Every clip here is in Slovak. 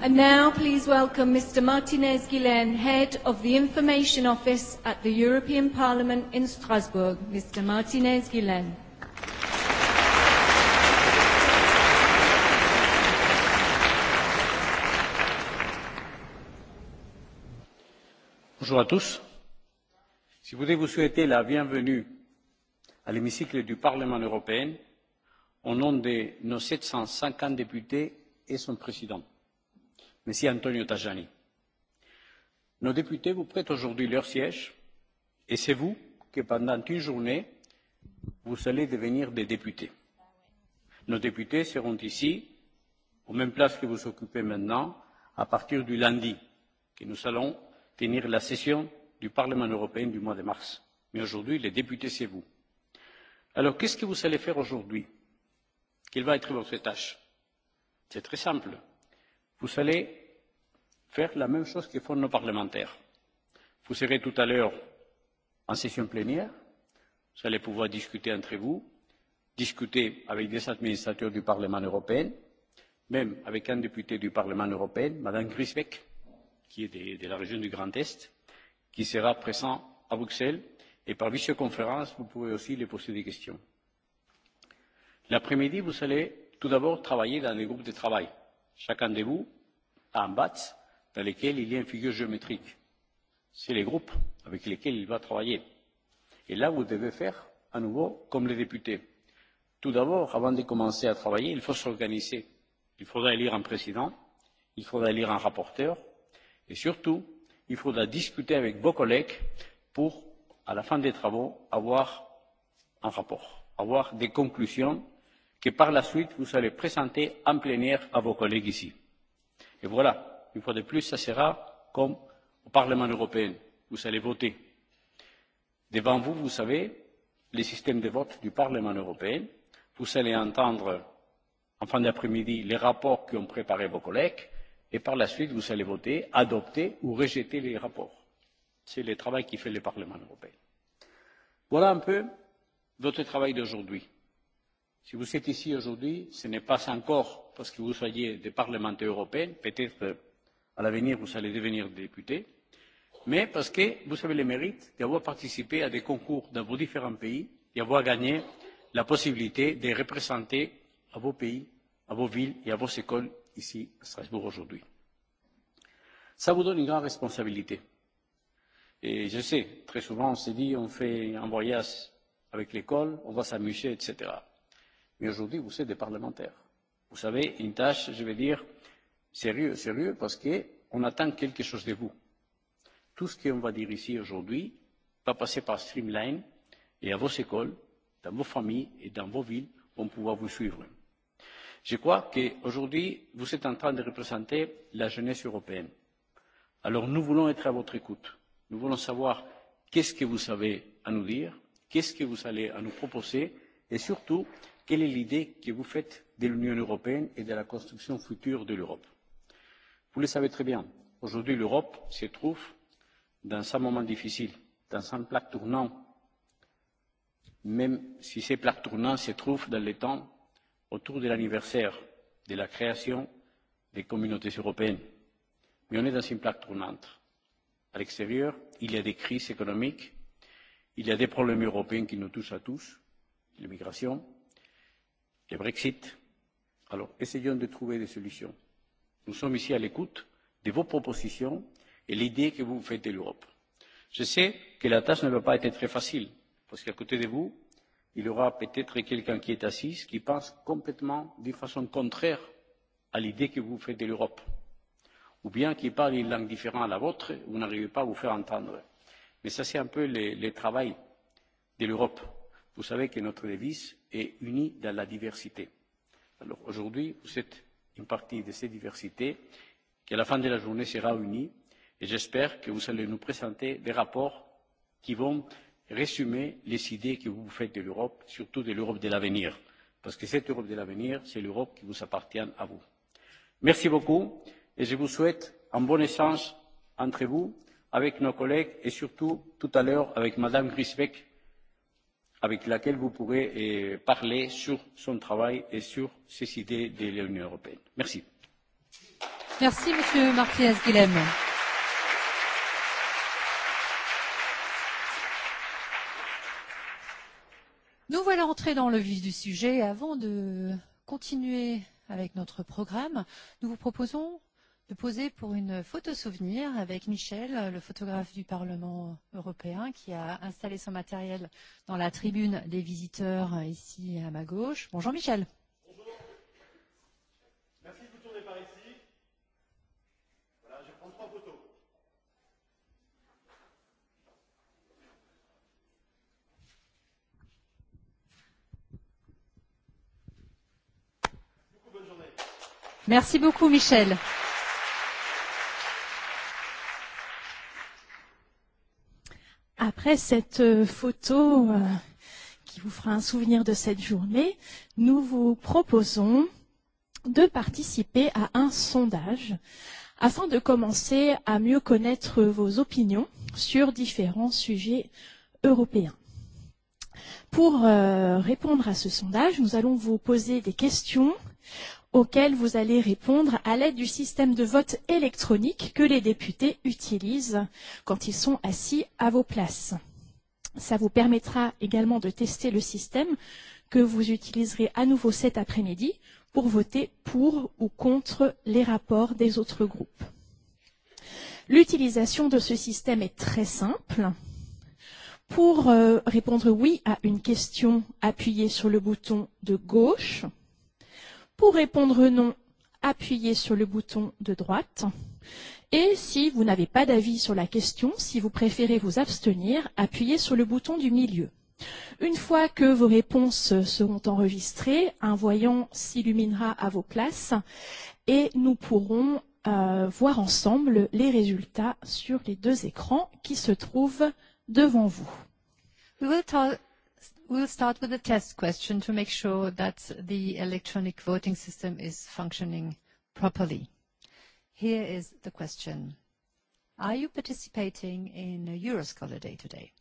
And now please welcome Mr. Martinez Guillen, Head of the Information Office at the European Parliament in Strasbourg. Mr. Martinez Guillen. Bonjour à tous. Je voudrais vous souhaiter la bienvenue à l'hémicycle du Parlement européen au nom de nos 750 députés et son président. Monsieur Antonio Tajani. Nos députés vous prêtent aujourd'hui leur siège et c'est vous que pendant une journée, vous allez devenir des députés. Nos députés seront ici, aux mêmes places que vous occupez maintenant, à partir du lundi, que nous allons tenir la session du Parlement européen du mois de mars. Mais aujourd'hui, les députés, c'est vous. Alors, qu'est-ce que vous allez faire aujourd'hui Quelle va être votre tâche C'est très simple. Vous allez faire la même chose que font nos parlementaires. Vous serez tout à l'heure en session plénière, vous allez pouvoir discuter entre vous, discuter avec des administrateurs du Parlement européen, même avec un député du Parlement européen, Madame Grisbeck, qui est de, de la région du Grand Est, qui sera présent à Bruxelles, et par visioconférence, vous pouvez aussi lui poser des questions. L'après-midi, vous allez tout d'abord travailler dans des groupes de travail. Chacun de vous a un BATS dans lesquels il y a une figure géométrique. C'est les groupes avec lesquels il va travailler. Et là, vous devez faire à nouveau comme les députés. Tout d'abord, avant de commencer à travailler, il faut s'organiser. Il faudra élire un président, il faudra élire un rapporteur, et surtout, il faudra discuter avec vos collègues pour, à la fin des travaux, avoir un rapport, avoir des conclusions que par la suite vous allez présenter en plénière à vos collègues ici. Et voilà, Une fois de plus, ça sera comme au Parlement européen. Vous allez voter. Devant vous, vous savez, le système de vote du Parlement européen. Vous allez entendre en fin d'après-midi les rapports ont préparé vos collègues et par la suite, vous allez voter, adopter ou rejeter les rapports. C'est le travail qui fait le Parlement européen. Voilà un peu votre travail d'aujourd'hui. Si vous êtes ici aujourd'hui, ce n'est pas encore parce que vous soyez des parlementaires européens, peut-être à l'avenir vous allez devenir député, mais parce que vous avez le mérite d'avoir participé à des concours dans vos différents pays et d'avoir gagné la possibilité de représenter à vos pays, à vos villes et à vos écoles ici à Strasbourg aujourd'hui. Ça vous donne une grande responsabilité. Et je sais, très souvent on se dit on fait un voyage avec l'école, on va s'amuser, etc. Mais aujourd'hui vous êtes des parlementaires. Vous savez, une tâche, je vais dire, Sérieux, sérieux, parce qu'on attend quelque chose de vous. Tout ce qu'on va dire ici aujourd'hui va passer par Streamline et à vos écoles, dans vos familles et dans vos villes vont pouvoir vous suivre. Je crois qu'aujourd'hui, vous êtes en train de représenter la jeunesse européenne. Alors nous voulons être à votre écoute. Nous voulons savoir qu'est-ce que vous avez à nous dire, qu'est-ce que vous allez à nous proposer et surtout, quelle est l'idée que vous faites de l'Union européenne et de la construction future de l'Europe. Vous le savez très bien, aujourd'hui l'Europe se trouve dans un moment difficile, dans un plaque tournant, même si cette plaque tournante se trouve dans le temps autour de l'anniversaire de la création des communautés européennes. Mais on est dans une plaque tournante. À l'extérieur, il y a des crises économiques, il y a des problèmes européens qui nous touchent à tous, l'immigration, le Brexit. Alors, essayons de trouver des solutions. Nous sommes ici à l'écoute de vos propositions et de l'idée que vous faites de l'Europe. Je sais que la tâche ne va pas être très facile, parce qu'à côté de vous, il y aura peut-être quelqu'un qui est assis, qui pense complètement d'une façon contraire à l'idée que vous faites de l'Europe, ou bien qui parle une langue différente à la vôtre, vous n'arrivez pas à vous faire entendre. Mais ça, c'est un peu le, le travail de l'Europe. Vous savez que notre devise est unie dans la diversité. Alors aujourd'hui, vous êtes une partie de ces diversités qui à la fin de la journée sera unie et j'espère que vous allez nous présenter des rapports qui vont résumer les idées que vous faites de l'Europe, surtout de l'Europe de l'avenir. Parce que cette Europe de l'avenir, c'est l'Europe qui vous appartient à vous. Merci beaucoup et je vous souhaite un bon échange entre vous, avec nos collègues et surtout tout à l'heure avec Madame Grisbeck avec laquelle vous pourrez euh, parler sur son travail et sur ses idées de l'Union européenne. Merci. Merci, Monsieur Martinez Guilhem. Nous voilà entrés dans le vif du sujet. Avant de continuer avec notre programme, nous vous proposons de poser pour une photo souvenir avec Michel, le photographe du Parlement européen, qui a installé son matériel dans la tribune des visiteurs euh, ici à ma gauche. Bonjour Michel. Bonjour. Merci de vous tourner par ici. Voilà, je prends trois photos. Beaucoup bonne journée. Merci beaucoup Michel. après cette euh, photo euh, qui vous fera un souvenir de cette journée, nous vous proposons de participer à un sondage afin de commencer à mieux connaître vos opinions sur différents sujets européens. Pour euh, répondre à ce sondage, nous allons vous poser des questions auxquels vous allez répondre à l'aide du système de vote électronique que les députés utilisent quand ils sont assis à vos places. Ça vous permettra également de tester le système que vous utiliserez à nouveau cet après-midi pour voter pour ou contre les rapports des autres groupes. L'utilisation de ce système est très simple. Pour euh, répondre oui à une question, appuyez sur le bouton de gauche. Pour répondre non, appuyez sur le bouton de droite. Et si vous n'avez pas d'avis sur la question, si vous préférez vous abstenir, appuyez sur le bouton du milieu. Une fois que vos réponses seront enregistrées, un voyant s'illuminera à vos places et nous pourrons euh, voir ensemble les résultats sur les deux écrans qui se trouvent devant vous. We will talk We'll start with a test question to make sure that the electronic voting system is functioning properly. Here is the question: Are you participating in a Euroscholar Day today?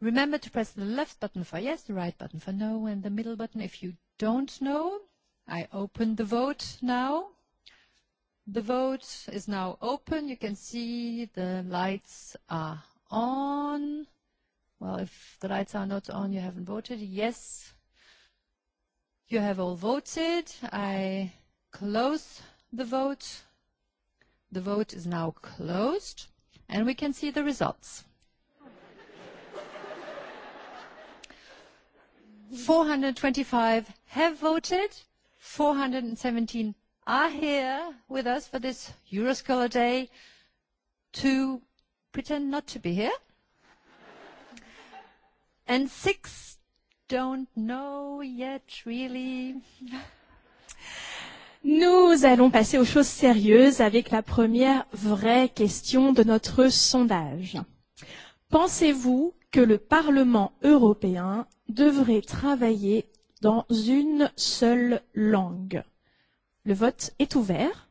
Remember to press the left button for yes, the right button for no, and the middle button if you don't know. I open the vote now. The vote is now open. You can see the lights are on. Well, if the lights are not on, you haven't voted. Yes, you have all voted. I close the vote. The vote is now closed, and we can see the results. 425 have voted, 417 are here with us for this Euroscholar Day to pretend not to be here And six don't know yet really. Nous allons passer aux choses sérieuses avec la première vraie question de notre sondage. Pensez-vous que le Parlement européen devrait travailler dans une seule langue Le vote est ouvert.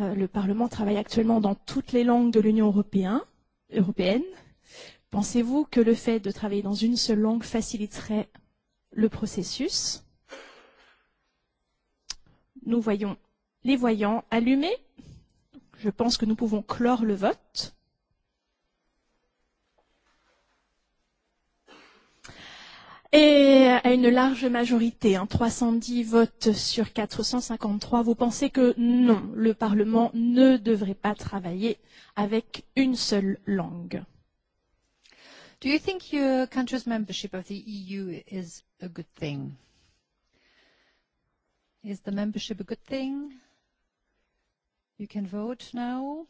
Le Parlement travaille actuellement dans toutes les langues de l'Union européenne. Pensez-vous que le fait de travailler dans une seule langue faciliterait le processus Nous voyons les voyants allumés. Je pense que nous pouvons clore le vote. Et à une large majorité, hein, 310 votes sur 453, vous pensez que non, le Parlement ne devrait pas travailler avec une seule langue. Do you think your country's membership of the EU is a good thing? Is the membership a good thing? You can vote now.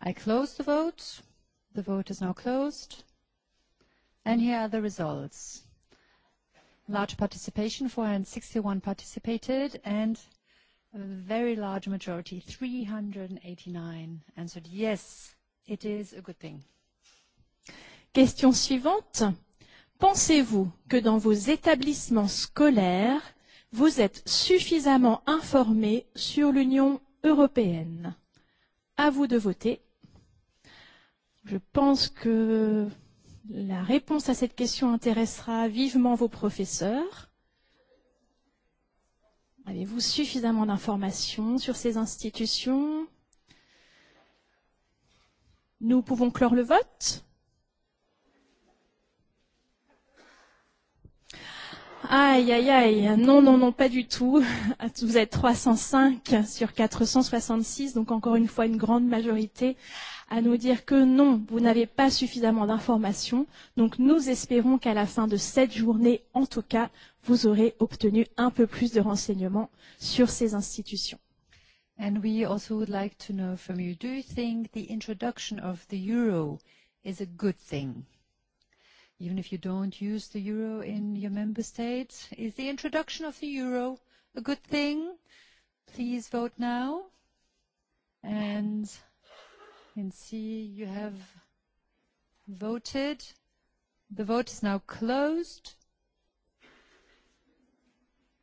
I close the vote. The vote is now closed. And here are the results. Large participation, 461 participated, and a very large majority, 389, answered yes, it is a good thing. Question suivante. Pensez-vous que dans vos établissements scolaires, vous êtes suffisamment informés sur l'Union européenne À vous de voter. Je pense que la réponse à cette question intéressera vivement vos professeurs. Avez-vous suffisamment d'informations sur ces institutions Nous pouvons clore le vote Aïe, aïe, aïe. Non, non, non, pas du tout. Vous êtes 305 sur 466, donc encore une fois une grande majorité à nous dire que non, vous n'avez pas suffisamment d'informations. Donc nous espérons qu'à la fin de cette journée, en tout cas, vous aurez obtenu un peu plus de renseignements sur ces institutions. And we also would like to know from you, do you think the introduction of the euro is a good thing? Even if you don't use the euro in your member states, is the introduction of the euro a good thing? Please vote now. And I can see you have voted. The vote is now closed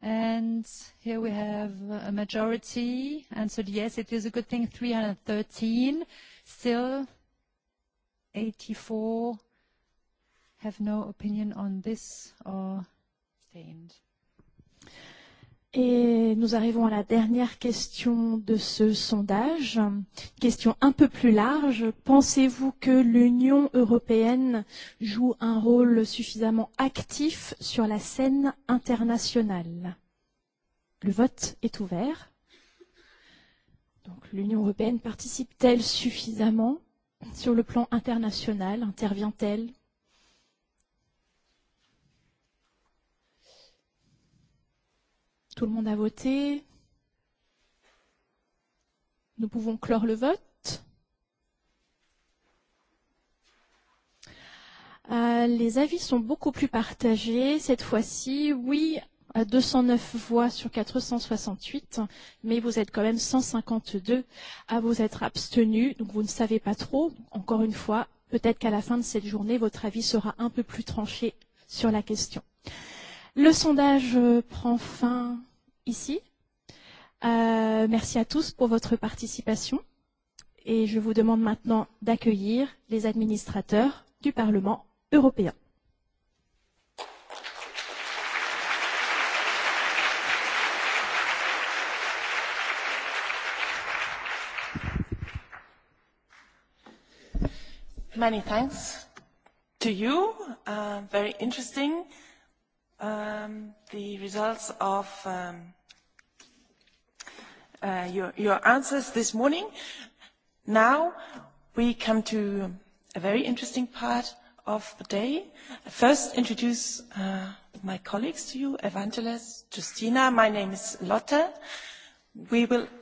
And here we have a majority answered yes, it is a good thing, 313. Still, 84 have no opinion on this or abstained. Et nous arrivons à la dernière question de ce sondage, question un peu plus large. Pensez-vous que l'Union européenne joue un rôle suffisamment actif sur la scène internationale Le vote est ouvert. Donc l'Union européenne participe-t-elle suffisamment sur le plan international Intervient-elle Tout le monde a voté. Nous pouvons clore le vote. Euh, les avis sont beaucoup plus partagés cette fois-ci. Oui, à 209 voix sur 468, mais vous êtes quand même 152 à ah, vous être abstenus, donc vous ne savez pas trop. Encore une fois, peut-être qu'à la fin de cette journée, votre avis sera un peu plus tranché sur la question. Euh, Le sondage euh, prend fin ici. Euh, merci à tous pour votre participation et je vous demande maintenant d'accueillir les administrateurs du Parlement européen. Many thanks to you. Uh, very interesting um, the results of um, uh, your, your answers this morning. Now we come to a very interesting part of the day. I First, introduce uh, my colleagues to you, Evangelist, Justina. My name is Lotte. We will...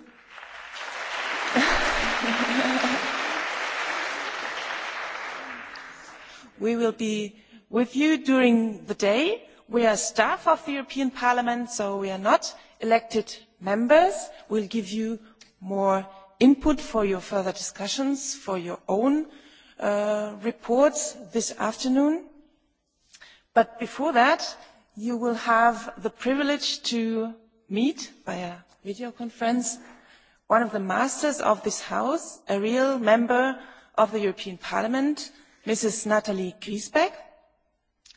we will be with you during the day we are staff of the European Parliament, so we are not elected members. We'll give you more input for your further discussions, for your own uh, reports this afternoon. But before that, you will have the privilege to meet via video conference one of the masters of this house, a real member of the European Parliament, Ms Natalie Griesbeck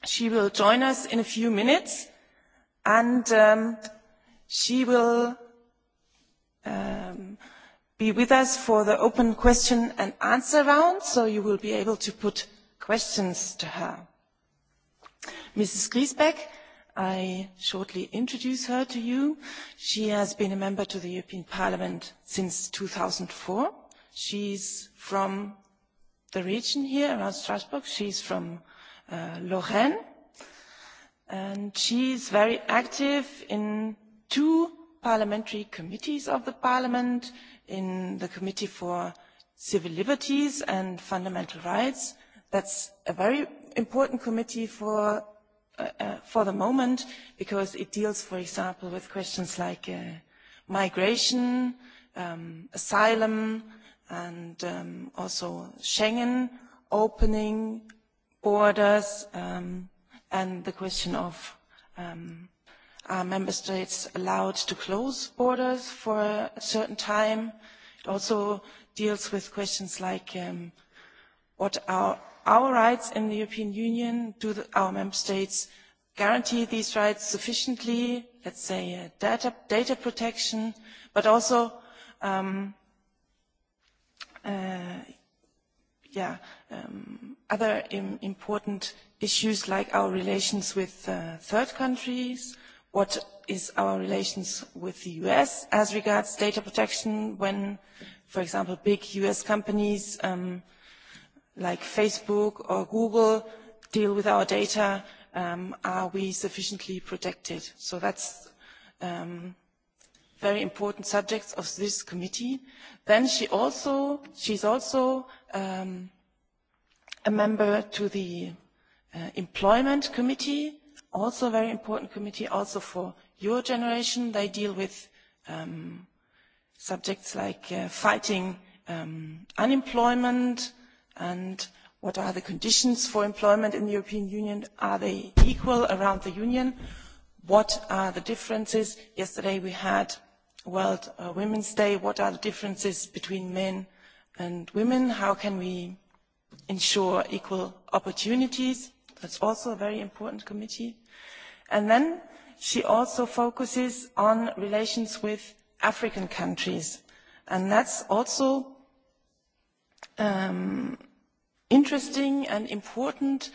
She will join us in a few minutes and um, she will um, be with us for the open question and answer round, so you will be able to put questions to her. Mrs. Griesbeck, I shortly introduce her to you. She has been a member to the European Parliament since 2004. She's from the region here around Strasbourg. She's from Uh, Lorraine. And she is very active in two parliamentary committees of the Parliament, in the Committee for Civil Liberties and Fundamental Rights. That's a very important committee for, uh, uh, for the moment because it deals, for example, with questions like uh, migration, um, asylum, and um, also Schengen opening, borders um, and the question of um, are member states allowed to close borders for a certain time? It also deals with questions like um, what are our rights in the European Union? Do the, our member states guarantee these rights sufficiently? Let's say uh, data, data protection, but also um, uh, yeah, um, other im important issues like our relations with uh, third countries, what is our relations with the US as regards data protection when, for example, big US companies um, like Facebook or Google deal with our data, um, are we sufficiently protected? So that's um, very important subjects of this committee. Then she also, she's also um, a member to the uh, Employment Committee, also a very important committee, also for your generation. They deal with um, subjects like uh, fighting um, unemployment and what are the conditions for employment in the European Union? Are they equal around the Union? What are the differences? Yesterday we had World uh, Women's Day, what are the differences between men and women? How can we ensure equal opportunities? That's also a very important committee. And then she also focuses on relations with African countries. And that's also um, interesting and important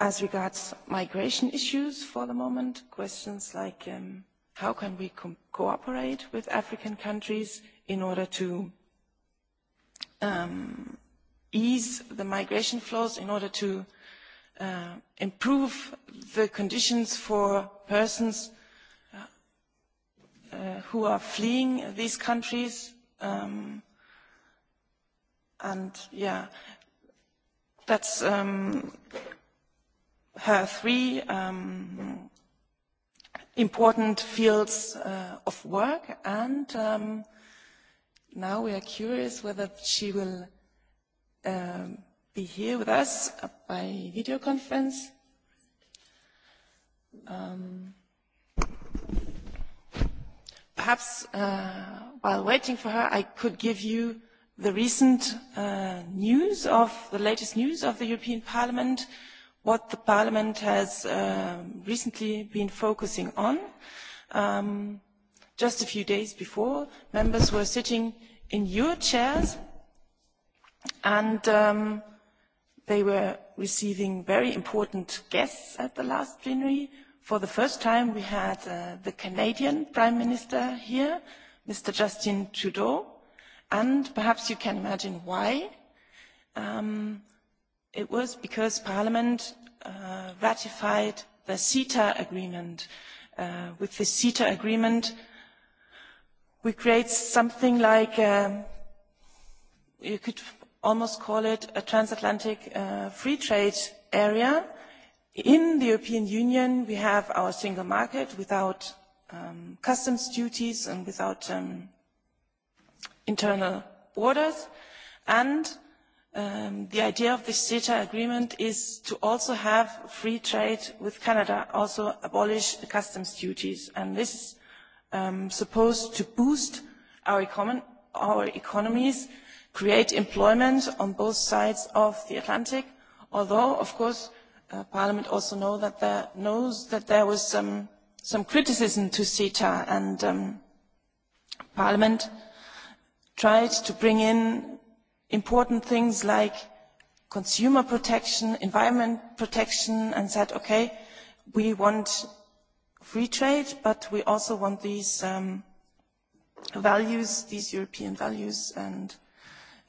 as regards migration issues for the moment, questions like um, how can we co cooperate with African countries in order to um, ease the migration flows, in order to uh, improve the conditions for persons uh, uh, who are fleeing these countries. Um, and yeah, that's um, her three um, important fields uh, of work and um, now we are curious whether she will um, be here with us by video conference. Um, perhaps uh, while waiting for her, I could give you the recent uh, news of the latest news of the European Parliament. Uh, what the Parliament has uh, recently been focusing on. Um, just a few days before, members were sitting in your chairs and um, they were receiving very important guests at the last plenary. For the first time, we had uh, the Canadian Prime Minister here, Mr. Justin Trudeau, and perhaps you can imagine why. Um, it was because Parliament uh, ratified the CETA agreement. Uh, with the CETA agreement, we create something like, um, you could almost call it a transatlantic uh, free trade area. In the European Union, we have our single market without um, customs duties and without um, internal borders. And Um, the idea of the CETA agreement is to also have free trade with Canada, also abolish the customs duties. And this is um, supposed to boost our, econ our economies, create employment on both sides of the Atlantic, although, of course, uh, Parliament also know that there, knows that there was some, some criticism to CETA, and um, Parliament tried to bring in important things like consumer protection, environment protection, and said, okay, we want free trade, but we also want these um, values, these European values and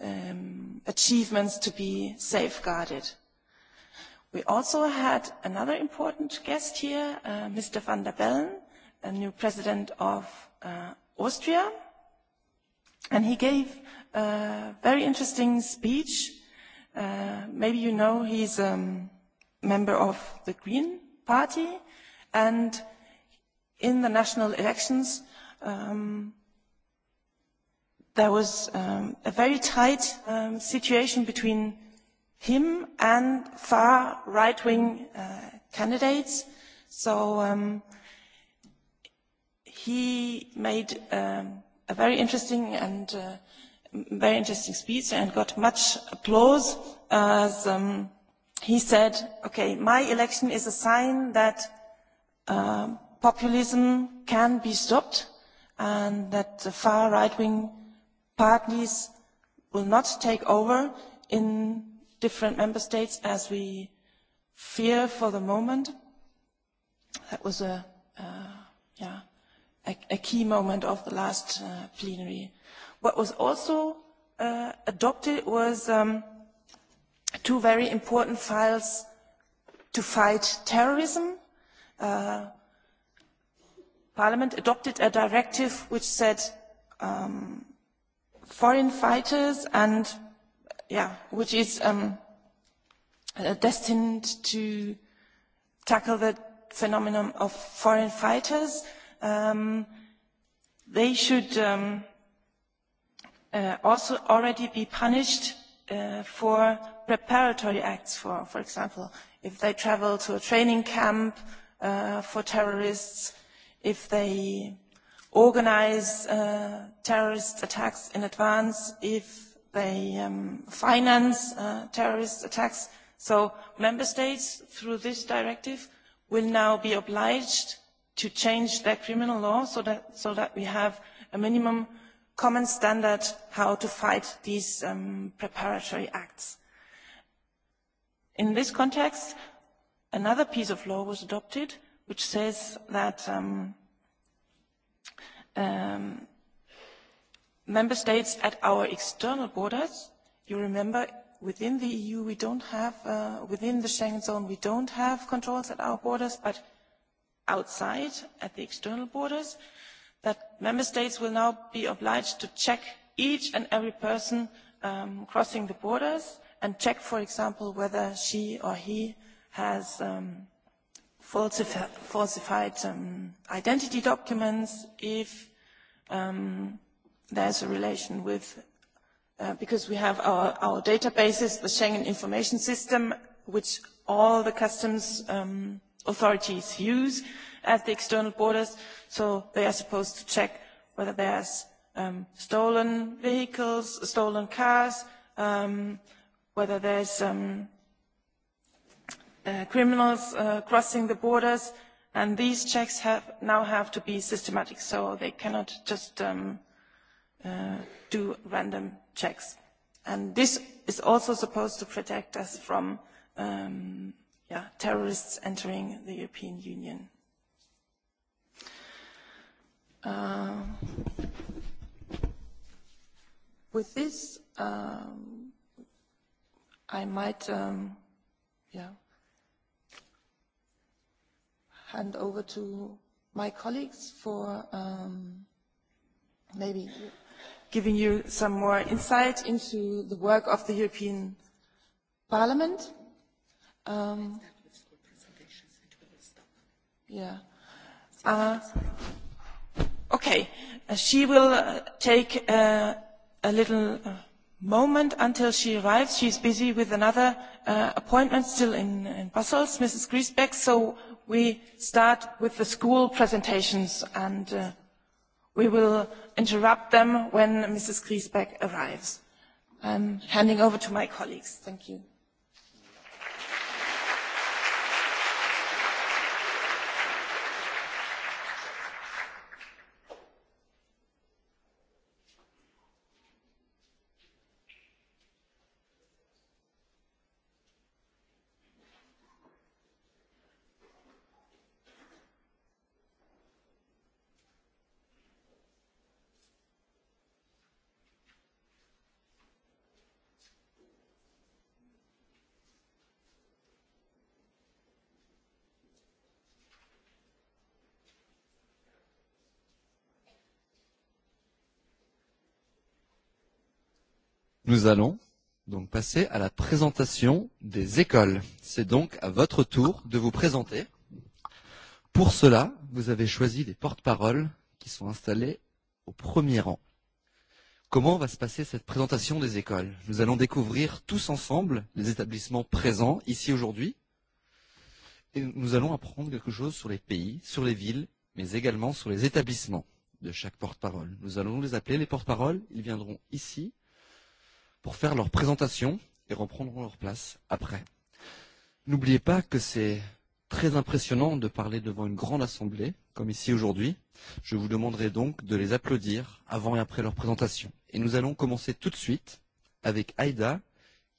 um, achievements to be safeguarded. We also had another important guest here, uh, Mr. van der Bellen, a new president of uh, Austria, and he gave very interesting speech. Uh, maybe you know he's a um, member of the Green Party, and in the national elections, um, there was um, a very tight um, situation between him and far right-wing uh, candidates. So um, he made um, a very interesting and uh, very interesting speech and got much applause as um, he said, okay, my election is a sign that um, populism can be stopped and that the far right-wing parties will not take over in different member states as we fear for the moment. That was a, uh, yeah, a, a key moment of the last uh, plenary What was also uh, adopted was um, two very important files to fight terrorism. Uh, Parliament adopted a directive which said um, foreign fighters and yeah, which is um, uh, destined to tackle the phenomenon of foreign fighters. Um, they should um, Uh, also already be punished uh, for preparatory acts for, for example, if they travel to a training camp uh, for terrorists, if they organize uh, terrorist attacks in advance, if they um, finance uh, terrorist attacks. So member states, through this directive, will now be obliged to change their criminal law so that, so that we have a minimum common standard how to fight these um, preparatory acts. In this context, another piece of law was adopted which says that um, um, member states at our external borders, you remember within the EU we don't have, uh, within the Schengen zone we don't have controls at our borders, but outside at the external borders, that member states will now be obliged to check each and every person um, crossing the borders and check, for example, whether she or he has um, falsified um, identity documents if um, there's a relation with, uh, because we have our, our databases, the Schengen Information System, which all the customs um, authorities use, at the external borders. So they are supposed to check whether there's um, stolen vehicles, stolen cars, um, whether there's um, uh, criminals uh, crossing the borders. And these checks have, now have to be systematic, so they cannot just um, uh, do random checks. And this is also supposed to protect us from um, yeah, terrorists entering the European Union. Uh, with this, um, I might, um, yeah, hand over to my colleagues for um, maybe giving you some more insight into the work of the European Parliament. Um, yeah. Uh, Okay, uh, she will uh, take uh, a little uh, moment until she arrives. She's busy with another uh, appointment still in, in Brussels, Mrs. Griesbeck, so we start with the school presentations and uh, we will interrupt them when Mrs. Griesbeck arrives. I'm handing over to my colleagues. Thank you. nous allons donc passer à la présentation des écoles. C'est donc à votre tour de vous présenter. Pour cela, vous avez choisi des porte-paroles qui sont installés au premier rang. Comment va se passer cette présentation des écoles Nous allons découvrir tous ensemble les établissements présents ici aujourd'hui et nous allons apprendre quelque chose sur les pays, sur les villes, mais également sur les établissements de chaque porte-parole. Nous allons les appeler les porte-paroles, ils viendront ici pour faire leur présentation et reprendront leur place après. N'oubliez pas que c'est très impressionnant de parler devant une grande assemblée, comme ici aujourd'hui. Je vous demanderai donc de les applaudir avant et après leur présentation. Et nous allons commencer tout de suite avec Aïda,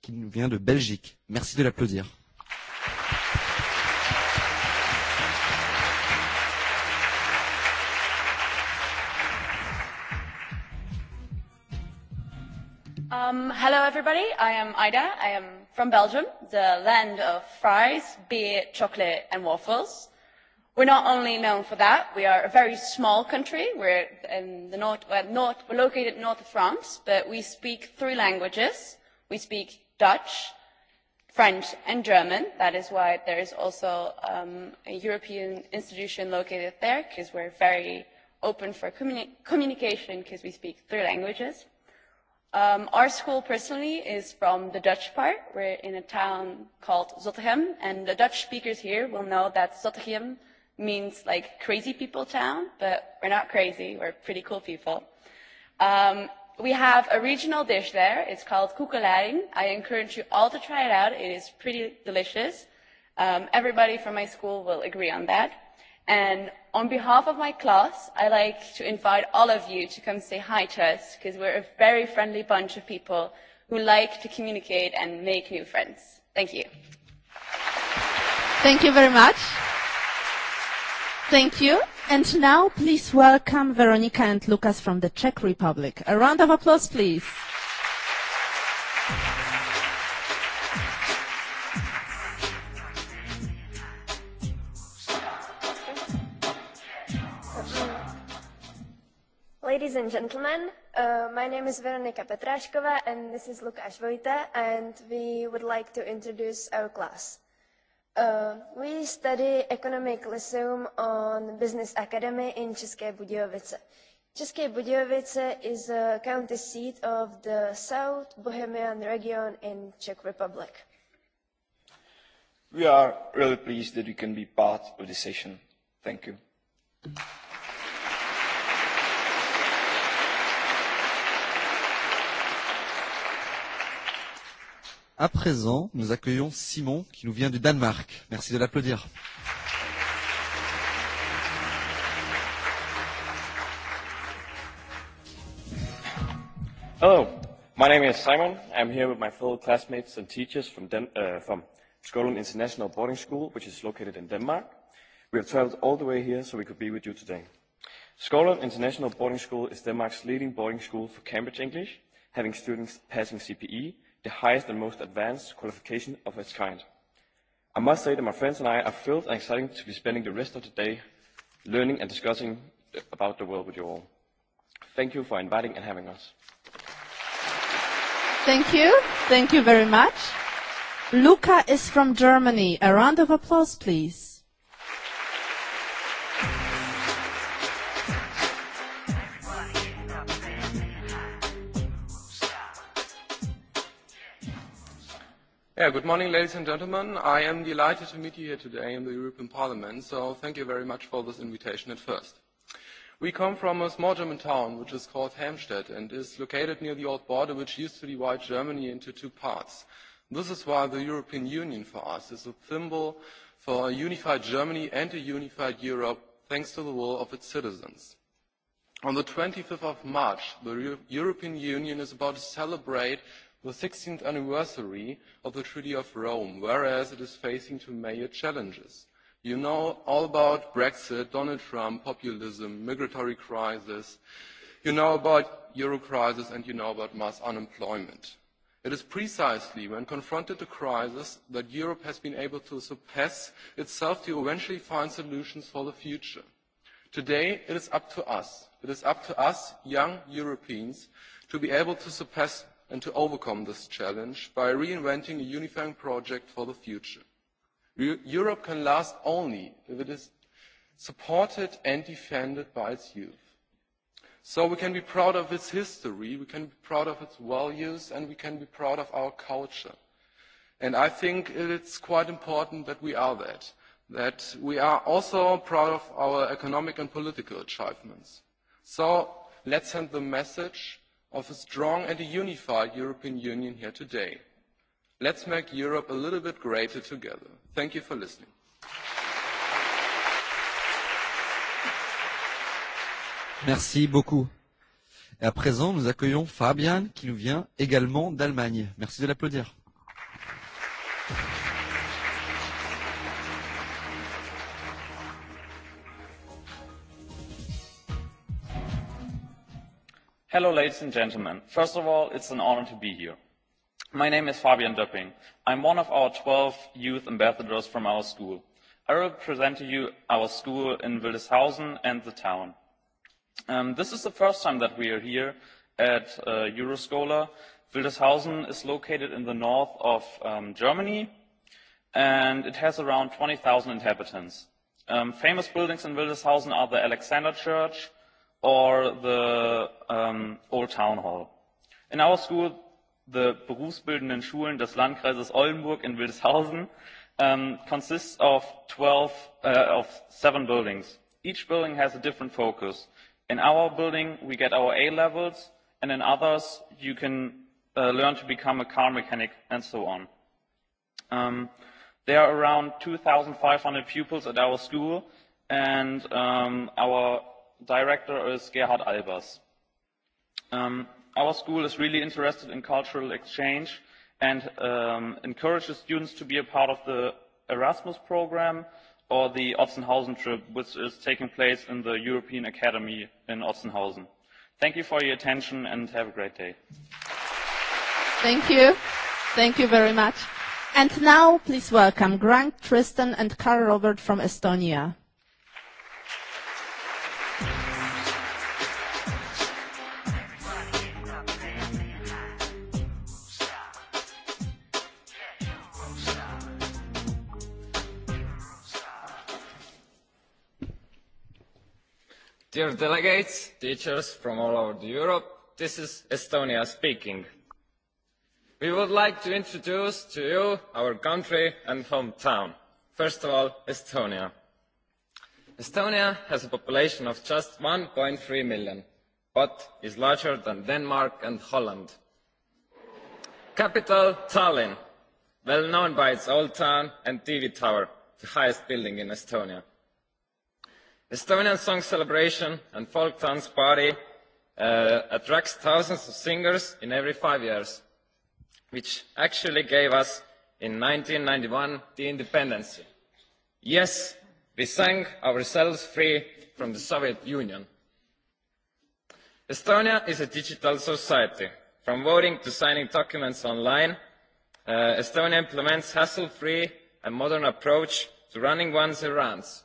qui nous vient de Belgique. Merci de l'applaudir. Um, hello, everybody. I am Ida. I am from Belgium, the land of fries, beer, chocolate, and waffles. We're not only known for that, we are a very small country. We're, in the north, we're, uh, north, we're located north of France, but we speak three languages. We speak Dutch, French, and German. That is why there is also um, a European institution located there, because we're very open for communi- communication, because we speak three languages Um, our school personally is from the Dutch part. We're in a town called Zottegem, and the Dutch speakers here will know that Zottegem means like crazy people town, but we're not crazy. We're pretty cool people. Um, we have a regional dish there. It's called koekelaring. I encourage you all to try it out. It is pretty delicious. Um, everybody from my school will agree on that. And on behalf of my class, I like to invite all of you to come say hi to us because we're a very friendly bunch of people who like to communicate and make new friends. Thank you. Thank you very much. Thank you. And now please welcome Veronika and Lukas from the Czech Republic. A round of applause, please. Ladies and gentlemen, uh, my name is Veronika Petrashkova and this is Lukáš Vojta and we would like to introduce our class. Uh, we study Economic Lyceum on Business Academy in České Budějovice. České Budějovice is a county seat of the South Bohemian region in Czech Republic. We are really pleased that you can be part of this session. Thank you. À présent, nous accueillons Simon qui nous vient du Danemark. Merci de l'applaudir. Hello, my name is Simon. I'm here with my fellow classmates and teachers from, Den uh, from Skolen International Boarding School, which is located in Denmark. We have traveled all the way here so we could be with you today. Skolen International Boarding School is Denmark's leading boarding school for Cambridge English, having students passing CPE the highest and most advanced qualification of its kind. I must say that my friends and I are thrilled and excited to be spending the rest of the day learning and discussing about the world with you all. Thank you for inviting and having us. Thank you. Thank you very much. Luca is from Germany. A round of applause, please. Yeah, good morning, ladies and gentlemen. I am delighted to meet you here today in the European Parliament, so thank you very much for this invitation at first. We come from a small German town which is called Helmstedt and is located near the old border which used to divide Germany into two parts. This is why the European Union for us is a symbol for a unified Germany and a unified Europe thanks to the will of its citizens. On the 25th of March, the European Union is about to celebrate the sixteenth anniversary of the Treaty of Rome, whereas it is facing two major challenges. You know all about Brexit, Donald Trump, populism, migratory crisis. You know about euro crisis and you know about mass unemployment. It is precisely when confronted to crisis that Europe has been able to surpass itself to eventually find solutions for the future. Today, it is up to us. It is up to us, young Europeans, to be able to surpass and to overcome this challenge by reinventing a unifying project for the future. Europe can last only if it is supported and defended by its youth. So we can be proud of its history, we can be proud of its values, and we can be proud of our culture. And I think it's quite important that we are that, that we are also proud of our economic and political achievements. So let's send the message of a strong and a unified European Union here today. Let's make Europe a little bit greater together. Thank you for listening. Merci beaucoup. Et à présent, nous accueillons Fabian qui nous vient également d'Allemagne. Merci de l'applaudir. Hello, ladies and gentlemen. First of all, it's an honor to be here. My name is Fabian Döpping. I'm one of our 12 youth ambassadors from our school. I will present to you our school in Wildeshausen and the town. Um, this is the first time that we are here at uh, Euroscola. Wildeshausen is located in the north of um, Germany, and it has around 20,000 inhabitants. Um, famous buildings in Wildeshausen are the Alexander Church, or the um, old town hall. In our school, the berufsbildenden Schulen des Landkreises Oldenburg in Wildeshausen um, consists of 12, uh, of seven buildings. Each building has a different focus. In our building, we get our A levels, and in others, you can uh, learn to become a car mechanic and so on. Um, there are around 2,500 pupils at our school, and um, our director is Gerhard Albers. Um, our school is really interested in cultural exchange and um, encourages students to be a part of the Erasmus program or the Otzenhausen trip, which is taking place in the European Academy in Otzenhausen. Thank you for your attention and have a great day. Thank you. Thank you very much. And now, please welcome Grant Tristan and Karl Robert from Estonia. dear delegates, teachers from all over Europe, this is Estonia speaking. We would like to introduce to you our country and hometown. First of all, Estonia. Estonia has a population of just 1.3 million, but is larger than Denmark and Holland. Capital, Tallinn, well known by its old town and TV tower, the highest building in Estonia. Estonian Song Celebration and Folk Dance Party uh, attracts thousands of singers in every five years, which actually gave us in ninety one the independence. Yes, we sang ourselves free from the Soviet Union. Estonia is a digital society. From voting to signing documents online, uh, Estonia implements hassle-free and modern approach to running one's errands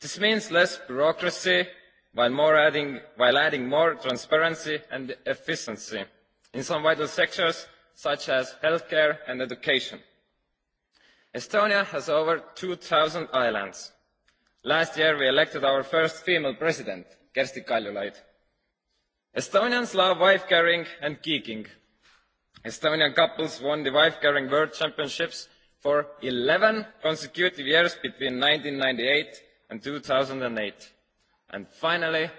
This means less bureaucracy while, more adding, while adding more transparency and efficiency in some vital sectors such as healthcare and education. Estonia has over 2,000 islands. Last year we elected our first female president, Kersti Kaljulaid. Estonians love wife carrying and geeking. Estonian couples won the wife carrying world championships for 11 consecutive years between 1998 and two thousand and eight and finally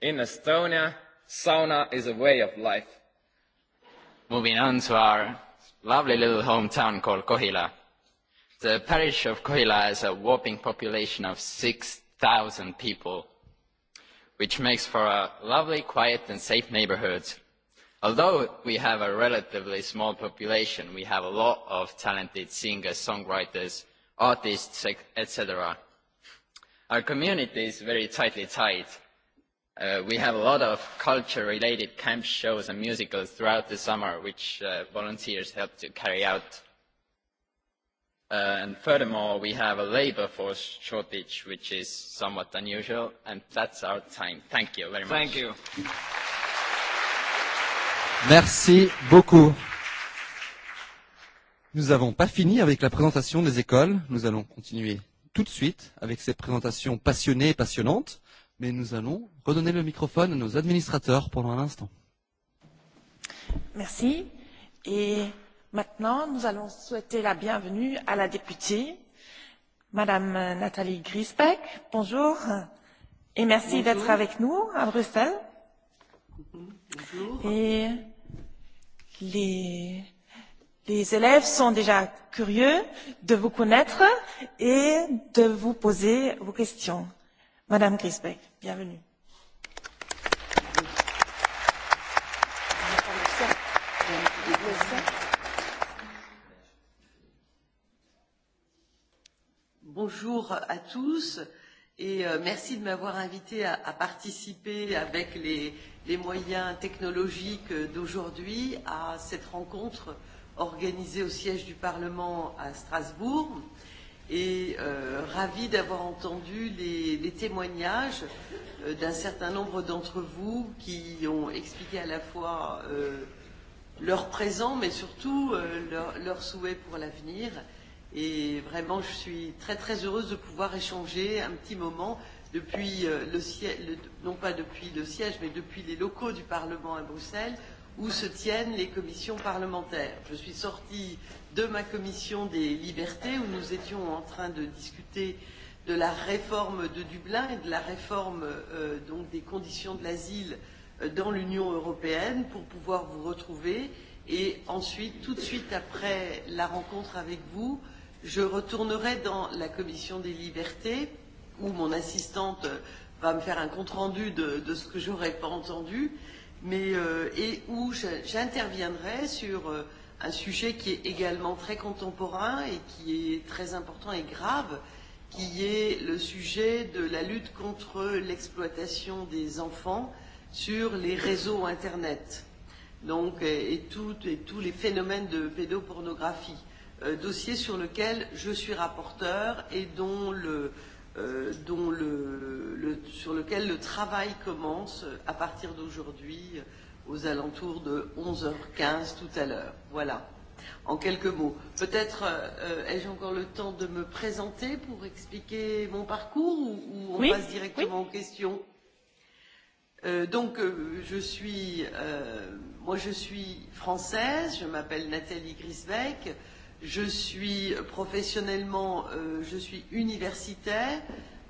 in estonia sauna is a way of life. moving on to our lovely little hometown called kohila. the parish of kohila has a whopping population of six thousand people which makes for a lovely quiet and safe neighbourhood. although we have a relatively small population we have a lot of talented singers songwriters artists etc Our community is very tightly tied. Uh, we have a lot of culture-related camp shows and musicals throughout the summer, which uh, volunteers help to carry out. Uh, and furthermore, we have a labor force shortage, which is somewhat unusual, and that's our time. Thank you very much. Thank you. Merci beaucoup. Nous n'avons pas fini avec la présentation des écoles. Nous allons continuer tout de suite avec ces présentations passionnées et passionnantes, mais nous allons redonner le microphone à nos administrateurs pendant un instant. Merci. Et maintenant, nous allons souhaiter la bienvenue à la députée, Madame Nathalie Grisbeck. Bonjour et merci d'être avec nous à Bruxelles. Bonjour. Et les les élèves sont déjà curieux de vous connaître et de vous poser vos questions. Madame Grisbeck, bienvenue. Bonjour à tous et euh, merci de m'avoir invité à, à participer avec les, les moyens technologiques d'aujourd'hui à cette rencontre euh, organisé au siège du Parlement à Strasbourg et euh, ravi d'avoir entendu les, les témoignages euh, d'un certain nombre d'entre vous qui ont expliqué à la fois euh, leur présent mais surtout euh, leur, leur souhait pour l'avenir. Et vraiment, je suis très très heureuse de pouvoir échanger un petit moment depuis euh, le siège, non pas depuis le siège, mais depuis les locaux du Parlement à Bruxelles, où se tiennent les commissions parlementaires. Je suis sortie de ma commission des libertés où nous étions en train de discuter de la réforme de Dublin et de la réforme euh, donc des conditions de l'asile euh, dans l'Union européenne pour pouvoir vous retrouver et ensuite, tout de suite après la rencontre avec vous, je retournerai dans la commission des libertés où mon assistante euh, va me faire un compte rendu de, de ce que j'aurais pas entendu. Euh, mais, euh, et où j'interviendrai sur euh, un sujet qui est également très contemporain et qui est très important et grave, qui est le sujet de la lutte contre l'exploitation des enfants sur les réseaux Internet donc, et, et, tout, et tous les phénomènes de pédopornographie. Euh, dossier sur lequel je suis rapporteur et dont le, euh, euh, dont le, le, sur lequel le travail commence à partir d'aujourd'hui aux alentours de 11h15 tout à l'heure. Voilà, en quelques mots. Peut-être euh, ai-je encore le temps de me présenter pour expliquer mon parcours ou, ou on oui, passe directement oui. aux questions euh, donc euh, je suis euh, moi je suis française, je m'appelle Nathalie Grisbeck, euh, je suis professionnellement, euh, je suis universitaire,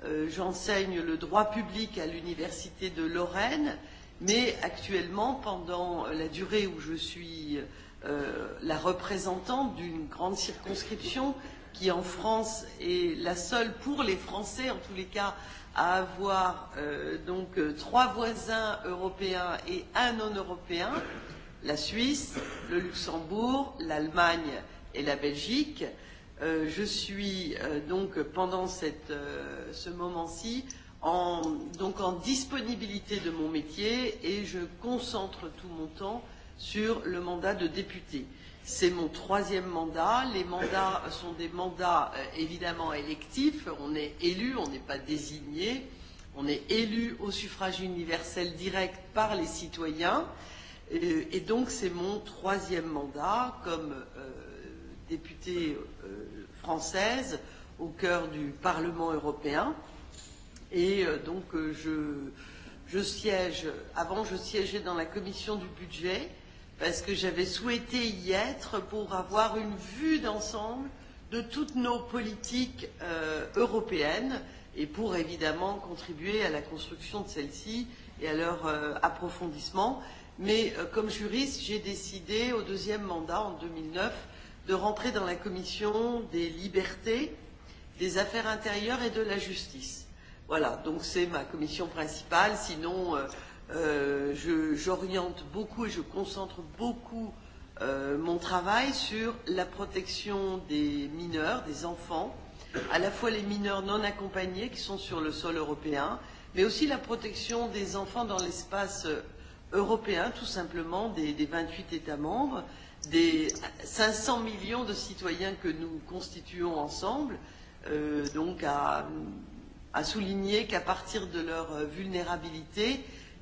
euh, j'enseigne le droit public à l'université de Lorraine, mais actuellement, pendant la durée où je suis euh, la représentante d'une grande circonscription qui en France est la seule pour les Français en tous les cas à avoir euh, donc euh, trois voisins européens et un non européen, la Suisse, le Luxembourg, l'Allemagne et la Belgique. Euh, je suis euh, donc pendant cette, euh, ce moment-ci en, donc en disponibilité de mon métier et je concentre tout mon temps sur le mandat de député. C'est mon troisième mandat. Les mandats sont des mandats euh, évidemment électifs. On est élu, on n'est pas désigné. On est élu au suffrage universel direct par les citoyens. Et, euh, et donc c'est mon troisième mandat comme euh, députée euh, française au cœur du Parlement européen. Et euh, donc euh, je, je siège, avant je siégeais dans la commission du budget parce que j'avais souhaité y être pour avoir une vue d'ensemble de toutes nos politiques euh, européennes et pour évidemment contribuer à la construction de celles-ci et à leur euh, approfondissement. Mais euh, comme juriste, j'ai décidé au deuxième mandat en 2009 de rentrer dans la commission des libertés, des affaires intérieures et de la justice. Voilà, donc c'est ma commission principale. Sinon, euh, euh, j'oriente beaucoup et je concentre beaucoup euh, mon travail sur la protection des mineurs, des enfants, à la fois les mineurs non accompagnés qui sont sur le sol européen, mais aussi la protection des enfants dans l'espace euh, européen, tout simplement des, des 28 États membres des 500 millions de citoyens que nous constituons ensemble, euh, donc à, à souligner qu'à partir de leur vulnérabilité,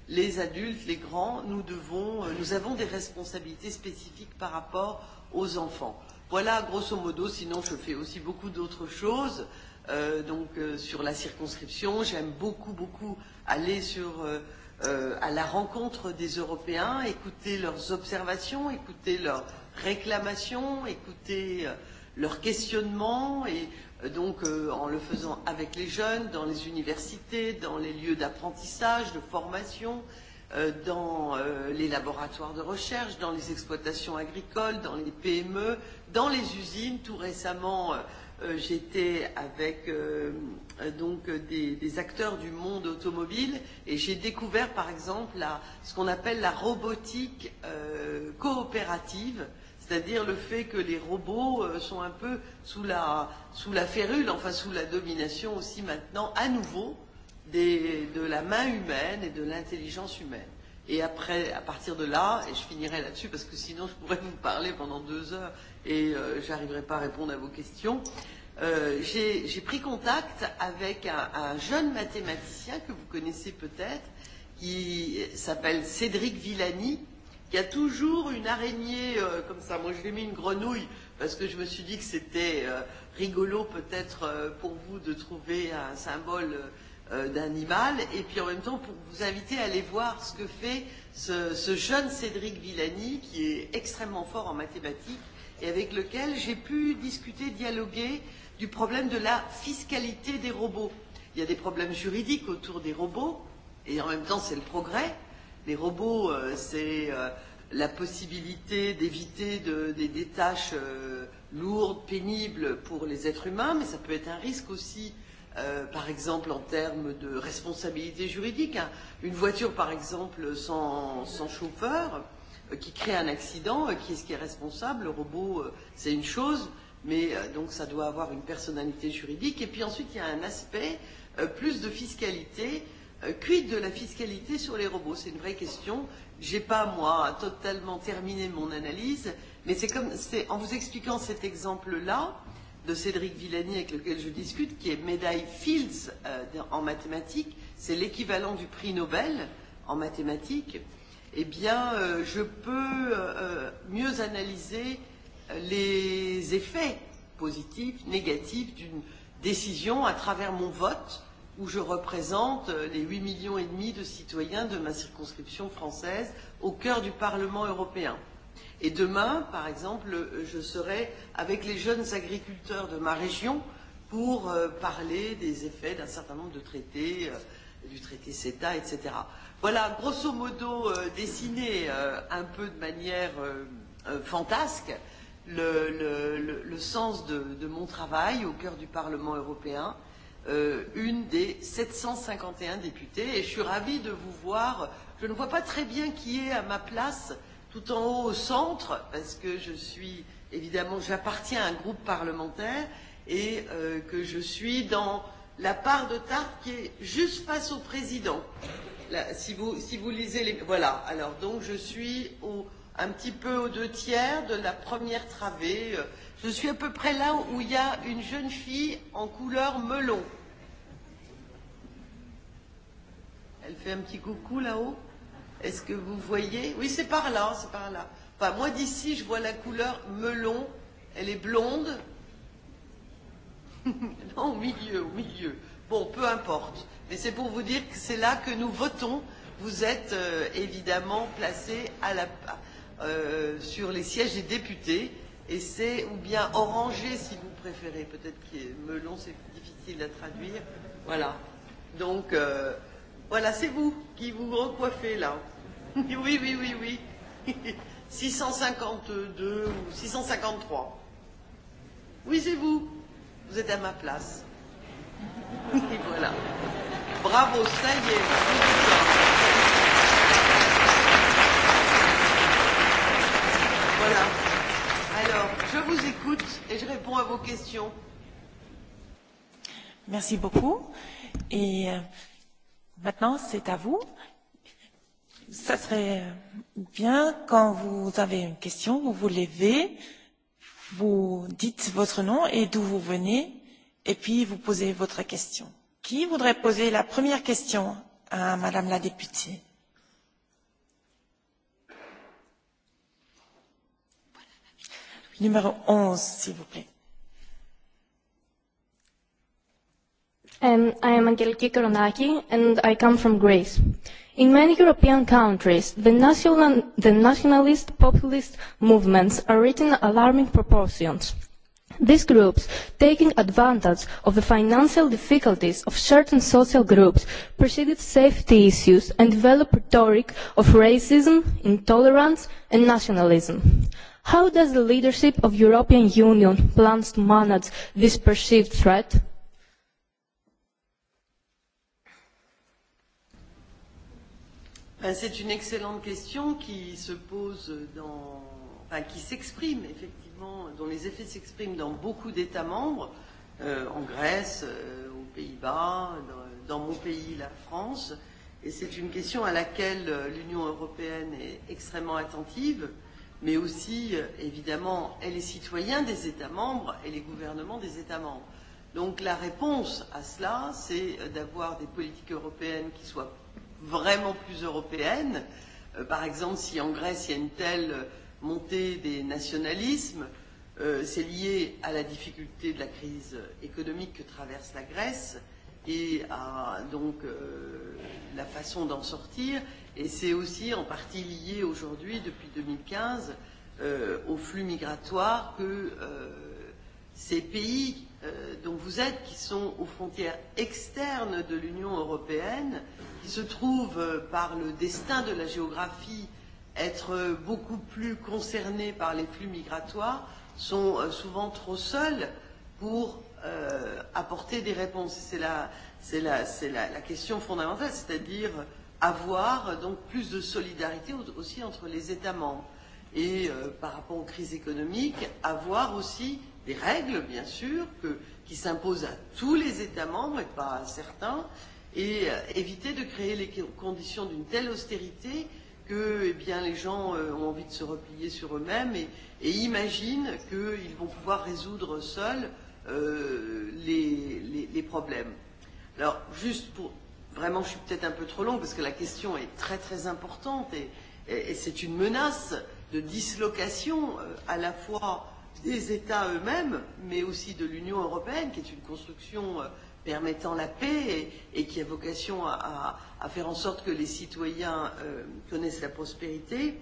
les adultes, les grands, nous, devons, euh, nous avons des responsabilités spécifiques par rapport aux enfants. Voilà, grosso modo, sinon je fais aussi beaucoup d'autres choses. Euh, donc euh, sur la circonscription, j'aime beaucoup, beaucoup aller sur euh, euh, à la rencontre des Européens, écouter leurs observations, écouter leurs réclamations, écouter euh, leurs questionnements et euh, donc euh, en le faisant avec les jeunes, dans les universités, dans les lieux d'apprentissage, de formation, euh, dans euh, les laboratoires de recherche, dans les exploitations agricoles, dans les PME, dans les usines. Tout récemment, euh, euh j'étais avec euh, Euh, donc euh, des, des acteurs du monde automobile et j'ai découvert par exemple la, ce qu'on appelle la robotique euh, coopérative, c'est-à-dire le fait que les robots euh, sont un peu sous la, sous la férule, enfin sous la domination aussi maintenant à nouveau des, de la main humaine et de l'intelligence humaine. Et après, à partir de là, et je finirai là-dessus parce que sinon je pourrais vous parler pendant deux heures et euh, j'arriverai pas à répondre à vos questions. Euh, euh, j'ai pris contact avec un, un jeune mathématicien que vous connaissez peut-être, qui s'appelle Cédric Villani, qui a toujours une araignée euh, comme ça. Moi, je lui ai mis une grenouille parce que je me suis dit que c'était euh, rigolo peut-être euh, pour vous de trouver un symbole euh, d'animal et puis en même temps pour vous inviter à aller voir ce que fait ce, ce jeune Cédric Villani qui est extrêmement fort en mathématiques et avec lequel j'ai pu discuter, dialoguer euh, du problème de la fiscalité des robots. Il y a des problèmes juridiques autour des robots, et en même temps c'est le progrès. Les robots, euh, c'est euh, la possibilité d'éviter de, des, des tâches euh, lourdes, pénibles pour les êtres humains, mais ça peut être un risque aussi, euh, par exemple en termes de responsabilité juridique. Hein. Une voiture, par exemple, sans, sans chauffeur, euh, qui crée un accident, euh, qui est-ce qui est responsable Le robot, euh, c'est une chose. Euh, mais euh, donc ça doit avoir une personnalité juridique. Et puis ensuite, il y a un aspect euh, plus de fiscalité. Euh, quid de la fiscalité sur les robots C'est une vraie question. Je n'ai pas, moi, totalement terminé mon analyse, mais c'est comme c'est en vous expliquant cet exemple-là de Cédric Villani avec lequel je discute, qui est médaille Fields euh, en mathématiques, c'est l'équivalent du prix Nobel en mathématiques, eh bien, euh, je peux euh, euh mieux analyser euh, les effets positifs, négatifs d'une décision à travers mon vote où je représente euh, les 8 millions et demi de citoyens de ma circonscription française au cœur du Parlement européen. Et demain, par exemple, je serai avec les jeunes agriculteurs de ma région pour euh, parler des effets d'un certain nombre de traités, euh, du traité CETA, etc. Voilà, grosso modo, dessiné un peu de manière fantasque, euh, le, le, le, sens de, de mon travail au cœur du Parlement européen, euh, une des 751 députés, et je suis ravie de vous voir. Je ne vois pas très bien qui est à ma place tout en haut au centre, parce que je suis évidemment, j'appartiens à un groupe parlementaire et euh, que je suis dans la part de tarte qui est juste face au président. Là, si, vous, si vous lisez les. Voilà, alors donc je suis au un petit peu aux deux tiers de la première travée. Je suis à peu près là où il y a une jeune fille en couleur melon. Elle fait un petit coucou là-haut. Est-ce que vous voyez Oui, c'est par là, c'est par là. Enfin, moi d'ici, je vois la couleur melon. Elle est blonde. non, au milieu, au milieu. Bon, peu importe. Mais c'est pour vous dire que c'est là que nous votons. Vous êtes euh, évidemment placés à la, Euh, sur les sièges des députés. Et c'est, ou bien orangé si vous préférez, peut-être que melon c'est difficile à traduire. Voilà. Donc, euh, voilà, c'est vous qui vous recoiffez là. oui, oui, oui, oui. 652 ou 653. Oui, c'est vous. Vous êtes à ma place. Et voilà. Bravo, ça y est. Voilà. Alors, je vous écoute et je réponds à vos questions. Merci beaucoup. Et euh, maintenant, c'est à vous. Ça serait euh, bien quand vous avez une question, vous vous levez, vous dites votre nom et d'où vous venez, et puis vous posez votre question. Qui voudrait poser la première question à Madame la députée Um, I am Angeliki Koronaki, and I come from Greece. In many European countries, the, national, the nationalist populist movements are reaching alarming proportions. These groups, taking advantage of the financial difficulties of certain social groups, preceded safety issues and developed rhetoric of racism, intolerance, and nationalism. How does the leadership of European Union plan to manage this perceived threat? C'est une excellente question qui se pose dans, enfin, qui s'exprime effectivement, dont les effets s'expriment dans beaucoup d'États membres, euh, en Grèce, euh, aux Pays-Bas, dans, dans mon pays, la France. Et c'est une question à laquelle euh, l'Union européenne est extrêmement attentive. Euh, mais aussi, euh, évidemment, et les citoyens des États membres et les gouvernements des États membres. Donc la réponse à cela, c'est euh, d'avoir des politiques européennes qui soient vraiment plus européennes. Euh, par exemple, si en Grèce, il y a une telle euh, montée des nationalismes, euh, c'est lié à la difficulté de la crise économique que traverse la Grèce et à donc euh, la façon d'en sortir Et c'est aussi en partie lié aujourd'hui, depuis 2015, euh, au flux migratoire que euh, ces pays euh, dont vous êtes, qui sont aux frontières externes de l'Union européenne, qui se trouvent euh, par le destin de la géographie être beaucoup plus concernés par les flux migratoires, sont euh, souvent trop seuls pour euh, apporter des réponses. C'est la, la, la, la question fondamentale, c'est-à-dire euh, avoir donc plus de solidarité aussi entre les États membres et euh, par rapport aux crises économiques, avoir aussi des règles, bien sûr, que, qui s'imposent à tous les États membres et pas à certains, et euh, éviter de créer les conditions d'une telle austérité que eh bien, les gens euh, ont envie de se replier sur eux-mêmes et, et imaginent qu'ils vont pouvoir résoudre seuls euh, les, les, les problèmes. Alors, juste pour, vraiment, je suis peut-être un peu trop longue parce que la question est très très importante et, et, et c'est une menace de dislocation euh, à la fois des États eux-mêmes, mais aussi de l'Union européenne, qui est une construction euh, permettant la paix et, et qui a vocation à, à, à faire en sorte que les citoyens euh, connaissent la prospérité.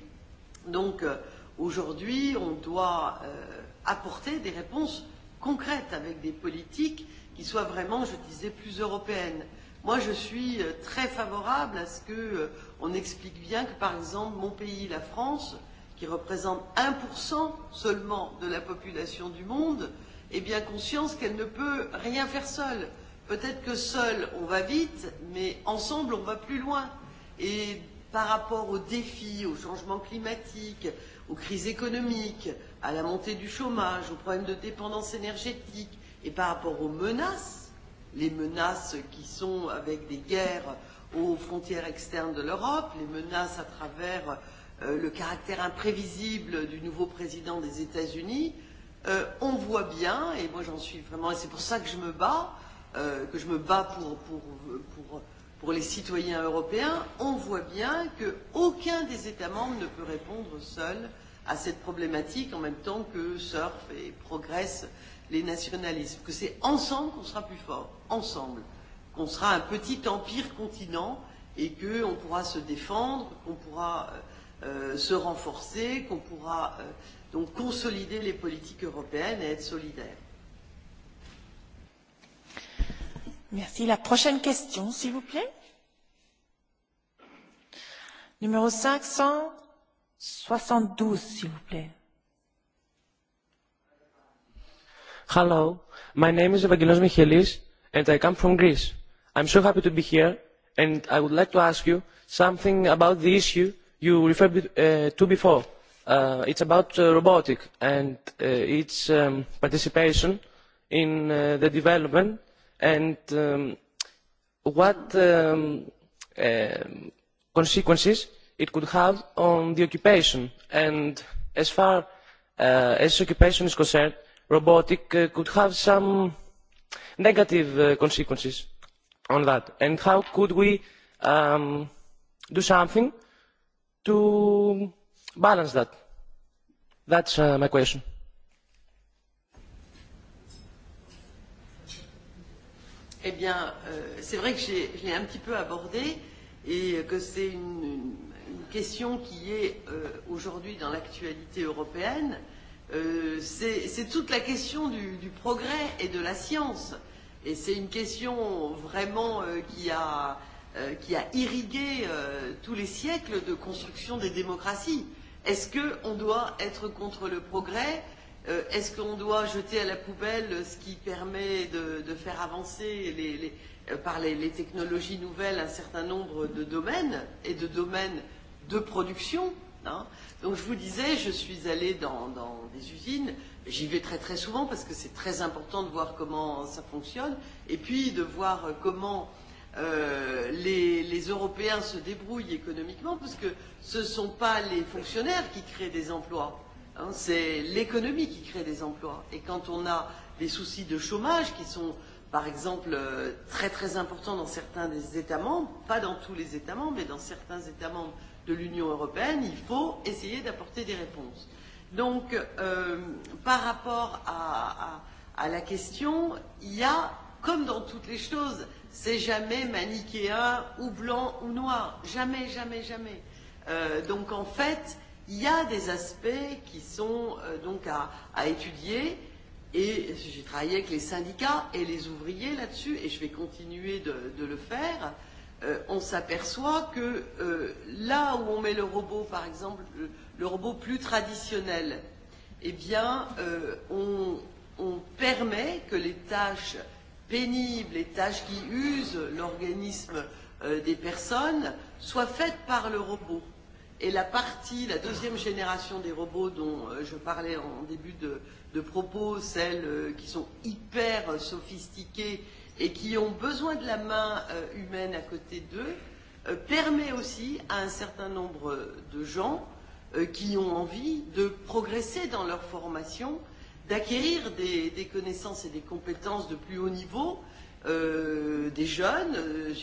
Donc euh, aujourd'hui, on doit euh, apporter des réponses concrètes avec des politiques qui soient vraiment, je disais, plus européennes. Euh, Moi, je suis euh, très favorable à ce qu'on euh, explique bien que, par exemple, mon pays, la France, qui représente 1% seulement de la population du monde, ait bien conscience qu'elle ne peut rien faire seule. Peut-être que seule, on va vite, mais ensemble, on va plus loin. Et par rapport aux défis, aux changements climatiques, aux crises économiques, à la montée du chômage, aux problèmes de dépendance énergétique, et par rapport aux menaces les menaces qui sont avec des guerres aux frontières externes de l'Europe, les menaces à travers euh, le caractère imprévisible du nouveau président des États-Unis, euh, on voit bien, et moi j'en suis vraiment, et c'est pour ça que je me bats, euh, que je me bats pour, pour, pour, pour les citoyens européens, on voit bien qu'aucun des États membres ne peut répondre seul à cette problématique en même temps que surfent et progressent les nationalismes, que c'est ensemble qu'on sera plus fort, ensemble, qu'on sera un petit empire continent et qu'on pourra se défendre, qu'on pourra euh, euh, se renforcer, qu'on pourra euh, donc consolider les politiques européennes et être solidaires. Merci. La prochaine question, s'il vous plaît. Numéro 572, s'il vous plaît. Hello, my name is Evangelos Michelis and I come from Greece. I'm so happy to be here and I would like to ask you something about the issue you referred uh, to before. Uh, it's about uh, robotics and uh, its um, participation in uh, the development and um, what um, uh, consequences it could have on the occupation. And as far uh, as occupation is concerned, robotic uh, could have some negative uh, consequences on that and how could we um, do something to balance that that's uh, my question Eh bien, euh, c'est vrai que je l'ai un petit peu abordé et que c'est une, une, une question qui est euh, aujourd'hui dans l'actualité européenne euh, Euh, c'est toute la question du, du progrès et de la science. Et c'est une question vraiment euh, qui, a, euh, qui a irrigué euh, tous les siècles de construction des démocraties. Est-ce qu'on doit être contre le progrès euh, Est-ce qu'on doit jeter à la poubelle ce qui permet de, de faire avancer les, les, euh, par les, les technologies nouvelles un certain nombre de domaines et de domaines de production hein euh, Donc je vous disais, je suis allée dans, dans des usines, j'y vais très très souvent parce que c'est très important de voir comment ça fonctionne et puis de voir comment euh, les, les Européens se débrouillent économiquement parce que ce ne sont pas les fonctionnaires qui créent des emplois, hein, c'est l'économie qui crée des emplois. Et quand on a des soucis de chômage qui sont par exemple euh, très très importants dans certains des États membres, pas dans tous les États membres, mais dans certains États membres de l'Union européenne, il faut essayer d'apporter des réponses. Donc, euh, par rapport à, à, à la question, il y a, comme dans toutes les choses, c'est jamais manichéen ou blanc ou noir. Jamais, jamais, jamais. Euh, donc, en fait, il y a des aspects qui sont euh, donc à, à étudier. Et j'ai travaillé avec les syndicats et les ouvriers là-dessus, et je vais continuer de, de le faire. Euh, euh, on s'aperçoit que euh, là où on met le robot, par exemple, le, le robot plus traditionnel, eh bien, euh, on, on permet que les tâches pénibles, les tâches qui usent l'organisme euh, des personnes, soient faites par le robot. Et la partie, la deuxième génération des robots dont euh, je parlais en début de, de propos, celles euh, qui sont hyper sophistiquées et qui ont besoin de la main euh, humaine à côté d'eux euh, permet aussi à un certain nombre de gens euh, qui ont envie de progresser dans leur formation, d'acquérir des, des connaissances et des compétences de plus haut niveau, euh, des jeunes. Euh,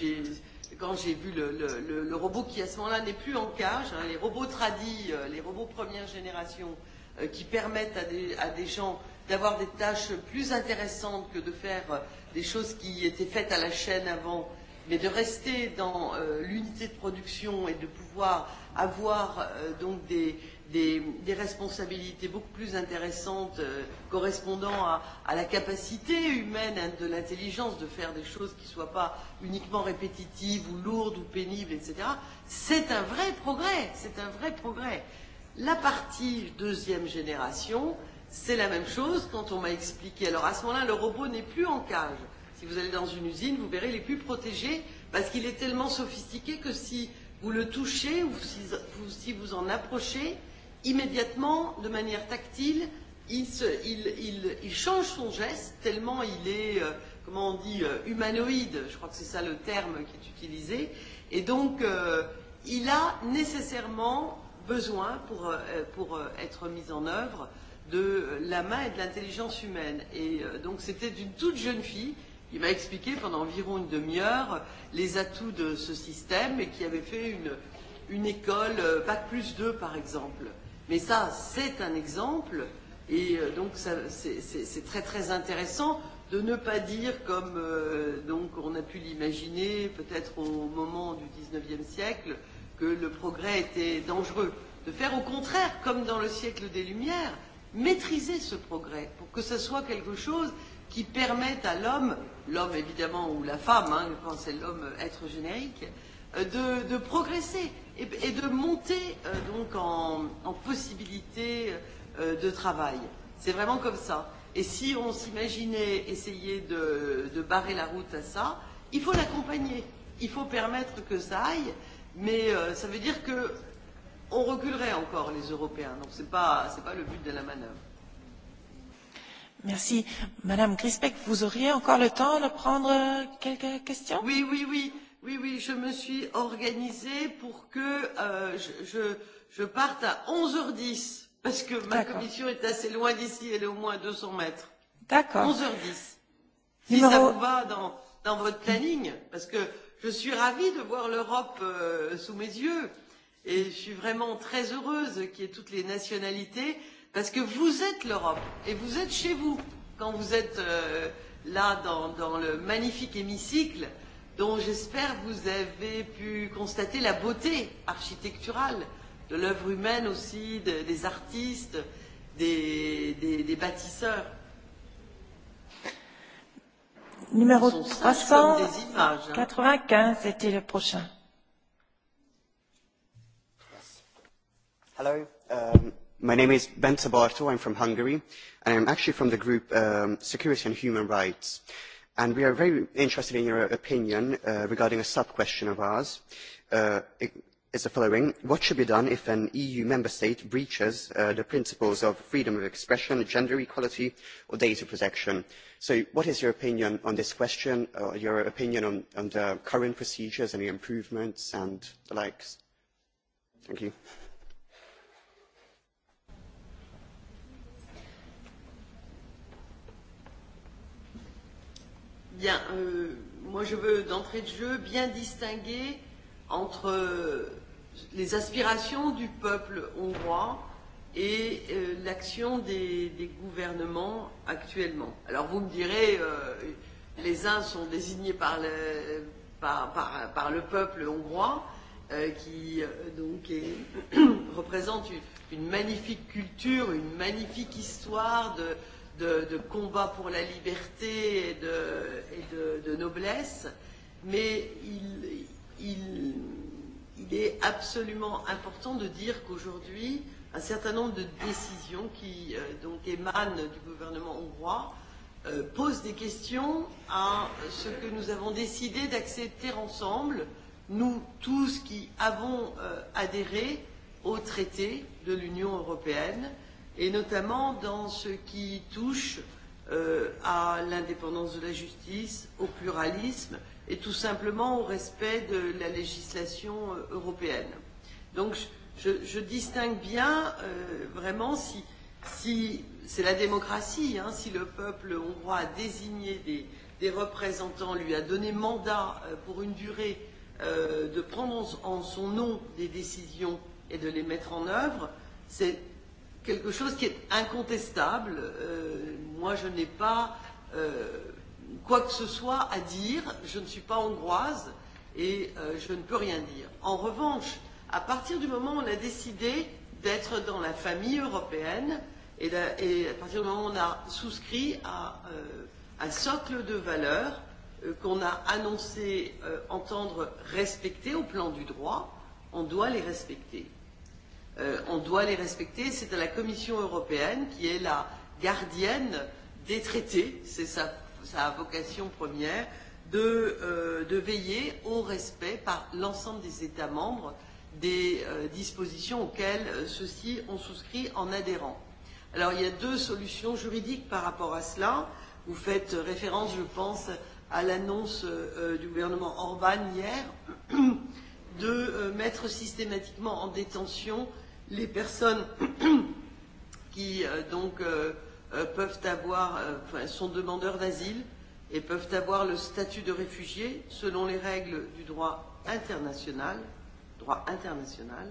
Quand j'ai vu le, le, le, le robot qui à ce moment-là n'est plus en cage, hein, les robots tradis, euh, les robots première génération, euh, qui permettent à des, à des gens d'avoir des tâches plus intéressantes que de faire euh, des choses qui étaient faites à la chaîne avant, mais de rester dans euh, l'unité de production et de pouvoir avoir euh, donc des, des, des responsabilités beaucoup plus intéressantes euh, correspondant à, à la capacité humaine hein, de l'intelligence de faire des choses qui ne soient pas uniquement répétitives ou lourdes ou pénibles, etc. C'est un vrai progrès, c'est un vrai progrès. La partie deuxième génération, C'est la même chose quand on m'a expliqué. Alors à ce moment-là, le robot n'est plus en cage. Si vous allez dans une usine, vous verrez, il est plus protégé parce qu'il est tellement sophistiqué que si vous le touchez ou si vous, si vous en approchez, immédiatement, de manière tactile, il, se, il, il, il change son geste tellement il est, euh, comment on dit, euh, humanoïde, je crois que c'est ça le terme qui est utilisé, et donc euh, il a nécessairement besoin pour, euh, pour euh, être mis en œuvre euh, de la main et de l'intelligence humaine. Et euh, donc c'était une toute jeune fille qui m'a expliqué pendant environ une demi-heure les atouts de ce système et qui avait fait une, une école euh, Bac plus 2 par exemple. Mais ça, c'est un exemple et euh, donc c'est très très intéressant de ne pas dire comme euh, donc on a pu l'imaginer peut-être au moment du 19e siècle que le progrès était dangereux. De faire au contraire comme dans le siècle des Lumières, maîtriser ce progrès pour que ce soit quelque chose qui permette à l'homme, l'homme évidemment ou la femme, hein, quand c'est l'homme euh, être générique, euh, de, de progresser et, et de monter euh, donc en, en possibilité euh, de travail. C'est vraiment comme ça. Et si on s'imaginait essayer de, de barrer la route à ça, il faut l'accompagner, il faut permettre que ça aille, mais euh, ça veut dire que on reculerait encore les Européens. Donc ce n'est pas, pas le but de la manœuvre. Merci. Madame Grisbeck, vous auriez encore le temps de prendre euh, quelques questions Oui, oui, oui. Oui, oui, je me suis organisée pour que euh, je, je, je parte à 11h10, parce que ma commission est assez loin d'ici, elle est au moins à 200 mètres. D'accord. 11h10. Si Numéro... ça vous va dans, dans votre planning, parce que je suis ravie de voir l'Europe euh, sous mes yeux. Et je suis vraiment très heureuse qu'il y ait toutes les nationalités, parce que vous êtes l'Europe et vous êtes chez vous quand vous êtes euh, là dans, dans le magnifique hémicycle dont j'espère vous avez pu constater la beauté architecturale de l'œuvre humaine aussi, de, des artistes, des, des, des bâtisseurs. Numéro 395 était le prochain. Hello, um, my name is Bence Bartó. I'm from Hungary, and I'm actually from the group um, Security and Human Rights. And we are very interested in your opinion uh, regarding a sub-question of ours. Uh, it is the following. What should be done if an EU member state breaches uh, the principles of freedom of expression, gender equality, or data protection? So what is your opinion on this question, or your opinion on, on the current procedures and the improvements and the likes? Thank you. Bien, euh, moi je veux d'entrée de jeu bien distinguer entre euh, les aspirations du peuple hongrois et euh, l'action des, des gouvernements actuellement. Alors vous me direz, euh, les uns sont désignés par le, par, par, par le peuple hongrois, euh, qui euh, donc est, représente une, une magnifique culture, une magnifique histoire de, euh, de, de combat pour la liberté et de, et de, de noblesse, mais il, il, il est absolument important de dire qu'aujourd'hui, un certain nombre de décisions qui euh, donc émanent du gouvernement hongrois euh, posent des questions à ce que nous avons décidé d'accepter ensemble, nous tous qui avons euh, adhéré au traité de l'Union européenne, euh, et notamment dans ce qui touche euh, à l'indépendance de la justice, au pluralisme et tout simplement au respect de la législation euh, européenne. Donc je, je distingue bien euh, vraiment si, si c'est la démocratie, hein, si le peuple hongrois a désigné des, des représentants, lui a donné mandat euh, pour une durée euh, de prendre en son nom des décisions et de les mettre en œuvre, c'est quelque chose qui est incontestable. Euh, moi, je n'ai pas euh, quoi que ce soit à dire. Je ne suis pas hongroise et euh, je ne peux rien dire. En revanche, à partir du moment où on a décidé d'être dans la famille européenne et, la, et à partir du moment où on a souscrit à euh, un socle de valeurs euh, qu'on a annoncé euh, entendre respecter au plan du droit, on doit les respecter euh, on doit les respecter. C'est à la Commission européenne qui est la gardienne des traités, c'est sa, sa vocation première, de, euh, de veiller au respect par l'ensemble des États membres des euh, dispositions auxquelles euh, ceux-ci ont souscrit en adhérant. Alors il y a deux solutions juridiques par rapport à cela. Vous faites référence, je pense, à l'annonce euh, euh du gouvernement Orban hier de euh, mettre systématiquement en détention les personnes qui euh, donc euh, euh, peuvent avoir, euh, enfin, sont demandeurs d'asile et peuvent avoir le statut de réfugié selon les règles du droit international, droit international.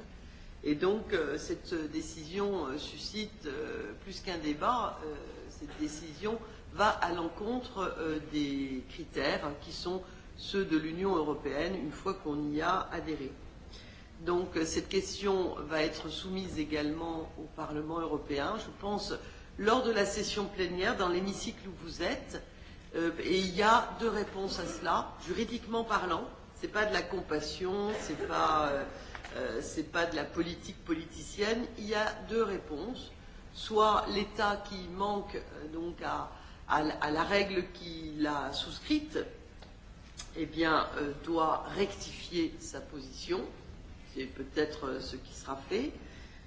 Et donc euh, cette décision euh, suscite euh, plus qu'un débat, euh, cette décision va à l'encontre euh, des critères qui sont ceux de l'Union européenne une fois qu'on y a adhéré. Euh, Donc euh, cette question va être soumise également au Parlement européen, je pense, lors de la session plénière, dans l'hémicycle où vous êtes. Euh, et il y a deux réponses à cela, juridiquement parlant. Ce n'est pas de la compassion, ce n'est pas, euh, euh pas de la politique politicienne. Il y a deux réponses. Soit l'État qui manque euh, donc à, à, à la règle qu'il a souscrite, eh bien, euh, doit rectifier sa position c'est peut-être euh, ce qui sera fait,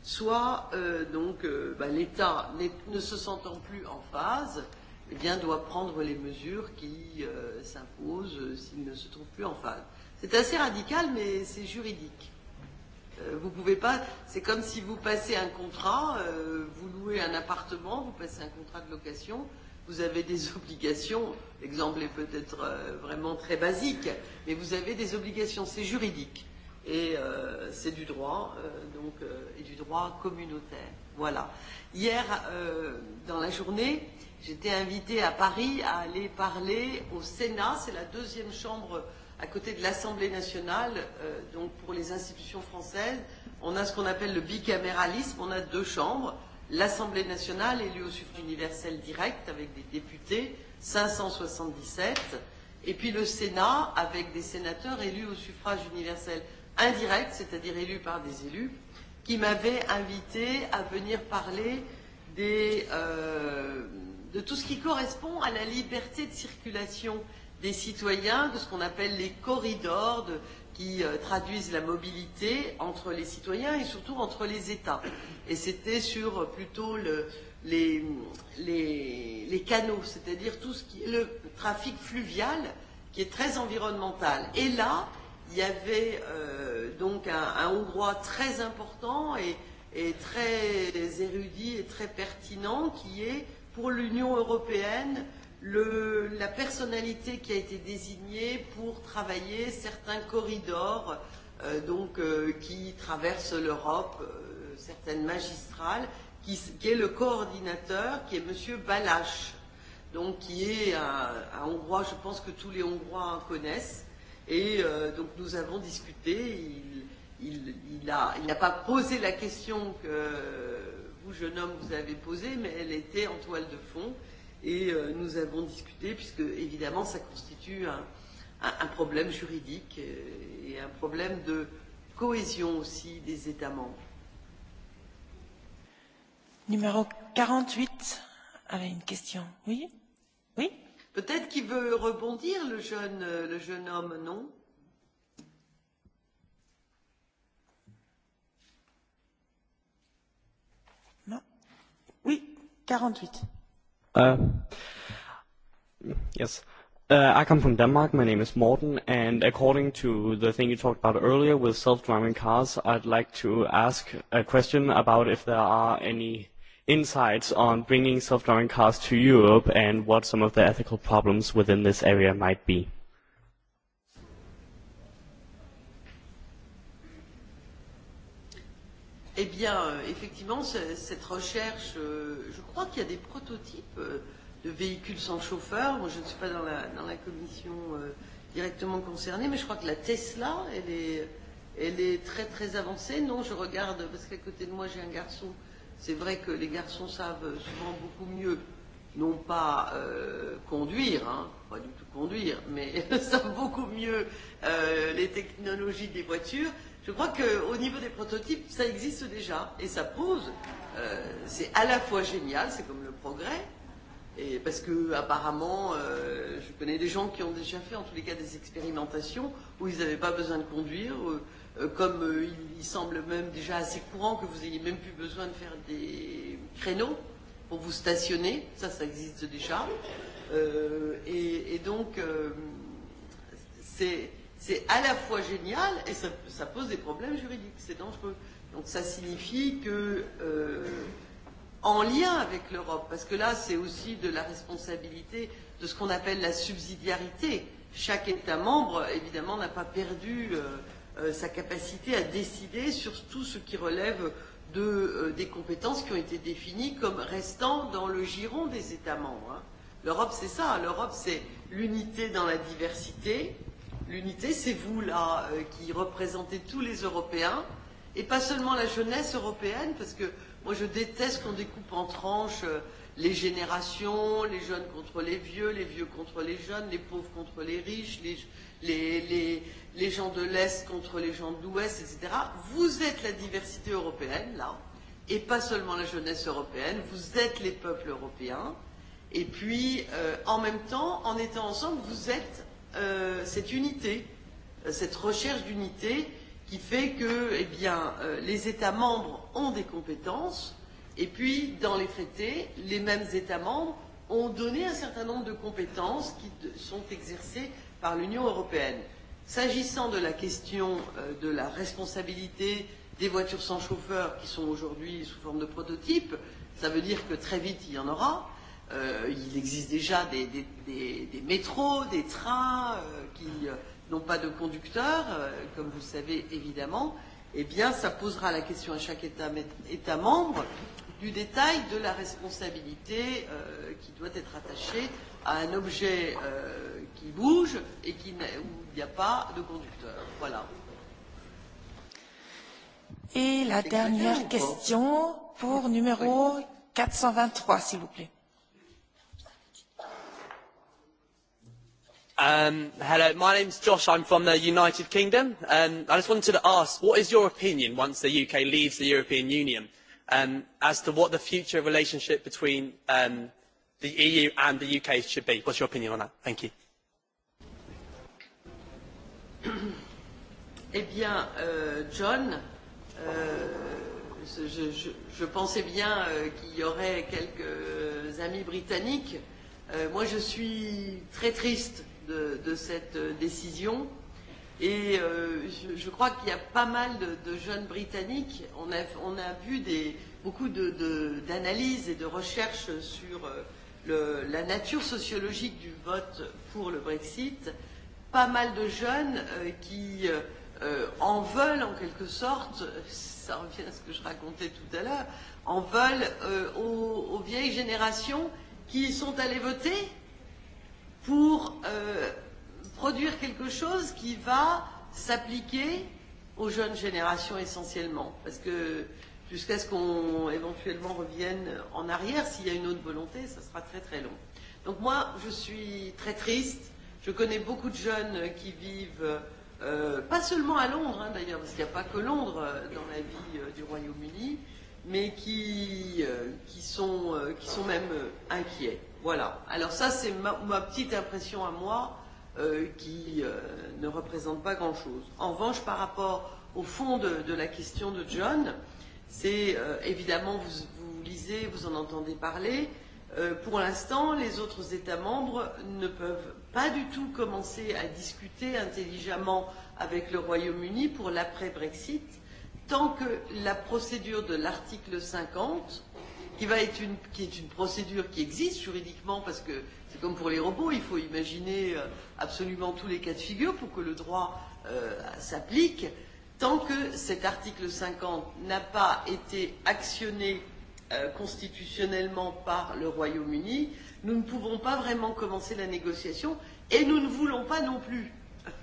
soit euh, donc euh, bah, l'État ne se sentant plus en phase, eh bien doit prendre les mesures qui euh, s'imposent euh, s'il ne se trouve plus en phase. C'est assez radical, mais c'est juridique. Euh, vous pouvez pas. C'est comme si vous passez un contrat, euh, vous louez un appartement, vous passez un contrat de location, vous avez des obligations. L'exemple est peut-être euh, vraiment très basique, mais vous avez des obligations. C'est juridique et euh, c'est du droit, euh, donc, euh, et du droit communautaire. Voilà. Hier, euh, dans la journée, j'étais invitée à Paris à aller parler au Sénat, c'est la deuxième chambre à côté de l'Assemblée nationale, euh, donc pour les institutions françaises. On a ce qu'on appelle le bicaméralisme, on a deux chambres, l'Assemblée nationale élue au suffrage universel direct avec des députés, 577, et puis le Sénat avec des sénateurs élus au suffrage universel direct indirect, c'est-à-dire élu par des élus, qui m'avait invité à venir parler des, euh, de tout ce qui correspond à la liberté de circulation des citoyens, de ce qu'on appelle les corridors, de, qui euh, traduisent la mobilité entre les citoyens et surtout entre les États. Et c'était sur euh, plutôt le, les, les, les canaux, c'est-à-dire tout ce qui est le trafic fluvial qui est très environnemental. Et là, il y avait euh, donc un, un Hongrois très important et, et très érudit et très pertinent qui est pour l'Union européenne le, la personnalité qui a été désignée pour travailler certains corridors euh, donc, euh, qui traversent l'Europe, euh, certaines magistrales, qui, qui est le coordinateur, qui est M. Balache, donc qui est un, un Hongrois, je pense que tous les Hongrois connaissent, Et euh, donc nous avons discuté. Il, il, il n'a il a pas posé la question que vous, jeune homme, vous avez posée, mais elle était en toile de fond. Et euh, nous avons discuté, puisque évidemment ça constitue un, un, un problème juridique et un problème de cohésion aussi des États membres. Numéro 48 avait ah, une question. Oui Oui Peut-être qu'il veut rebondir, le jeune, euh, le jeune homme, non Non. Oui, 48. Uh, yes. Uh, I come from Denmark. My name is Morten. And according to the thing you talked about earlier with self-driving cars, I'd like to ask a question about if there are any insights on bringing self-driving cars to Europe and what some of the ethical problems within this area might be. Eh bien, euh, effectivement, cette recherche, euh, je crois qu'il y a des prototypes euh, de véhicules sans chauffeur. Moi, je ne suis pas dans la, dans la commission directement concernée, mais je crois que la Tesla, elle est, elle est très très avancée. Non, je regarde, parce qu'à côté de moi, j'ai un garçon euh, C'est vrai que les garçons savent souvent beaucoup mieux, non pas euh, conduire, hein, pas du tout conduire, mais savent beaucoup mieux euh, les technologies des voitures. Je crois qu'au niveau des prototypes, ça existe déjà et ça pose. Euh, c'est à la fois génial, c'est comme le progrès, et parce que apparemment, euh, je connais des gens qui ont déjà fait en tous les cas des expérimentations où ils n'avaient pas besoin de conduire. Euh, comme euh, il, il semble même déjà assez courant que vous ayez même plus besoin de faire des créneaux pour vous stationner, ça, ça existe déjà. Euh, et, et donc, euh, c'est à la fois génial et ça, ça pose des problèmes juridiques, c'est dangereux. Donc ça signifie que, euh, en lien avec l'Europe, parce que là, c'est aussi de la responsabilité de ce qu'on appelle la subsidiarité. Chaque État membre, évidemment, n'a pas perdu. Euh, Euh, sa capacité à décider sur tout ce qui relève de, euh, des compétences qui ont été définies comme restant dans le giron des États membres. Hein. L'Europe, c'est ça. L'Europe, c'est l'unité dans la diversité. L'unité, c'est vous, là, euh, qui représentez tous les Européens, et pas seulement la jeunesse européenne, parce que moi, je déteste qu'on découpe en tranches. Euh, les générations, les jeunes contre les vieux, les vieux contre les jeunes, les pauvres contre les riches, les, les, les, les gens de l'Est contre les gens de l'Ouest, etc. Vous êtes la diversité européenne, là, et pas seulement la jeunesse européenne, vous êtes les peuples européens, et puis euh, en même temps, en étant ensemble, vous êtes euh, cette unité, euh, cette recherche d'unité qui fait que eh bien, euh, les États membres ont des compétences, et puis dans les traités, les mêmes États membres ont donné un certain nombre de compétences qui sont exercées par l'Union européenne. S'agissant de la question euh, de la responsabilité des voitures sans chauffeur qui sont aujourd'hui sous forme de prototype, ça veut dire que très vite il y en aura. Euh, il existe déjà des, des, des, des métros, des trains euh, qui euh, n'ont pas de conducteur, euh, comme vous le savez évidemment. Eh bien, ça posera la question à chaque État, État membre du détail de la responsabilité euh, qui doit être attachée à un objet euh, qui bouge et qui, où il n'y a pas de conducteur. Voilà. Et la dernière question pour numéro 423, s'il vous plaît. Um, hello, my is Josh. I'm from the United Kingdom. Um, I just wanted to ask, what is your opinion once the UK leaves the European Union um, as to what the future relationship between um, the EU and the UK should be? What's your opinion on that? Thank you. Eh bien, euh, John, euh, je, je, je pensais bien euh, qu'il y aurait quelques amis britanniques. Euh, moi, je suis très triste de, de cette décision. Et euh, je, je crois qu'il y a pas mal de, de jeunes britanniques. On a, on a vu des, beaucoup d'analyses de, de, et de recherches sur euh, le, la nature sociologique du vote pour le Brexit. Pas mal de jeunes euh, qui. Euh, euh, en veulent en quelque sorte, ça revient à ce que je racontais tout à l'heure, en veulent euh, aux, aux vieilles générations qui sont allées voter pour euh, produire quelque chose qui va s'appliquer aux jeunes générations essentiellement. Parce que jusqu'à ce qu'on éventuellement revienne en arrière, s'il y a une autre volonté, ça sera très très long. Donc moi, je suis très triste. Je connais beaucoup de jeunes qui vivent Euh, Euh, pas seulement à Londres hein, d'ailleurs, parce qu'il n'y a pas que Londres euh, dans la vie euh, du Royaume-Uni, mais qui, euh, qui, sont, euh, qui sont même euh, inquiets. Voilà. Alors ça, c'est ma, ma petite impression à moi euh, qui euh, ne représente pas grand-chose. En revanche, par rapport au fond de, de la question de John, c'est euh, évidemment, vous, vous lisez, vous en entendez parler. Euh, pour l'instant, les autres États membres ne peuvent pas du tout commencé à discuter intelligemment avec le Royaume-Uni pour l'après-Brexit, tant que la procédure de l'article 50, qui, va être une, qui est une procédure qui existe juridiquement, parce que c'est comme pour les robots, il faut imaginer euh, absolument tous les cas de figure pour que le droit euh, s'applique, tant que cet article 50 n'a pas été actionné euh, constitutionnellement par le Royaume-Uni, euh, nous ne pouvons pas vraiment commencer la négociation et nous ne voulons pas non plus.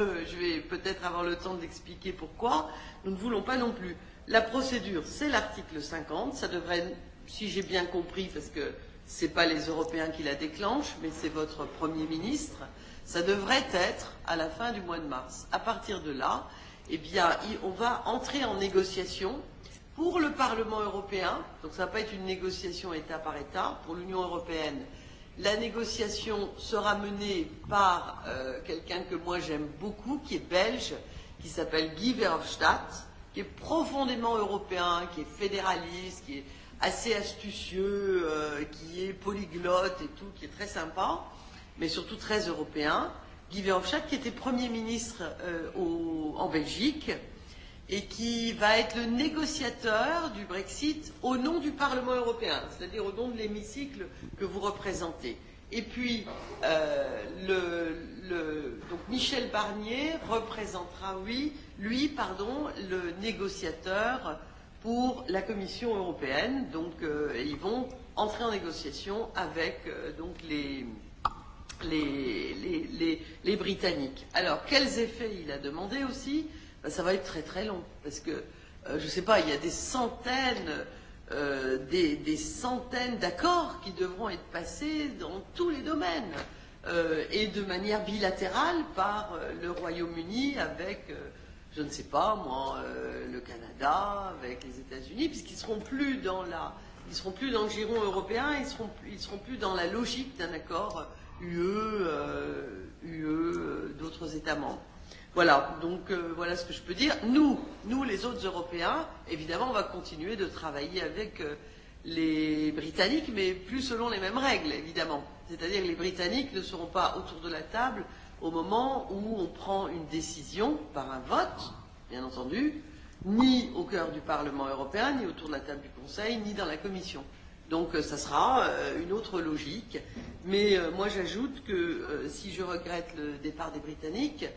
Euh, je vais peut-être avoir le temps d'expliquer pourquoi. Nous ne voulons pas non plus. La procédure, c'est l'article 50. Ça devrait, si j'ai bien compris, parce que ce n'est pas les Européens qui la déclenchent, mais c'est votre Premier ministre, ça devrait être à la fin du mois de mars. À partir de là, eh bien, on va entrer en négociation pour le Parlement européen, donc ça ne va pas être une négociation État par État, pour l'Union européenne La négociation sera menée par euh, quelqu'un que moi j'aime beaucoup, qui est belge, qui s'appelle Guy Verhofstadt, qui est profondément européen, qui est fédéraliste, qui est assez astucieux, euh, qui est polyglotte et tout, qui est très sympa, mais surtout très européen. Guy Verhofstadt, qui était Premier ministre euh, au, en Belgique, euh, et qui va être le négociateur du Brexit au nom du Parlement européen, c'est-à-dire au nom de l'hémicycle que vous représentez. Et puis, euh, le, le, donc Michel Barnier représentera, oui, lui, pardon, le négociateur pour la Commission européenne. Donc, euh, ils vont entrer en négociation avec euh, donc les, les, les, les, les Britanniques. Alors, quels effets il a demandé aussi euh, ben, ça va être très très long. Parce que, euh, je ne sais pas, il y a des centaines, euh, des, des centaines d'accords qui devront être passés dans tous les domaines. Euh, et de manière bilatérale par euh, le Royaume-Uni avec, euh, je ne sais pas moi, euh, le Canada, avec les États-Unis, puisqu'ils ne seront plus dans la. Ils ne seront plus dans le giron européen, ils seront, ils seront plus dans la logique d'un accord UE, euh, UE, euh, d'autres États membres. Voilà, donc euh, voilà ce que je peux dire. Nous, nous les autres Européens, évidemment, on va continuer de travailler avec euh, les Britanniques, mais plus selon les mêmes règles, évidemment. C'est-à-dire que les Britanniques ne seront pas autour de la table au moment où on prend une décision par un vote, bien entendu, ni au cœur du Parlement européen, ni autour de la table du Conseil, ni dans la Commission. Donc euh, ça sera euh, une autre logique. Mais euh, moi j'ajoute que euh, si je regrette le départ des Britanniques, euh,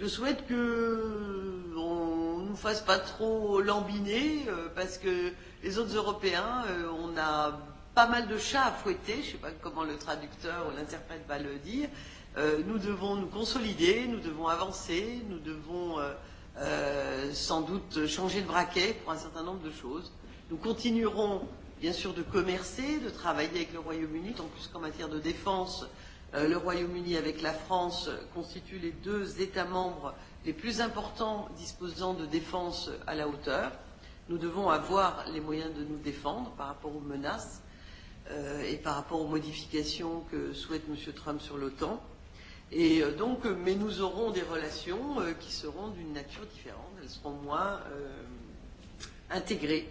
je souhaite que on nous fasse pas trop lambiner euh, parce que les autres Européens, euh, on a pas mal de chats à fouetter. Je ne sais pas comment le traducteur ou l'interprète va le dire. Euh, nous devons nous consolider, nous devons avancer, nous devons euh, euh, sans doute changer de braquet pour un certain nombre de choses. Nous continuerons bien sûr de commercer, de travailler avec le Royaume-Uni, en plus qu'en matière de défense, euh, Euh, le Royaume-Uni avec la France euh, constituent les deux États membres les plus importants disposant de défense euh, à la hauteur. Nous devons avoir les moyens de nous défendre par rapport aux menaces euh, et par rapport aux modifications que souhaite M. Trump sur l'OTAN. Et donc, mais nous aurons des relations euh, qui seront d'une nature différente, elles seront moins euh, intégrées.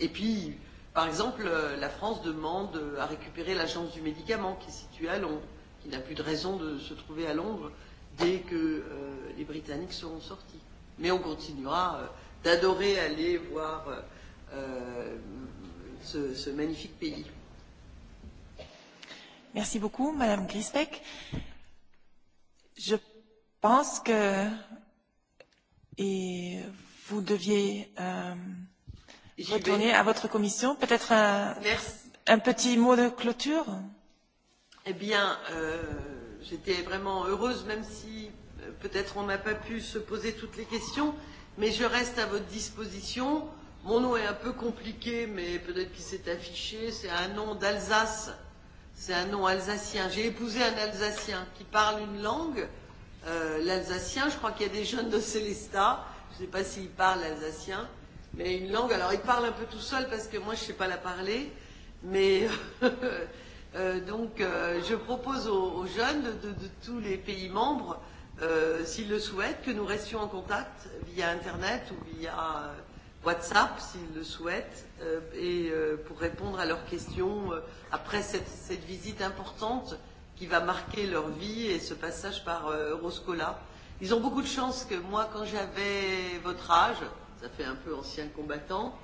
Et puis, Par exemple, euh, la France demande euh, à récupérer l'agence du médicament qui est située à Londres, qui n'a plus de raison de se trouver à Londres dès que euh, les Britanniques seront sortis. Mais on continuera euh, d'adorer aller voir euh, euh ce, ce magnifique pays. Merci beaucoup, Madame Grisbeck. Je pense que et vous deviez euh, retourner à votre commission. Peut-être un, un petit mot de clôture Eh bien, euh, j'étais vraiment heureuse, même si euh, peut-être on n'a pas pu se poser toutes les questions, mais je reste à votre disposition. Mon nom est un peu compliqué, mais peut-être qu'il s'est affiché. C'est un nom d'Alsace. C'est un nom alsacien. J'ai épousé un Alsacien qui parle une langue, euh, l'alsacien. Je crois qu'il y a des jeunes de Célestat. Je ne sais pas s'ils parlent alsacien. Euh, mais une langue. Alors, il parle un peu tout seul parce que moi, je ne sais pas la parler. Mais euh, donc, euh, je propose aux, aux jeunes de, de, de tous les pays membres, euh, s'ils le souhaitent, que nous restions en contact via Internet ou via WhatsApp, s'ils le souhaitent, euh, et euh, pour répondre à leurs questions euh, après cette, cette visite importante qui va marquer leur vie et ce passage par euh, Euroscola. Ils ont beaucoup de chance que moi, quand j'avais votre âge, ça fait un peu ancien combattant.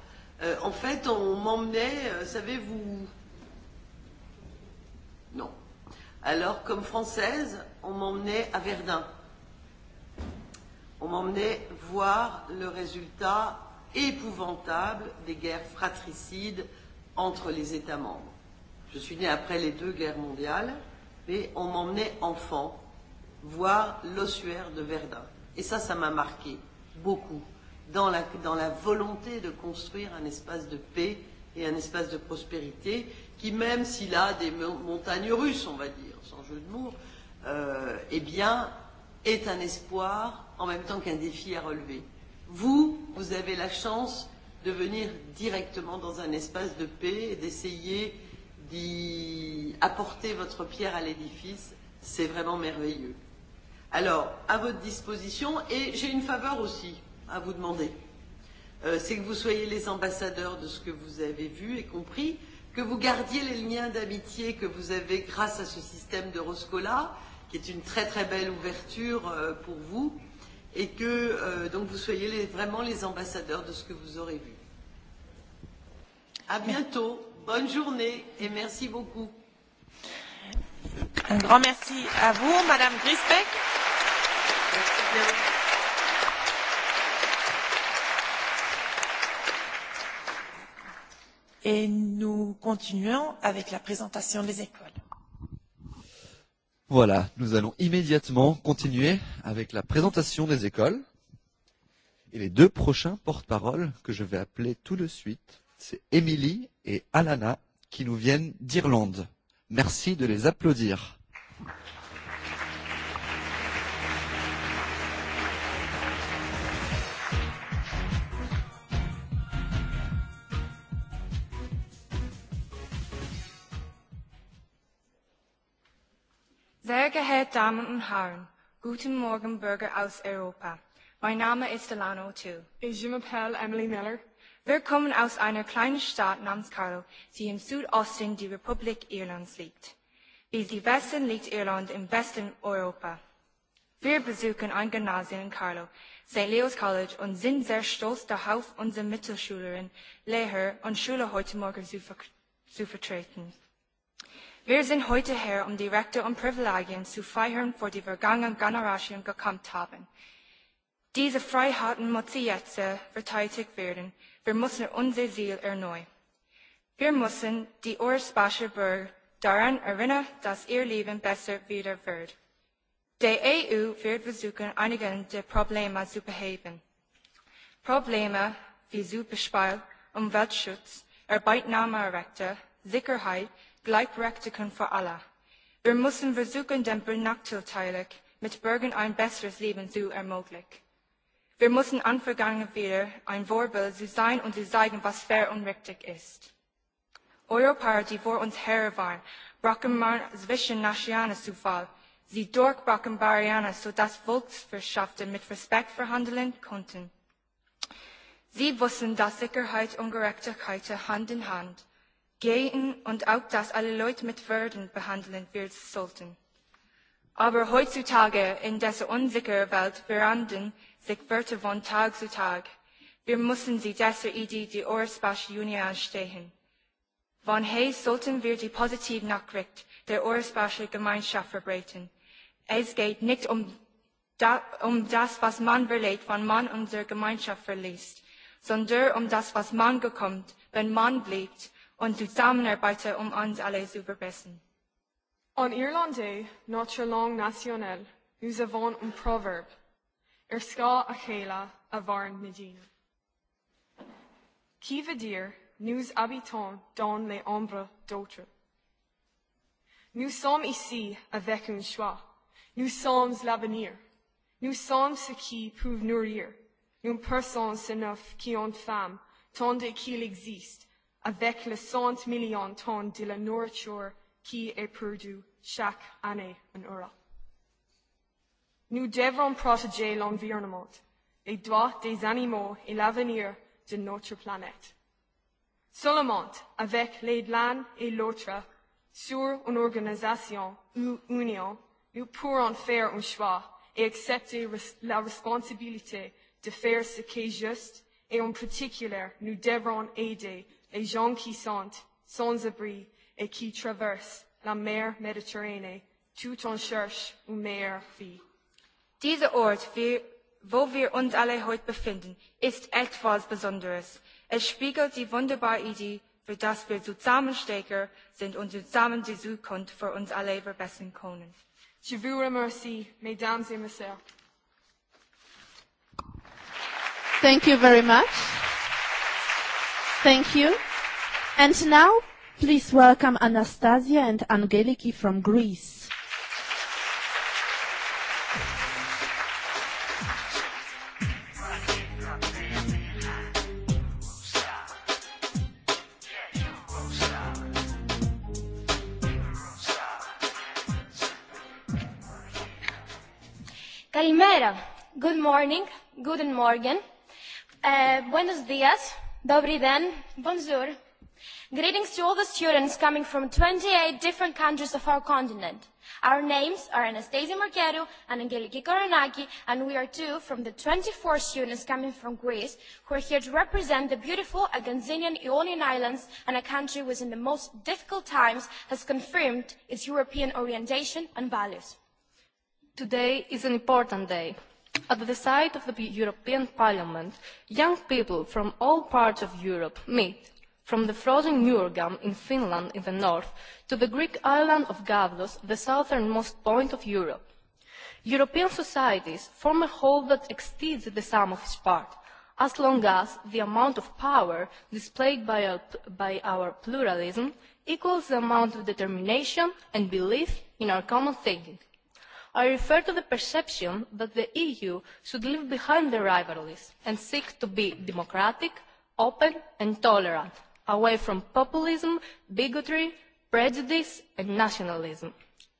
Euh, en fait, on m'emmenait, euh, savez-vous Non. Alors, comme française, on m'emmenait à Verdun. On m'emmenait voir le résultat épouvantable des guerres fratricides entre les États membres. Je suis née après les deux guerres mondiales, mais on m'emmenait enfant voir l'ossuaire de Verdun. Et ça, ça m'a marqué beaucoup dans la, dans la volonté de construire un espace de paix et un espace de prospérité qui, même s'il a des montagnes russes, on va dire, sans jeu de mots, euh, eh bien, est un espoir en même temps qu'un défi à relever. Vous, vous avez la chance de venir directement dans un espace de paix et d'essayer d'y apporter votre pierre à l'édifice. C'est vraiment merveilleux. Alors, à votre disposition, et j'ai une faveur aussi à vous demander. Euh, c'est que vous soyez les ambassadeurs de ce que vous avez vu et compris, que vous gardiez les liens d'amitié que vous avez grâce à ce système de Roscola, qui est une très très belle ouverture euh, pour vous, et que euh, donc vous soyez les, vraiment les ambassadeurs de ce que vous aurez vu. À bientôt, bonne journée et merci beaucoup. Un grand merci à vous, Madame Grisbeck. Merci bien. et nous continuons avec la présentation des écoles. Voilà, nous allons immédiatement continuer avec la présentation des écoles. Et les deux prochains porte-parole que je vais appeler tout de suite, c'est Émilie et Alana qui nous viennent d'Irlande. Merci de les applaudir. Sehr geehrte Damen und Herren, guten Morgen Bürger aus Europa. Mein Name ist Delano Et je m'appelle Emily Miller. Wir kommen aus einer kleinen Stadt namens Carlo, die im Südosten der Republik Irlands liegt. Wie Sie wissen, liegt Irland im Westen Europa. Wir besuchen ein Gymnasium in Carlo, St. Leo's College und sind sehr stolz darauf, unsere Mittelschülerinnen, Lehrer und Schüler heute Morgen zu, ver zu vertreten. Wir sind heute hier, um die Rechte und Privilegien zu feiern, vor die vergangenen Generationen gekämpft haben. Diese Freiheiten müssen jetzt äh, verteidigt werden. Wir müssen unser Ziel erneuern. Wir müssen die ursprüngliche Bürger daran erinnern, dass ihr Leben besser wieder wird. Die EU wird versuchen, einige der Probleme zu beheben. Probleme wie zum Umweltschutz, Arbeitnehmerrechte, Sicherheit, bleibt für alle. Wir müssen versuchen, den Benachteiligten mit Bürgern ein besseres Leben zu ermöglichen. Wir müssen anfangen, wieder ein Vorbild zu sein und zu zeigen, was fair und richtig ist. Europa, die vor uns her waren, brachen man zwischen Nationen zu Fall. Sie durchbrachen Barrieren, sodass Volkswirtschaften mit Respekt verhandeln konnten. Sie wussten, dass Sicherheit und Gerechtigkeit Hand in Hand gehen und auch, dass alle Leute mit Würden behandeln wird sollten. Aber heutzutage in dieser unsicheren Welt verändern sich Wörter von Tag zu Tag. Wir müssen sie dieser Idee die Europäische Union stehen. Von hey sollten wir die positive Nachricht der Europäischen Gemeinschaft verbreiten. Es geht nicht um, da, um das, was man verlegt, wenn man unsere Gemeinschaft verliest, sondern um das, was man bekommt, wenn man bleibt und die Zusammenarbeit um uns alle zu verbessern. En Irlande, notre langue nationale, nous avons un proverbe. Erska ska avarn Medina. Qui veut dire nous habitons dans les ombres d'autres. Nous sommes ici avec un choix. Nous sommes l'avenir. Nous sommes ceux qui peuvent nourrir une personne neuf qui ont femme, tandis qu'il existe avec les cent millions de tonnes de la nourriture qui est perdue chaque année en Europe. Nous devons protéger l'environnement, les droits des animaux et l'avenir de notre planète. Seulement avec l'aide l'un et l'autre sur une organisation ou union, nous pourrons faire un choix et accepter la responsabilité de faire ce qui est juste et en particulier nous devrons aider les gens qui sont sans abri et qui traversent la mer Méditerranée tout en cherche une meilleure vie. Dieser Ort, wo wir uns alle heute befinden, ist etwas Besonderes. Es spiegelt die wunderbare Idee, für das wir zusammenstecken sind und zusammen die Zukunft für uns alle verbessern können. Je vous remercie, mesdames et messieurs. Thank you very much. Thank you. And now, please welcome Anastasia and Angeliki from Greece. Καλημέρα. Good morning. Good morning. Uh, buenos dias, Dobrý den. Bonjour. Greetings to all the students coming from 28 different countries of our continent. Our names are Anastasia Markeru and Angeliki Koronaki, and we are two from the 24 students coming from Greece who are here to represent the beautiful Aganzinian Ionian Islands and a country which in the most difficult times has confirmed its European orientation and values. Today is an important day At the site of the European Parliament, young people from all parts of Europe meet, from the frozen Jurgam in Finland in the north to the Greek island of Gavdos, the southernmost point of Europe. European societies form a whole that exceeds the sum of its parts, as long as the amount of power displayed by our, by our pluralism equals the amount of determination and belief in our common thinking. I refer to the perception that the EU should leave behind the rivalries and seek to be democratic, open and tolerant, away from populism, bigotry, prejudice and nationalism.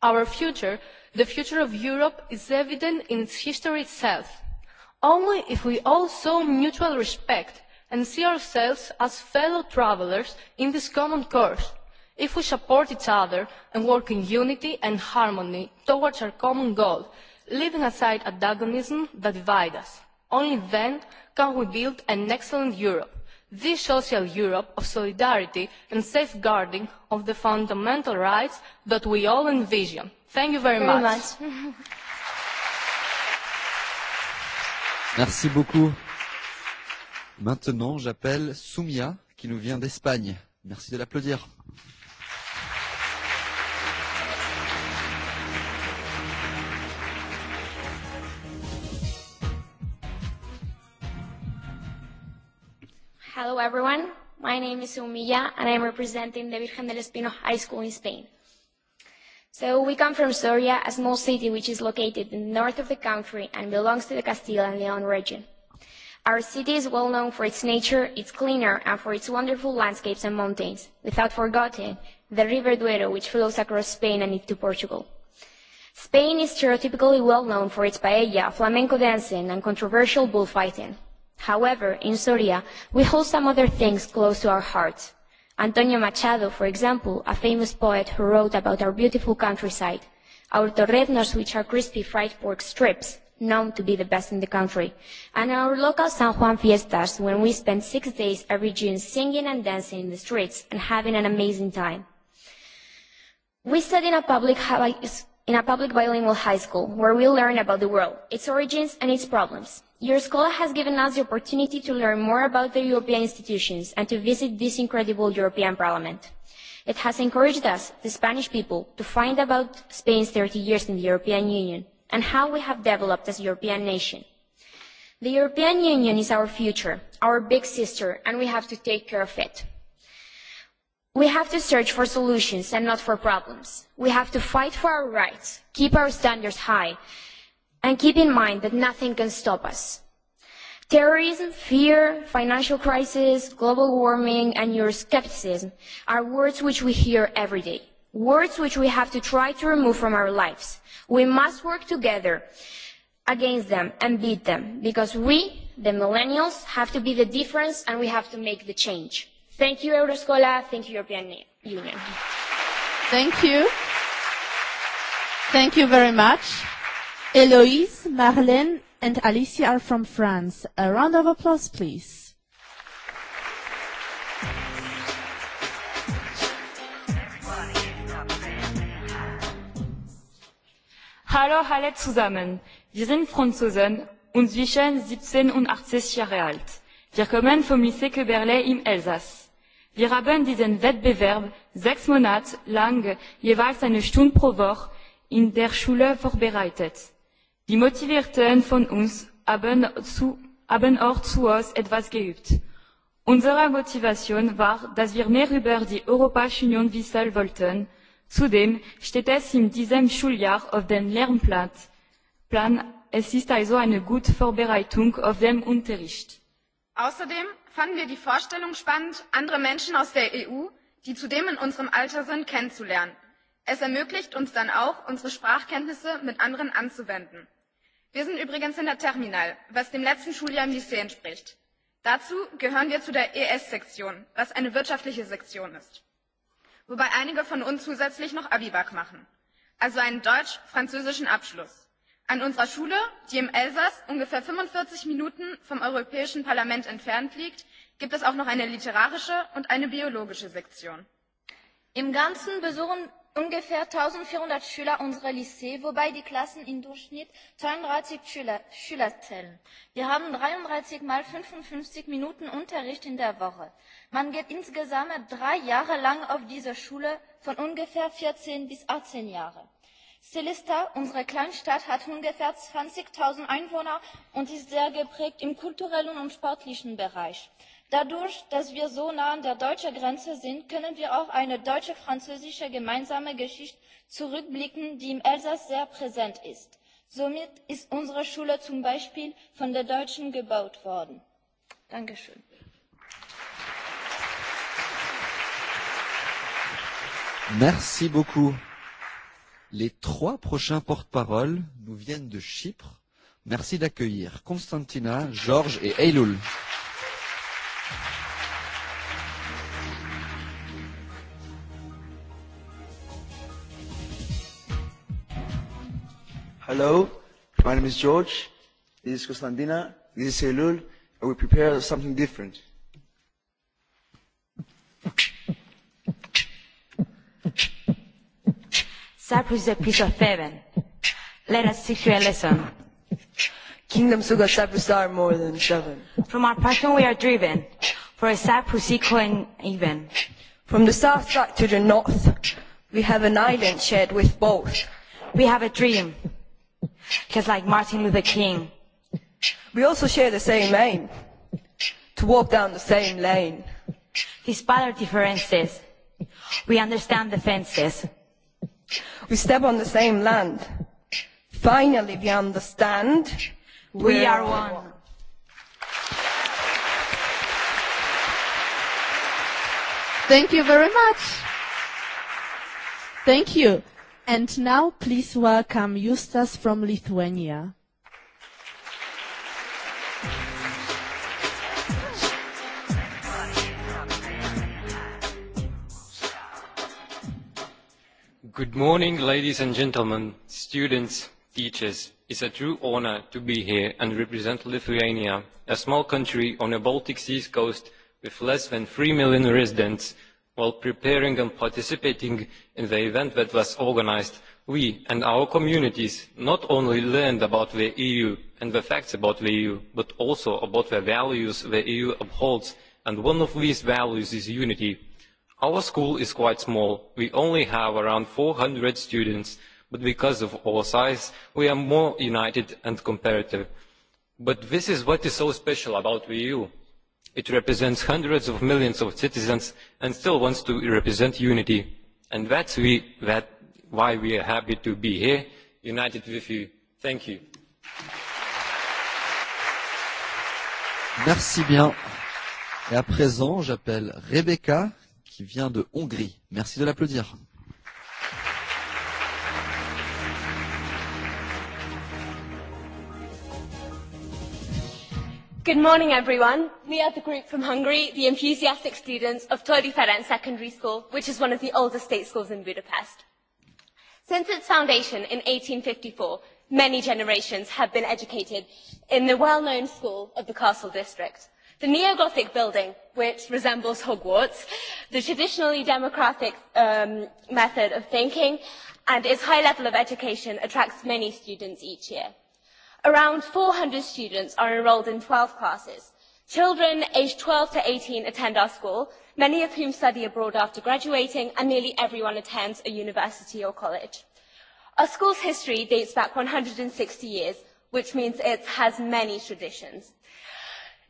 Our future, the future of Europe, is evident in its history itself. Only if we all show mutual respect and see ourselves as fellow travellers in this common course – if we support each other and work in unity and harmony towards our common goal, leaving aside antagonism that divides us. Only then can we build an excellent Europe, the social Europe of solidarity and safeguarding of the fundamental rights that we all envision. Thank you very, very much. much. Merci beaucoup. Maintenant, j'appelle Soumia qui nous vient d'Espagne. Merci de l'applaudir. everyone. My name is Umilla, and I'm representing the Virgen del Espino High School in Spain. So we come from Soria, a small city which is located in the north of the country and belongs to the Castile and Leon region. Our city is well known for its nature, its clean air, and for its wonderful landscapes and mountains, without forgetting the River Duero, which flows across Spain and into Portugal. Spain is stereotypically well known for its paella, flamenco dancing, and controversial bullfighting. However, in Soria, we hold some other things close to our hearts. Antonio Machado, for example, a famous poet who wrote about our beautiful countryside, our torreznos, which are crispy fried pork strips, known to be the best in the country, and our local San Juan fiestas, when we spend six days every June singing and dancing in the streets and having an amazing time. We study in a public in a public bilingual high school where we learn about the world, its origins and its problems. Your school has given us the opportunity to learn more about the European institutions and to visit this incredible European Parliament. It has encouraged us, the Spanish people, to find about Spain's 30 years in the European Union and how we have developed as a European nation. The European Union is our future, our big sister, and we have to take care of it. We have to search for solutions and not for problems. We have to fight for our rights, keep our standards high, and keep in mind that nothing can stop us. Terrorism, fear, financial crisis, global warming, and Euroscepticism are words which we hear every day, words which we have to try to remove from our lives. We must work together against them and beat them, because we, the millennials, have to be the difference and we have to make the change. Thank you, Euroscola. Thank you, European Union. Thank you. Thank you very much. Eloise, Marlène, and Alicia are from France. A round of applause, please. Hallo alle zusammen. Wir sind Franzosen und zwischen 17 und 80 Jahre alt. Wir kommen vom Lycée Köberle im Elsass. Wir haben diesen Wettbewerb sechs Monate lang jeweils eine Stunde pro Woche in der Schule vorbereitet. Die Motivierten von uns haben, zu, haben auch zu uns etwas geübt. Unsere Motivation war, dass wir mehr über die Europäische Union wissen wollten. Zudem steht es in diesem Schuljahr auf dem Lernplan. es ist also eine gute Vorbereitung auf den Unterricht. Außerdem fanden wir die Vorstellung spannend, andere Menschen aus der EU, die zudem in unserem Alter sind, kennenzulernen. Es ermöglicht uns dann auch, unsere Sprachkenntnisse mit anderen anzuwenden wir sind übrigens in der terminal was dem letzten schuljahr im lycée entspricht. dazu gehören wir zu der es sektion was eine wirtschaftliche sektion ist wobei einige von uns zusätzlich noch abiwak machen also einen deutsch französischen abschluss. an unserer schule die im elsass ungefähr fünfundvierzig minuten vom europäischen parlament entfernt liegt gibt es auch noch eine literarische und eine biologische sektion. im ganzen besuchen ungefähr eintausendvierhundert Schüler unsere Lycée, wobei die Klassen im Durchschnitt 32 Schüler, Schüler zählen. Wir haben 33 mal 55 Minuten Unterricht in der Woche. Man geht insgesamt drei Jahre lang auf diese Schule von ungefähr 14 bis 18 Jahre. Celesta, unsere Kleinstadt, hat ungefähr 20.000 Einwohner und ist sehr geprägt im kulturellen und sportlichen Bereich dadurch dass wir so nah an der deutschen grenze sind können wir auf eine deutsch französische gemeinsame geschichte zurückblicken die im elsass sehr präsent ist. somit ist unsere schule zum beispiel von den deutschen gebaut worden. Dankeschön. Merci beaucoup. Les trois prochains porte-paroles nous viennent de Chypre. Merci d'accueillir Constantina, Georges et Eiloul. Applaudissements Hello, my name is George. This is Costandina. This is Elul. And we prepare something different. Cyprus is a piece of heaven. Let us teach you a lesson. Kingdoms of Cyprus are more than seven. From our passion we are driven, for a Cyprus equal and even. From the south side to the north, we have an island shared with both. We have a dream just like Martin Luther King. We also share the same aim, to walk down the same lane. Despite our differences, we understand the fences. We step on the same land. Finally, we understand. We, we are one. one. Thank you very much. Thank you. And now please welcome Justas from Lithuania. Good morning, ladies and gentlemen, students, teachers. It's a true honor to be here and represent Lithuania, a small country on the Baltic Sea coast with less than 3 million residents, While preparing and participating in the event that was organised, we and our communities not only learned about the EU and the facts about the EU, but also about the values the EU upholds, and one of these values is unity. Our school is quite small. We only have around 400 students, but because of our size, we are more united and comparative. But this is what is so special about the EU It represents hundreds of millions of citizens and still wants to represent unity. And that's we, that, why we are happy to be here, united with you. Thank you. Merci bien. Et à présent, j'appelle Rebecca qui vient de Hongrie. Merci de l'applaudir. Good morning, everyone. We are the group from Hungary, the enthusiastic students of Tordi Ferenc Secondary School, which is one of the oldest state schools in Budapest. Since its foundation in 1854, many generations have been educated in the well-known school of the Castle District. The neo-Gothic building, which resembles Hogwarts, the traditionally democratic um, method of thinking, and its high level of education attracts many students each year. Around 400 students are enrolled in 12 classes. Children aged 12 to 18 attend our school, many of whom study abroad after graduating, and nearly everyone attends a university or college. Our school's history dates back 160 years, which means it has many traditions.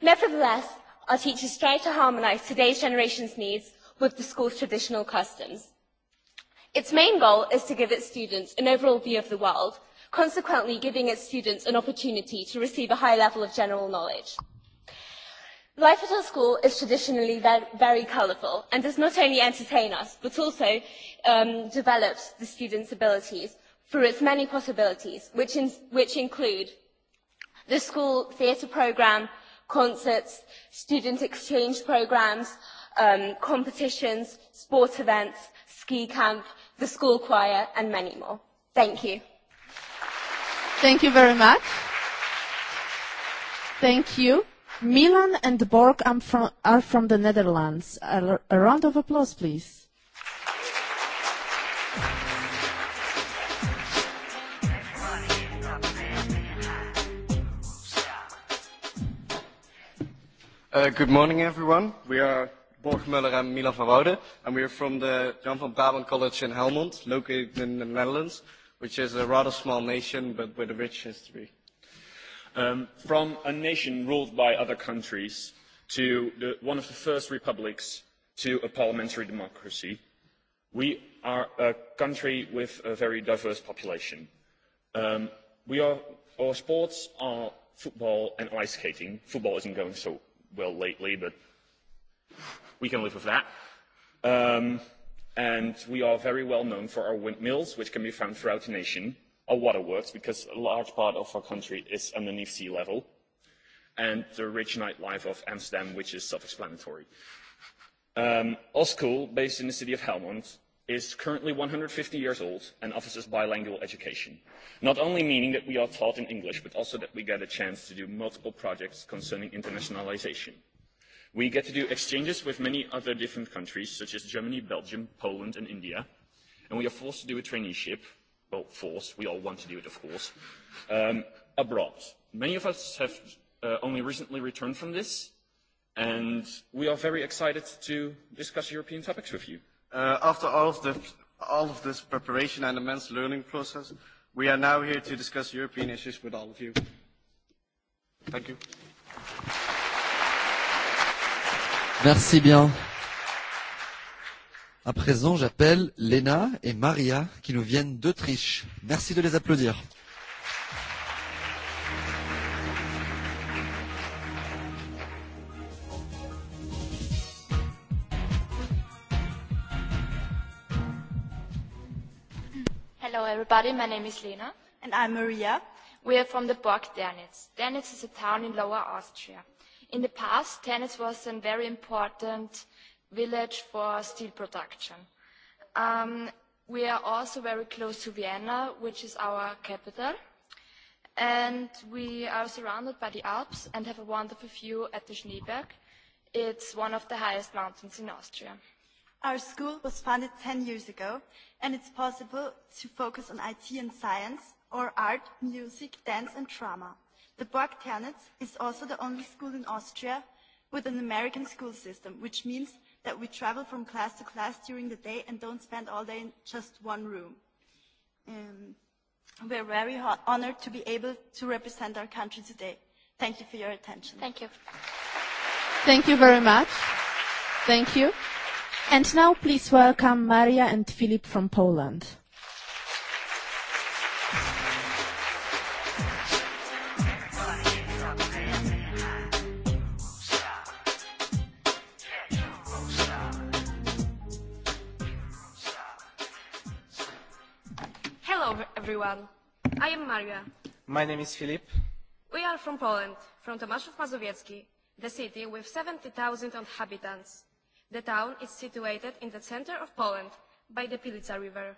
Nevertheless, our teachers strive to harmonise today's generation's needs with the school's traditional customs. Its main goal is to give its students an overall view of the world – consequently giving its students an opportunity to receive a high level of general knowledge. Life at our school is traditionally very, colourful and does not only entertain us but also um, develops the students' abilities through its many possibilities, which, in, which include the school theatre programme, concerts, student exchange programmes, um, competitions, sport events, ski camp, the school choir and many more. Thank you. Thank you very much. Thank you. Milan and Borg are from, are from the Netherlands. A, a round of applause, please. Uh, good morning, everyone. We are Borg Muller and Mila van Wouden, and we are from the Jan van Brabant College in Helmond, located in the Netherlands which is a rather small nation but with a rich history. Um, from a nation ruled by other countries to the, one of the first republics to a parliamentary democracy, we are a country with a very diverse population. Um, we are, our sports are football and ice skating. Football isn't going so well lately, but we can live with that. Um, and we are very well known for our windmills, which can be found throughout the nation, our waterworks, because a large part of our country is underneath sea level, and the rich nightlife of Amsterdam, which is self-explanatory. Um, school, based in the city of Helmond, is currently one hundred fifty years old and offers bilingual education, not only meaning that we are taught in English, but also that we get a chance to do multiple projects concerning internationalisation. We get to do exchanges with many other different countries, such as Germany, Belgium, Poland, and India. And we are forced to do a traineeship. Well, forced. We all want to do it, of course. Um, abroad. Many of us have uh, only recently returned from this, and we are very excited to discuss European topics with you. Uh, after all of, the, all of this preparation and immense learning process, we are now here to discuss European issues with all of you. Thank you. Merci bien. À présent, j'appelle Lena et Maria qui nous viennent d'Autriche. Merci de les applaudir. Hello everybody, my name is Lena. And I'm Maria. We are from the Burg Dernitz. Dernitz is a town in Lower Austria. In the past, Tennis was a very important village for steel production. Um, we are also very close to Vienna, which is our capital, and we are surrounded by the Alps and have a wonderful view at the Schneeberg. It's one of the highest mountains in Austria. Our school was founded 10 years ago, and it's possible to focus on IT and science, or art, music, dance, and drama. The Borg Ternitz is also the only school in Austria with an American school system, which means that we travel from class to class during the day and don't spend all day in just one room. Um, we are very honored to be able to represent our country today. Thank you for your attention. Thank you. Thank you very much. Thank you. And now please welcome Maria and Philip from Poland. I am Maria. My name is Filip. We are from Poland, from Tomaszów Mazowiecki, the city with 70,000 inhabitants. The town is situated in the center of Poland by the Pilica River.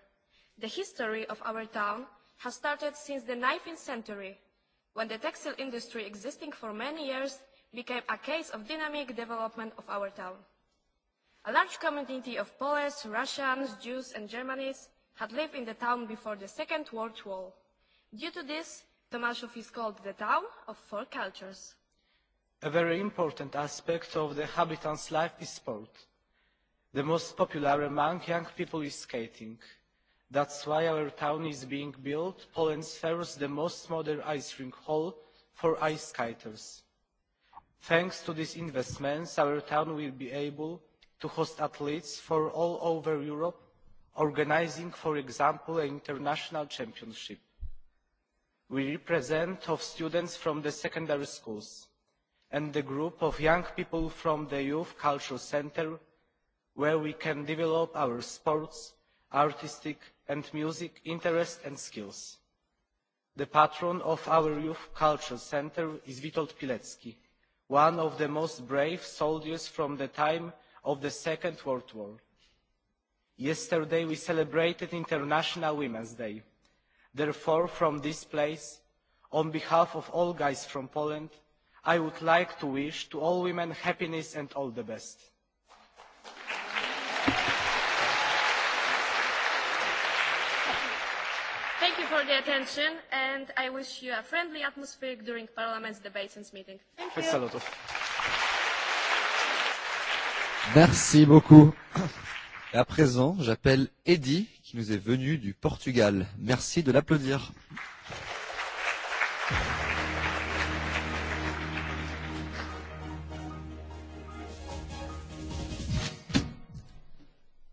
The history of our town has started since the 19th century, when the textile industry existing for many years became a case of dynamic development of our town. A large community of Poles, Russians, Jews and Germans had lived in the town before the Second World War. Due to this, Tomaszów is called the town of four cultures. A very important aspect of the habitant's life is sport. The most popular among young people is skating. That's why our town is being built Poland's first, the most modern ice rink hall for ice skaters. Thanks to these investments, our town will be able to host athletes from all over Europe, organising, for example, an international championship we represent of students from the secondary schools and the group of young people from the Youth Cultural Centre where we can develop our sports, artistic and music interests and skills. The patron of our Youth Cultural Centre is Witold Pilecki, one of the most brave soldiers from the time of the Second World War. Yesterday we celebrated International Women's Day Therefore, from this place, on behalf of all guys from Poland, I would like to wish to all women happiness and all the best. Thank you for the attention, and I wish you a friendly atmosphere during Parliament's debates and meeting. Thank you. Merci beaucoup. Et à présent, j'appelle eddie qui nous est venu du Portugal. Merci de l'applaudir.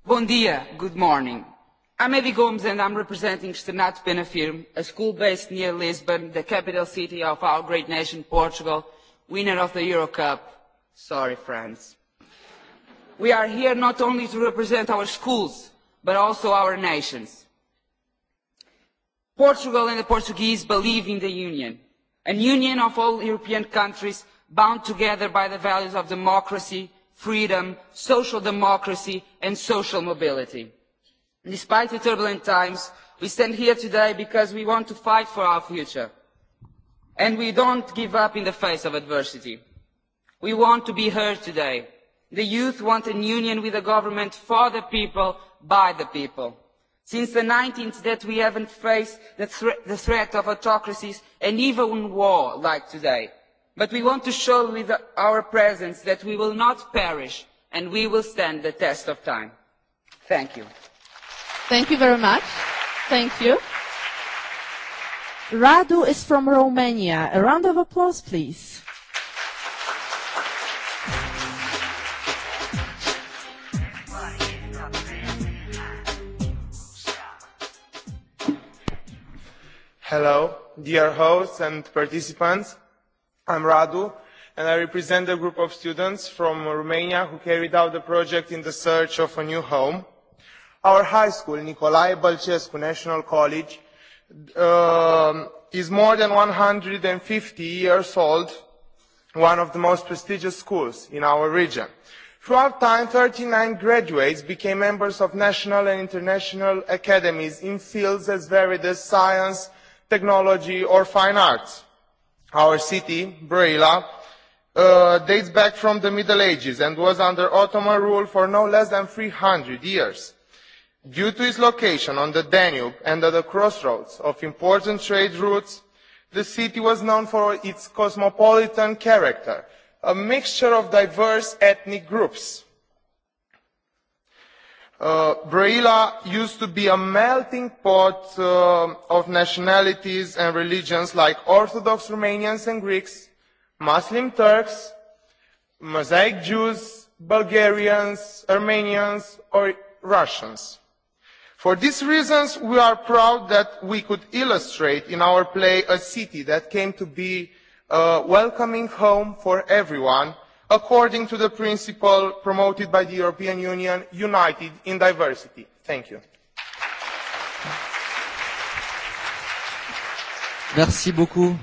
Bon dia, good morning. I'm Eddie Gomes and I'm representing Sternat Benafirm, a school based near Lisbon, the capital city of our great nation, Portugal, winner of the Euro Cup. Sorry, France. We are here not only to represent our schools, but also our nations. Portugal and the Portuguese believe in the Union, a union of all European countries bound together by the values of democracy, freedom, social democracy and social mobility. Despite the turbulent times, we stand here today because we want to fight for our future. And we don't give up in the face of adversity. We want to be heard today. The youth want a union with a government for the people by the people. Since the 19th that we haven't faced the, the threat of autocracies and even war like today. But we want to show with our presence that we will not perish and we will stand the test of time. Thank you. Thank you very much. Thank you. Radu is from Romania. A round of applause, please. Hello, dear hosts and participants. I'm Radu, and I represent a group of students from Romania who carried out the project in the search of a new home. Our high school, Nicolae Bălcescu National College, uh, is more than 150 years old, one of the most prestigious schools in our region. Throughout time, 39 graduates became members of national and international academies in fields as varied as science, technology or fine arts. Our city, Braila, uh, dates back from the Middle Ages and was under Ottoman rule for no less than 300 years. Due to its location on the Danube and at the crossroads of important trade routes, the city was known for its cosmopolitan character, a mixture of diverse ethnic groups Uh, Braila used to be a melting pot uh, of nationalities and religions like Orthodox Romanians and Greeks, Muslim Turks, Mosaic Jews, Bulgarians, Armenians, or Russians. For these reasons, we are proud that we could illustrate in our play a city that came to be a welcoming home for everyone according to the principle promoted by the European Union, united in diversity. Thank you. Merci beaucoup.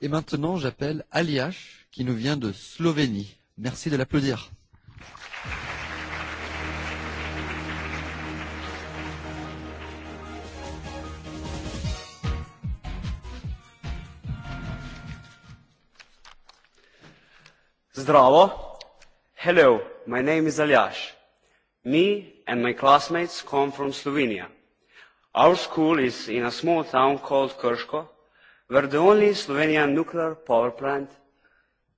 Et maintenant, j'appelle Aliash, qui nous vient de Slovénie. Merci de l'applaudir. Zdravo. Hello, my name is Aljaš. Me and my classmates come from Slovenia. Our school is in a small town called Krško, where the only Slovenian nuclear power plant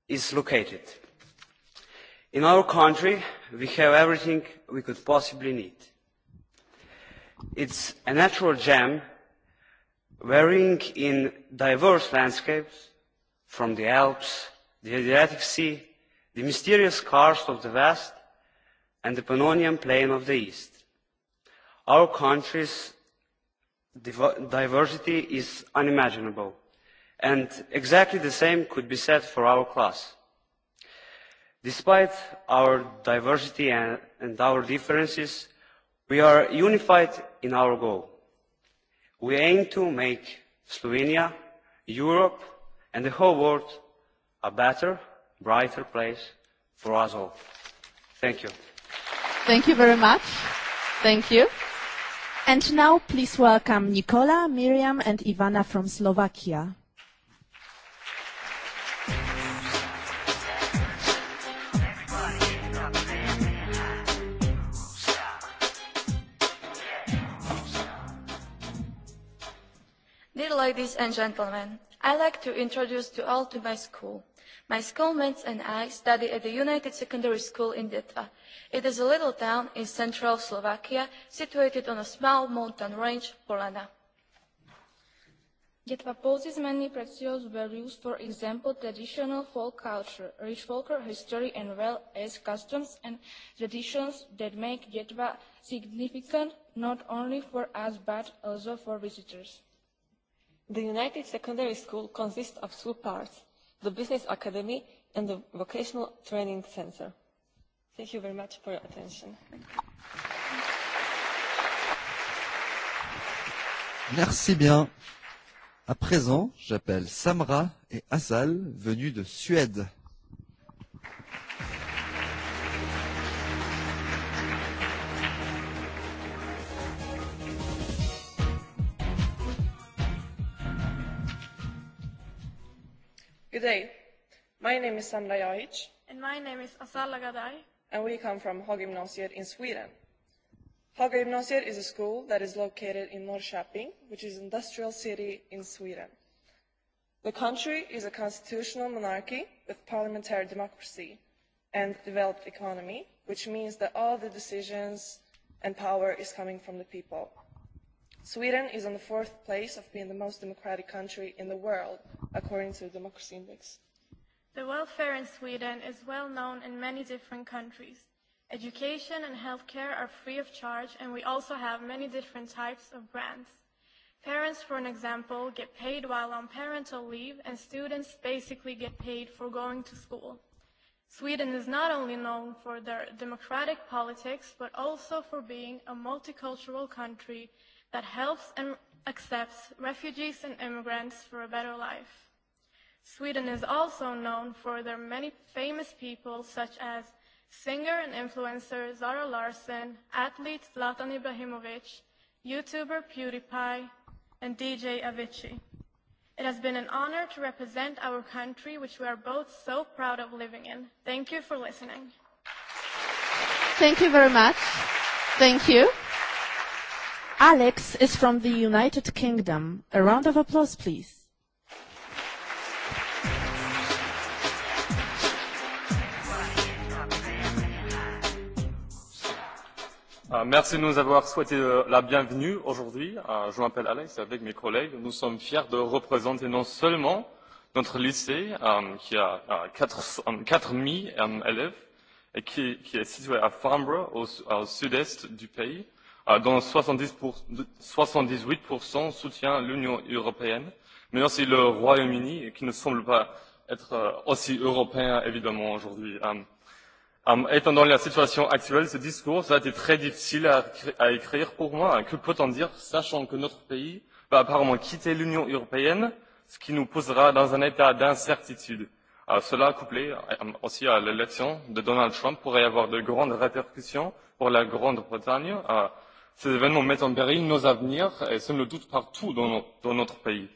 is located. In our country, we have everything we could possibly need. It's a natural gem, varying in diverse landscapes, from the Alps, the Adriatic Sea, the mysterious karst of the west and the Pannonian plain of the east. Our country's diversity is unimaginable, and exactly the same could be said for our class. Despite our diversity and, and our differences, we are unified in our goal. We aim to make Slovenia, Europe, and the whole world a better, brighter place for us all. Thank you. Thank you very much. Thank you. And now please welcome Nicola, Miriam and Ivana from Slovakia. Dear ladies and gentlemen, I'd like to introduce you all to my school. My schoolmates and I study at the United Secondary School in Detva. It is a little town in central Slovakia, situated on a small mountain range, Polana. Detva poses many precious values, for example, traditional folk culture, rich folk history, and well as customs and traditions that make Detva significant not only for us but also for visitors. The United Secondary School consists of two parts the Business Academy and the Vocational Training Center. Thank you very much for your attention. Merci bien. À présent, j'appelle Samra et Asal, venus de Suède. Good day. My name is Sandra Jajic. And my name is Asala Gadai. And we come from Haga-gymnasiet in Sweden. Haga-gymnasiet is a school that is located in Norrköping, which is an industrial city in Sweden. The country is a constitutional monarchy with parliamentary democracy and developed economy, which means that all the decisions and power is coming from the people. Sweden is on the fourth place of being the most democratic country in the world, according to the Democracy Index. The welfare in Sweden is well known in many different countries. Education and healthcare are free of charge, and we also have many different types of grants. Parents, for an example, get paid while on parental leave, and students basically get paid for going to school. Sweden is not only known for their democratic politics, but also for being a multicultural country that helps and accepts refugees and immigrants for a better life. Sweden is also known for their many famous people such as singer and influencer Zara Larsson, athlete Zlatan Ibrahimovic, YouTuber PewDiePie, and DJ Avicii. It has been an honor to represent our country, which we are both so proud of living in. Thank you for listening. Thank you very much. Thank you. Alex is from the United Kingdom. A round of applause, please. Uh, merci de nous avoir souhaité uh, la bienvenue aujourd'hui. Uh, je m'appelle Alex avec mes collègues. Nous sommes fiers de représenter non seulement notre lycée um, qui a euh, quatre 4000 um, euh, élèves et qui, qui est situé à Farnborough au, au sud-est du pays, dont soixante dix huit soutient l'union européenne mais aussi le royaume uni qui ne semble pas être euh, aussi européen évidemment aujourd'hui. Euh, euh, étant dans la situation actuelle ce discours a été très difficile à, à écrire pour moi. que peut on dire sachant que notre pays va apparemment quitter l'union européenne ce qui nous posera dans un état d'incertitude? cela couplé aussi à l'élection de donald trump pourrait avoir de grandes répercussions pour la grande bretagne Ces événements mettent en péril nos avenirs et sèment le doute partout dans, no dans notre pays.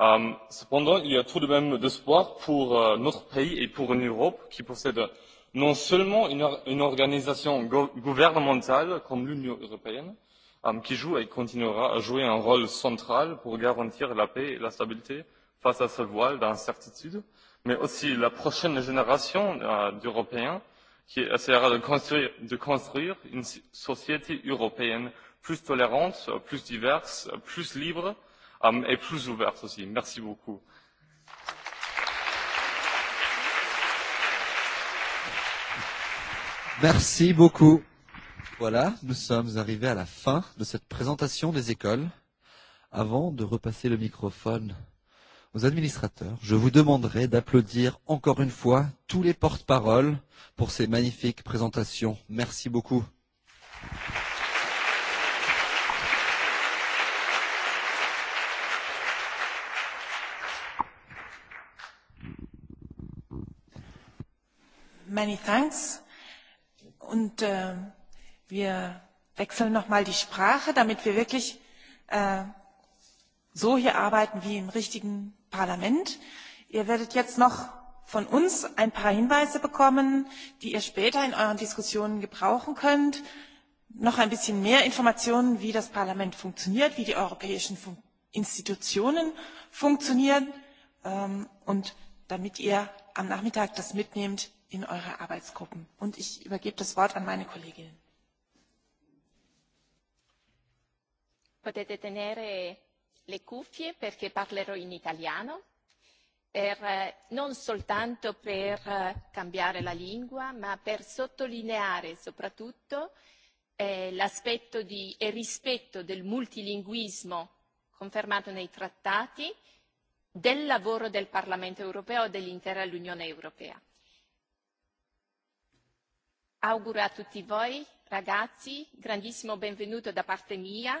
Euh, cependant, il y a tout de même d'espoir pour euh, notre pays et pour une Europe qui possède non seulement une, or une organisation gouvernementale comme l'Union européenne, euh, qui joue et continuera à jouer un rôle central pour garantir la paix et la stabilité face à ce voile d'incertitude, mais aussi la prochaine génération euh, d'Européens qui essaiera de construire, de construire une société européenne plus tolérante, plus diverse, plus libre um, et plus ouverte aussi. Merci beaucoup. Merci beaucoup. Voilà, nous sommes arrivés à la fin de cette présentation des écoles. Avant de repasser le microphone aux administrateurs, je vous demanderai d'applaudir encore une fois tous les porte-paroles pour ces magnifiques présentations. Merci beaucoup. Applaudissements Many thanks. Und äh, wir wechseln nochmal die Sprache, damit wir wirklich äh, so hier arbeiten wie im richtigen Parlament. Ihr werdet jetzt noch von uns ein paar Hinweise bekommen, die ihr später in euren Diskussionen gebrauchen könnt. Noch ein bisschen mehr Informationen, wie das Parlament funktioniert, wie die europäischen Fun Institutionen funktionieren. Ähm, und damit ihr am Nachmittag das mitnehmt, in eure Arbeitsgruppen. Und ich übergebe das Wort an meine Kollegin. Potete tenere le cuffie perché parlerò in italiano, per, eh, non soltanto per eh, cambiare la lingua, ma per sottolineare soprattutto eh, l'aspetto di, e rispetto del multilinguismo confermato nei trattati, del lavoro del Parlamento europeo e dell'intera Unione europea auguro a tutti voi ragazzi grandissimo benvenuto da parte mia.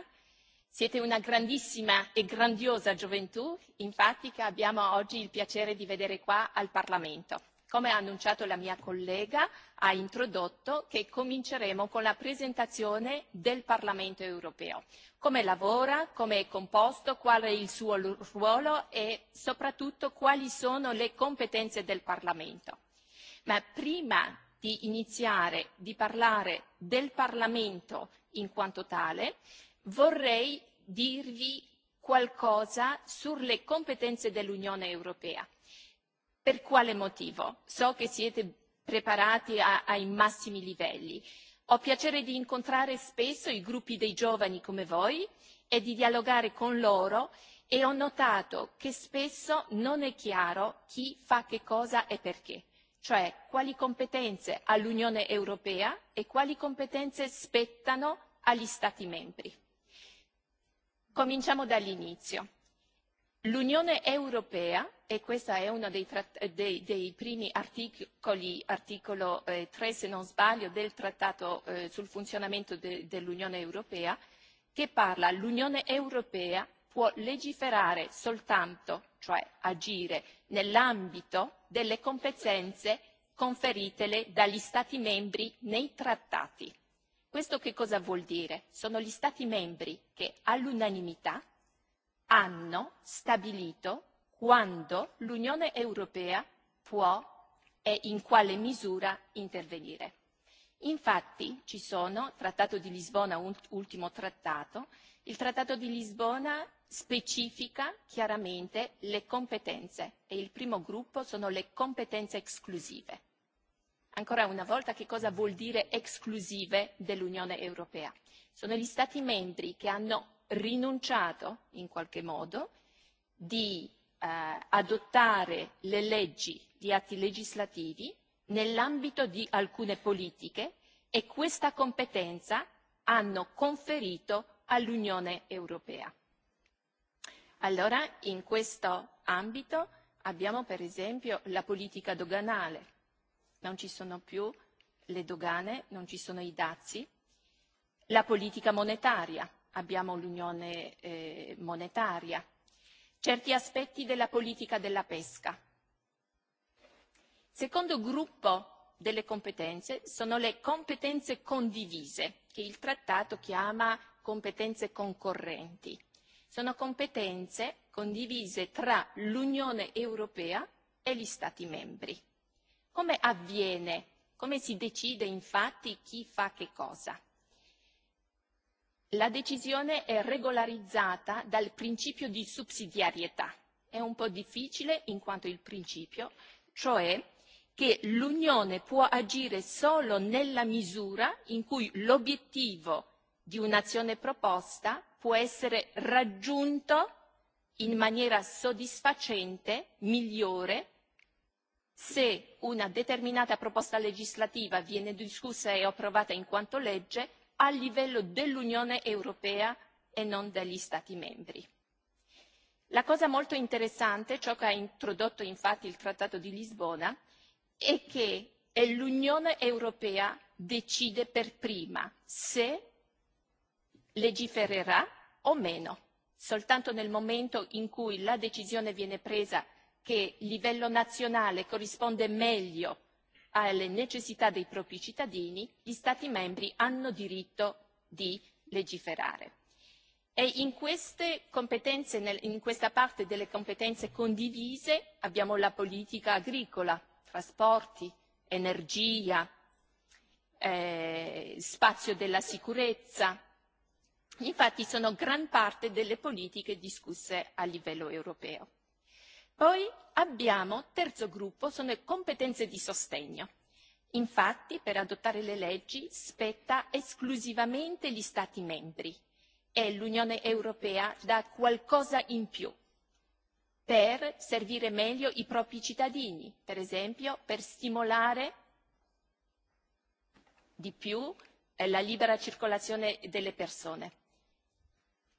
Siete una grandissima e grandiosa gioventù, infatti che abbiamo oggi il piacere di vedere qua al Parlamento. Come ha annunciato la mia collega, ha introdotto che cominceremo con la presentazione del Parlamento europeo. Come lavora, come è composto, qual è il suo ruolo e soprattutto quali sono le competenze del Parlamento. Ma prima di iniziare di parlare del Parlamento in quanto tale, vorrei dirvi qualcosa sulle competenze dell'Unione Europea. Per quale motivo? So che siete preparati a, ai massimi livelli. Ho piacere di incontrare spesso i gruppi dei giovani come voi e di dialogare con loro e ho notato che spesso non è chiaro chi fa che cosa e perché cioè quali competenze all'Unione europea e quali competenze spettano agli Stati membri. Cominciamo dall'inizio. L'Unione europea, e questo è uno dei, dei, dei primi articoli, articolo eh, 3 se non sbaglio, del Trattato eh, sul funzionamento de, dell'Unione europea, che parla l'Unione europea può legiferare soltanto, cioè agire nell'ambito delle competenze conferitele dagli Stati membri nei trattati. Questo che cosa vuol dire? Sono gli Stati membri che all'unanimità hanno stabilito quando l'Unione Europea può e in quale misura intervenire. Infatti ci sono Trattato di Lisbona, ultimo trattato, il Trattato di Lisbona specifica chiaramente le competenze e il primo gruppo sono le competenze esclusive. Ancora una volta che cosa vuol dire esclusive dell'Unione Europea? Sono gli Stati membri che hanno rinunciato in qualche modo di eh, adottare le leggi, gli atti legislativi nell'ambito di alcune politiche e questa competenza hanno conferito all'Unione Europea. Allora in questo ambito abbiamo per esempio la politica doganale. Non ci sono più le dogane, non ci sono i dazi. La politica monetaria, abbiamo l'unione eh, monetaria. Certi aspetti della politica della pesca. Secondo gruppo delle competenze sono le competenze condivise, che il trattato chiama competenze concorrenti Sono competenze condivise tra l'Unione Europea e gli Stati membri. Come avviene? Come si decide infatti chi fa che cosa? La decisione è regolarizzata dal principio di subsidiarietà. È un po' difficile in quanto il principio, cioè che l'Unione può agire solo nella misura in cui l'obiettivo di un'azione proposta può essere raggiunto in maniera soddisfacente, migliore, se una determinata proposta legislativa viene discussa e approvata in quanto legge a livello dell'Unione europea e non degli Stati membri. La cosa molto interessante, ciò che ha introdotto infatti il Trattato di Lisbona, è che è l'Unione europea decide per prima se legifererà o meno soltanto nel momento in cui la decisione viene presa che il livello nazionale corrisponde meglio alle necessità dei propri cittadini gli stati membri hanno diritto di legiferare e in queste competenze in questa parte delle competenze condivise abbiamo la politica agricola trasporti energia eh, spazio della sicurezza infatti sono gran parte delle politiche discusse a livello europeo. Poi abbiamo il terzo gruppo, sono le competenze di sostegno. Infatti, per adottare le leggi spetta esclusivamente gli Stati membri e l'Unione Europea dà qualcosa in più per servire meglio i propri cittadini, per esempio per stimolare di più la libera circolazione delle persone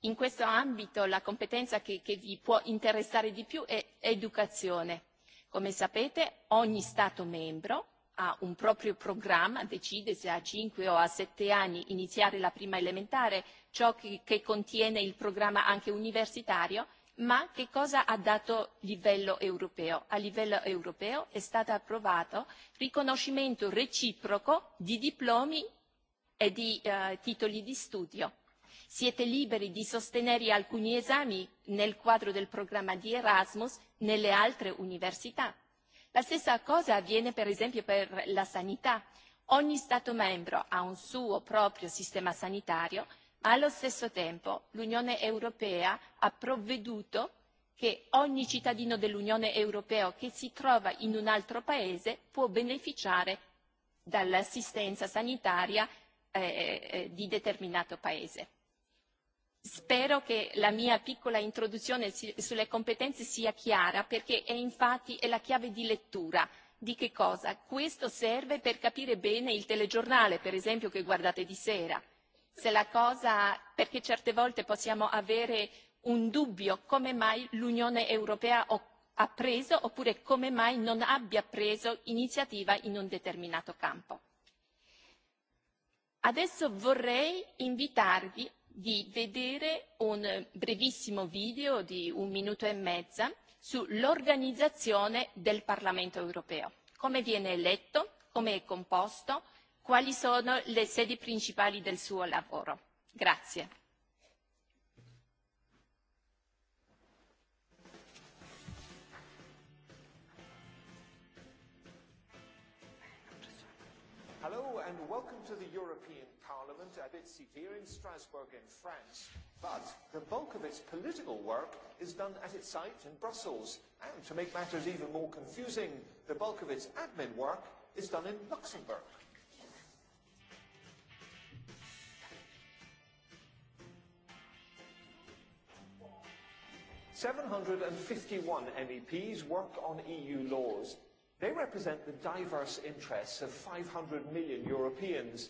in questo ambito la competenza che, che vi può interessare di più è educazione. Come sapete ogni Stato membro ha un proprio programma, decide se a cinque o a sette anni iniziare la prima elementare, ciò che, che contiene il programma anche universitario, ma che cosa ha dato livello europeo? A livello europeo è stato approvato riconoscimento reciproco di diplomi e di eh, titoli di studio Siete liberi di sostenere alcuni esami nel quadro del programma di Erasmus nelle altre università. La stessa cosa avviene per esempio per la sanità. Ogni Stato membro ha un suo proprio sistema sanitario, ma allo stesso tempo l'Unione Europea ha provveduto che ogni cittadino dell'Unione Europea che si trova in un altro paese può beneficiare dall'assistenza sanitaria eh, eh di determinato paese. Spero che la mia piccola introduzione sulle competenze sia chiara perché è infatti è la chiave di lettura di che cosa? Questo serve per capire bene il telegiornale, per esempio, che guardate di sera. Se la cosa, perché certe volte possiamo avere un dubbio come mai l'Unione Europea ha preso oppure come mai non abbia preso iniziativa in un determinato campo. Adesso vorrei invitarvi di vedere un brevissimo video di un minuto e mezzo sull'organizzazione del Parlamento europeo, come viene eletto, come è composto, quali sono le sedi principali del suo lavoro. Grazie. Hello and welcome to the European lab, it's here in Strasbourg in France, but the bulk of its political work is done at its site in Brussels. And to make matters even more confusing, the bulk of its admin work is done in Luxembourg. Seven hundred and fifty-one MEPs work on EU laws. They represent the diverse interests of 500 million Europeans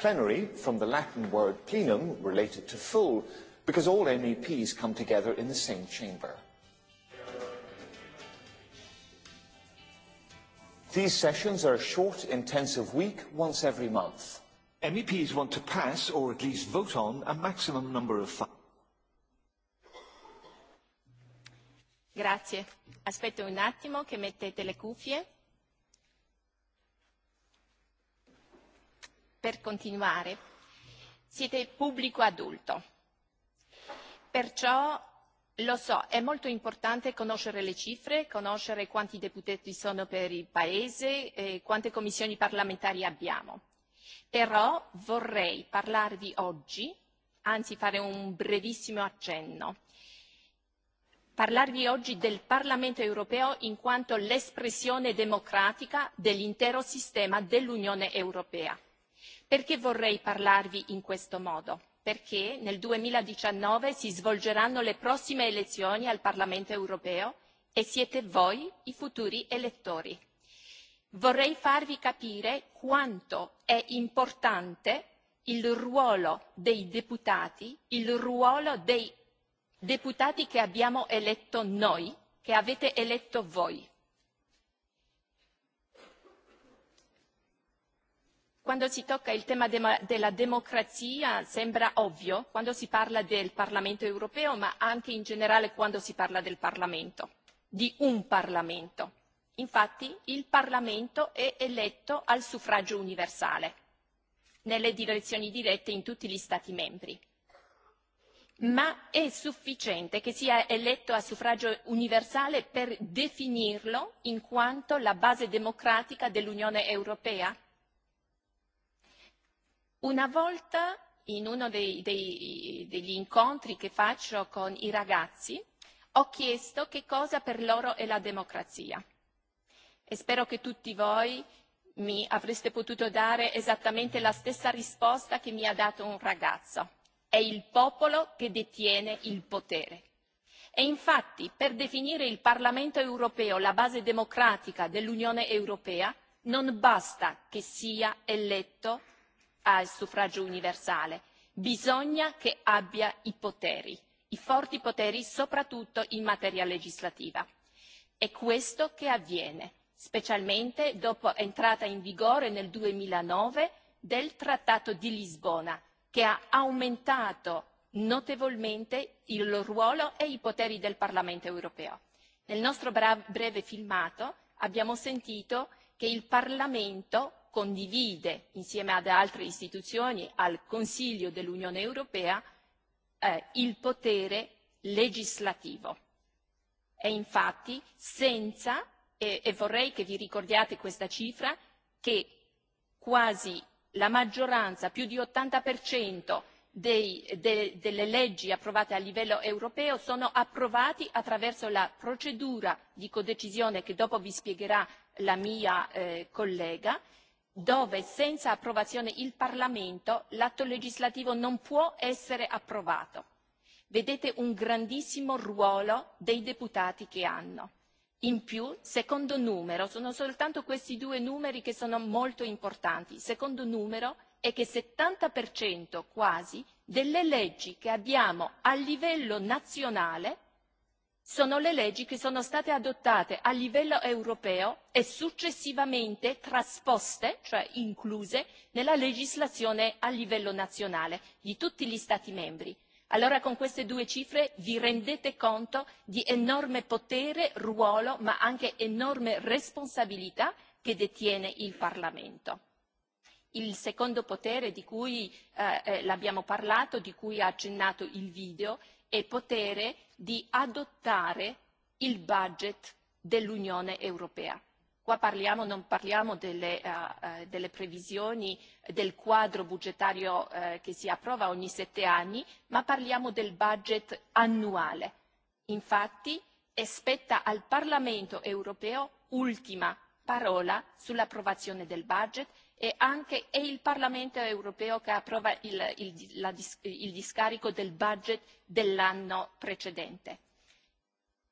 Plenary, from the Latin word plenum, related to full, because all MEPs come together in the same chamber. These sessions are a short, intensive week, once every month. MEPs want to pass, or at least vote on, a maximum number of files. Grazie. Aspetto un attimo che mettete le cuffie. per continuare siete pubblico adulto. Perciò lo so, è molto importante conoscere le cifre, conoscere quanti deputati sono per il Paese e quante commissioni parlamentari abbiamo. Però vorrei parlarvi oggi, anzi fare un brevissimo accenno, parlarvi oggi del Parlamento europeo in quanto l'espressione democratica dell'intero sistema dell'Unione europea Perché vorrei parlarvi in questo modo? Perché nel duemiladiciannove si svolgeranno le prossime elezioni al Parlamento europeo e siete voi i futuri elettori. Vorrei farvi capire quanto è importante il ruolo dei deputati, il ruolo dei deputati che abbiamo eletto noi, che avete eletto voi Quando si tocca il tema de della democrazia sembra ovvio quando si parla del Parlamento europeo, ma anche in generale quando si parla del Parlamento, di un Parlamento. Infatti il Parlamento è eletto al suffragio universale, nelle direzioni dirette in tutti gli Stati membri. Ma è sufficiente che sia eletto a suffragio universale per definirlo in quanto la base democratica dell'Unione europea? Una volta in uno dei, dei, degli incontri che faccio con i ragazzi ho chiesto che cosa per loro è la democrazia e spero che tutti voi mi avreste potuto dare esattamente la stessa risposta che mi ha dato un ragazzo. È il popolo che detiene il potere. E infatti, per definire il Parlamento europeo la base democratica dell'Unione europea, non basta che sia eletto al suffragio universale bisogna che abbia i poteri i forti poteri soprattutto in materia legislativa. È questo che avviene, specialmente dopo l'entrata in vigore nel duemilanove del Trattato di Lisbona, che ha aumentato notevolmente il ruolo e i poteri del Parlamento europeo. Nel nostro breve filmato abbiamo sentito che il Parlamento condivide insieme ad altre istituzioni, al Consiglio dell'Unione Europea, eh, il potere legislativo. E infatti senza, e, e vorrei che vi ricordiate questa cifra, che quasi la maggioranza, più di 80% dei, de, delle leggi approvate a livello europeo sono approvati attraverso la procedura di codecisione che dopo vi spiegherà la mia eh, collega dove senza approvazione il Parlamento l'atto legislativo non può essere approvato. Vedete un grandissimo ruolo dei deputati che hanno. In più, secondo numero, sono soltanto questi due numeri che sono molto importanti. Secondo numero è che il 70% quasi delle leggi che abbiamo a livello nazionale sono le leggi che sono state adottate a livello europeo e successivamente trasposte, cioè incluse, nella legislazione a livello nazionale di tutti gli Stati membri. Allora con queste due cifre vi rendete conto di enorme potere, ruolo, ma anche enorme responsabilità che detiene il Parlamento. Il secondo potere di cui eh, eh l'abbiamo parlato, di cui ha accennato il video, e potere di adottare il budget dell'Unione Europea. Qua parliamo, non parliamo delle, uh, uh, delle previsioni del quadro budgetario uh, che si approva ogni sette anni, ma parliamo del budget annuale. Infatti, spetta al Parlamento europeo ultima parola sull'approvazione del budget e anche è e il Parlamento europeo che approva il, il discarico del budget dell'anno precedente. È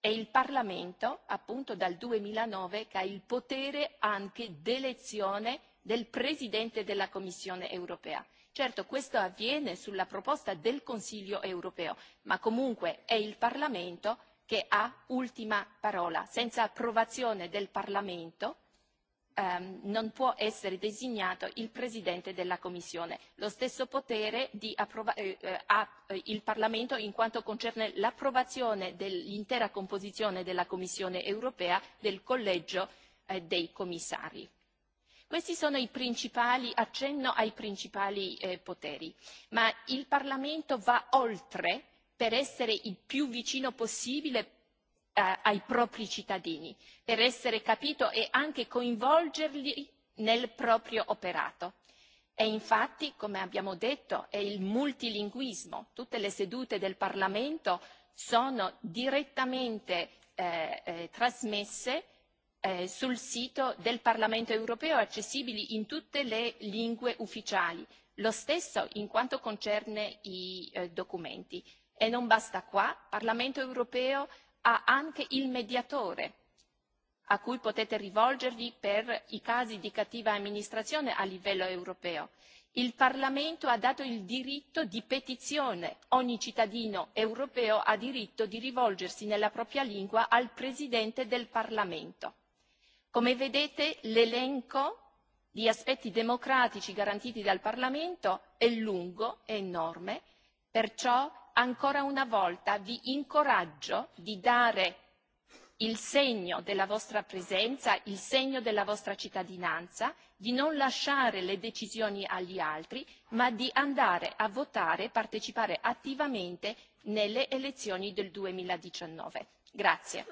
e il Parlamento, appunto dal duemilanove, che ha il potere anche d'elezione del Presidente della Commissione europea. Certo, questo avviene sulla proposta del Consiglio europeo, ma comunque è il Parlamento che ha ultima parola. Senza approvazione del Parlamento ehm, non può essere designato il Presidente della Commissione. Lo stesso potere di approva- eh, eh ha eh, il Parlamento in quanto concerne l'approvazione dell'intera composizione della Commissione europea del collegio eh, dei commissari. Questi sono i principali, accenno ai principali eh, poteri, ma il Parlamento va oltre per essere il più vicino possibile ai propri cittadini per essere capito e anche coinvolgerli nel proprio operato. E infatti, come abbiamo detto, è il multilinguismo. Tutte le sedute del Parlamento sono direttamente eh, eh, trasmesse eh, sul sito del Parlamento europeo, accessibili in tutte le lingue ufficiali. Lo stesso in quanto concerne i eh, documenti. E non basta qua, Parlamento europeo ha anche il mediatore a cui potete rivolgervi per i casi di cattiva amministrazione a livello europeo. Il Parlamento ha dato il diritto di petizione. Ogni cittadino europeo ha diritto di rivolgersi nella propria lingua al Presidente del Parlamento. Come vedete l'elenco di aspetti democratici garantiti dal Parlamento è lungo, è enorme, perciò ancora una volta vi incoraggio di dare il segno della vostra presenza, il segno della vostra cittadinanza, di non lasciare le decisioni agli altri, ma di andare a votare e partecipare attivamente nelle elezioni del 2019. Grazie.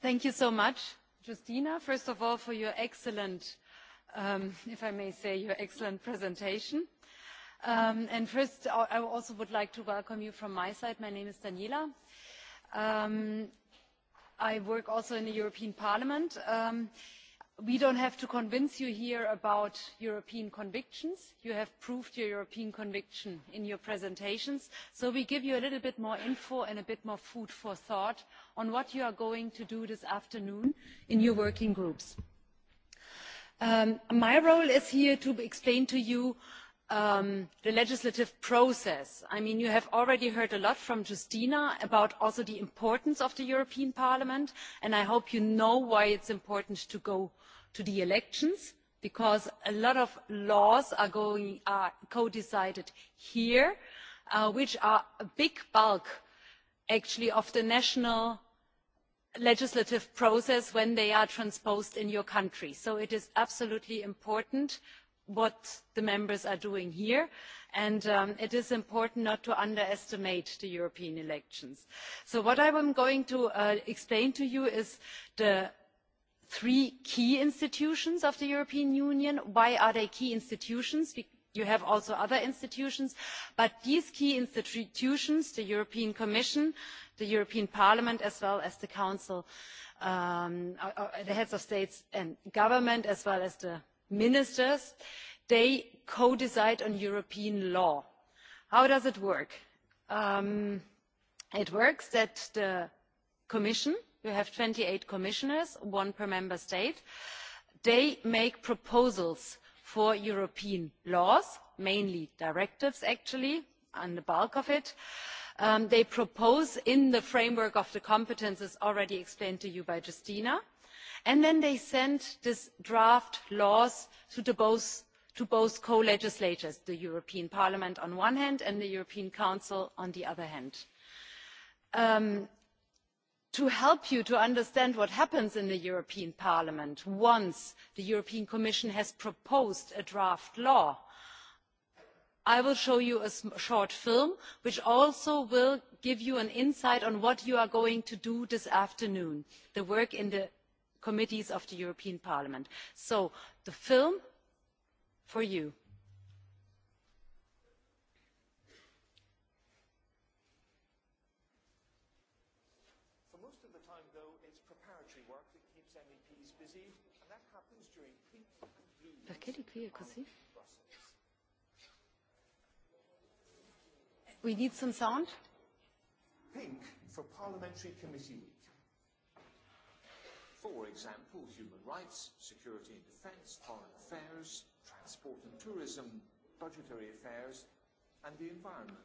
Thank you so much. Justina, first of all, for your excellent, um, if I may say, your excellent presentation. Um, and first, I also would like to welcome you from my side. My name is Daniela. Um, I work also in the European Parliament. Um, we don't have to convince you here about european convictions you have proved your european conviction in your presentations so we give you a little bit more info and a bit more food for thought on what you are going to do this afternoon in your working groups. Um, my role is here to explain to you um, the legislative process. I mean, you have already heard a lot from Justina about also the importance of the European Parliament, and I hope you know why it's important to go to the elections, because a lot of laws are, going, are co-decided here, uh, which are a big bulk actually of the national legislative process when they are transposed in your country. So it is absolutely important what the members are doing here and um, it is important not to underestimate the european elections. so what i am going to uh, explain to you is the three key institutions of the european union why are they key institutions? you have also other institutions but these key institutions the european commission the european parliament as well as the council um, uh, uh, the heads of state and government as well as the ministers they co decide on european law. how does it work? Um, it works that the commission you have twenty eight commissioners one per member state they make proposals for european laws mainly directives actually and the bulk of it um, they propose in the framework of the competences already explained to you by justina and then they sent these draft laws to both co legislators the european parliament on one hand and the european council on the other hand. Um, to help you to understand what happens in the european parliament once the european commission has proposed a draft law i will show you a short film which also will give you an insight on what you are going to do this afternoon the work in the committees of the European Parliament. So the film for you. For most of the time, though, it's preparatory work that keeps MEPs busy, and that happens during pink and blue. We need some sound. Pink for Parliamentary Committee Week For example, human rights, security and defence, foreign affairs, transport and tourism, budgetary affairs, and the environment.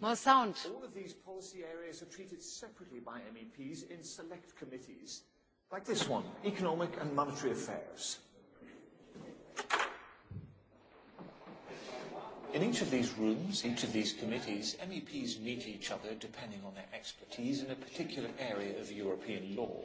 More sound. All of these policy areas are treated separately by MEPs in select committees, like this one, Economic and Monetary Affairs. In each of these rooms, each of these committees, MEPs meet each other depending on their expertise in a particular area of European law.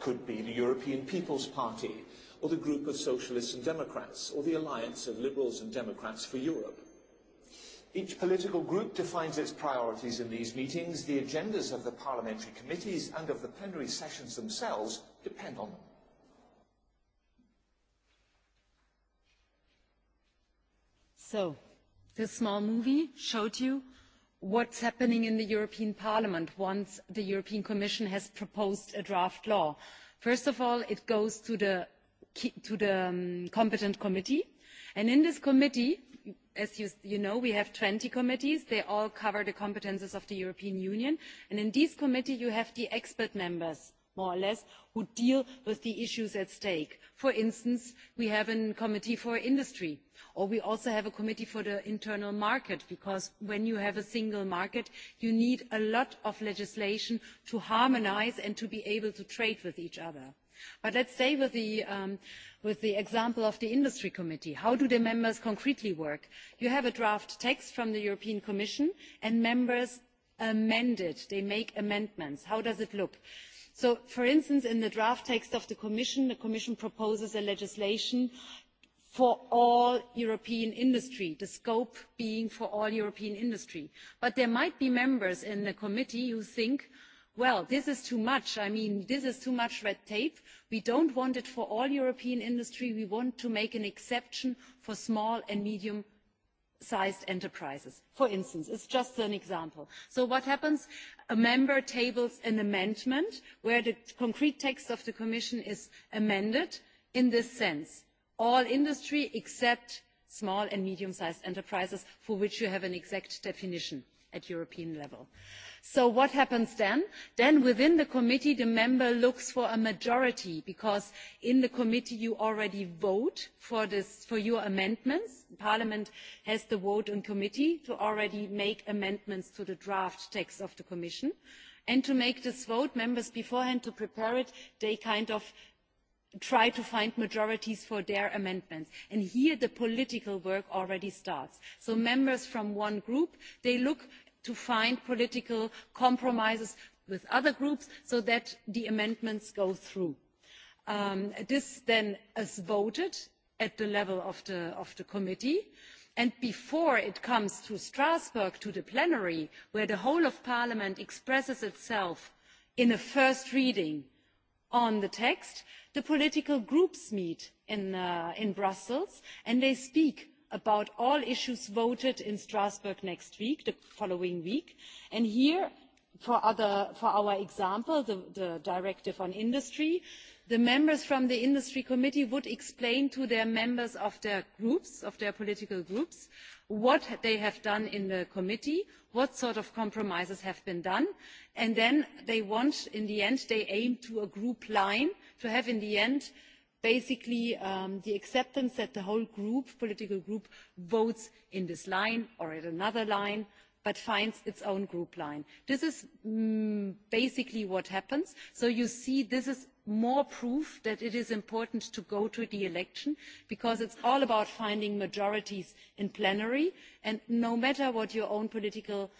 could be the European People's Party, or the group of socialists and democrats, or the alliance of liberals and democrats for Europe. Each political group defines its priorities in these meetings. The agendas of the parliamentary committees and of the plenary sessions themselves depend on them. So, this small movie showed you what's happening in the European Parliament once the European Commission has proposed a draft law. First of all, it goes to the, to the um, competent committee. And in this committee, as you, you know, we have 20 committees. They all cover the competences of the European Union. And in this committee, you have the expert members more or less, who deal with the issues at stake. For instance, we have a committee for industry, or we also have a committee for the internal market, because when you have a single market, you need a lot of legislation to harmonise and to be able to trade with each other. But let's stay with the, um, with the example of the industry committee. How do the members concretely work? You have a draft text from the European Commission, and members amend it. They make amendments. How does it look? So, for instance, in the draft text of the Commission, the Commission proposes a legislation for all European industry, the scope being for all European industry. But there might be members in the committee who think, well, this is too much. I mean, this is too much red tape. We don't want it for all European industry. We want to make an exception for small and medium sized enterprises for instance it's just an example so what happens a member tables an amendment where the concrete text of the commission is amended in this sense all industry except small and medium sized enterprises for which you have an exact definition at european level so what happens then? then within the committee the member looks for a majority because in the committee you already vote for, this, for your amendments parliament has the vote in committee to already make amendments to the draft text of the commission and to make this vote members beforehand to prepare it they kind of try to find majorities for their amendments and here the political work already starts so members from one group they look to find political compromises with other groups so that the amendments go through. Um, this then is voted at the level of the, of the committee and before it comes to strasbourg to the plenary where the whole of parliament expresses itself in a first reading on the text the political groups meet in, uh, in brussels and they speak about all issues voted in strasbourg next week the following week and here for, other, for our example the, the directive on industry the members from the industry committee would explain to their members of their groups of their political groups what they have done in the committee what sort of compromises have been done and then they want in the end they aim to a group line to have in the end basically um, the acceptance that the whole group, political group votes in this line or at another line but finds its own group line. This is mm, basically what happens. So you see this is more proof that it is important to go to the election because it's all about finding majorities in plenary and no matter what your own political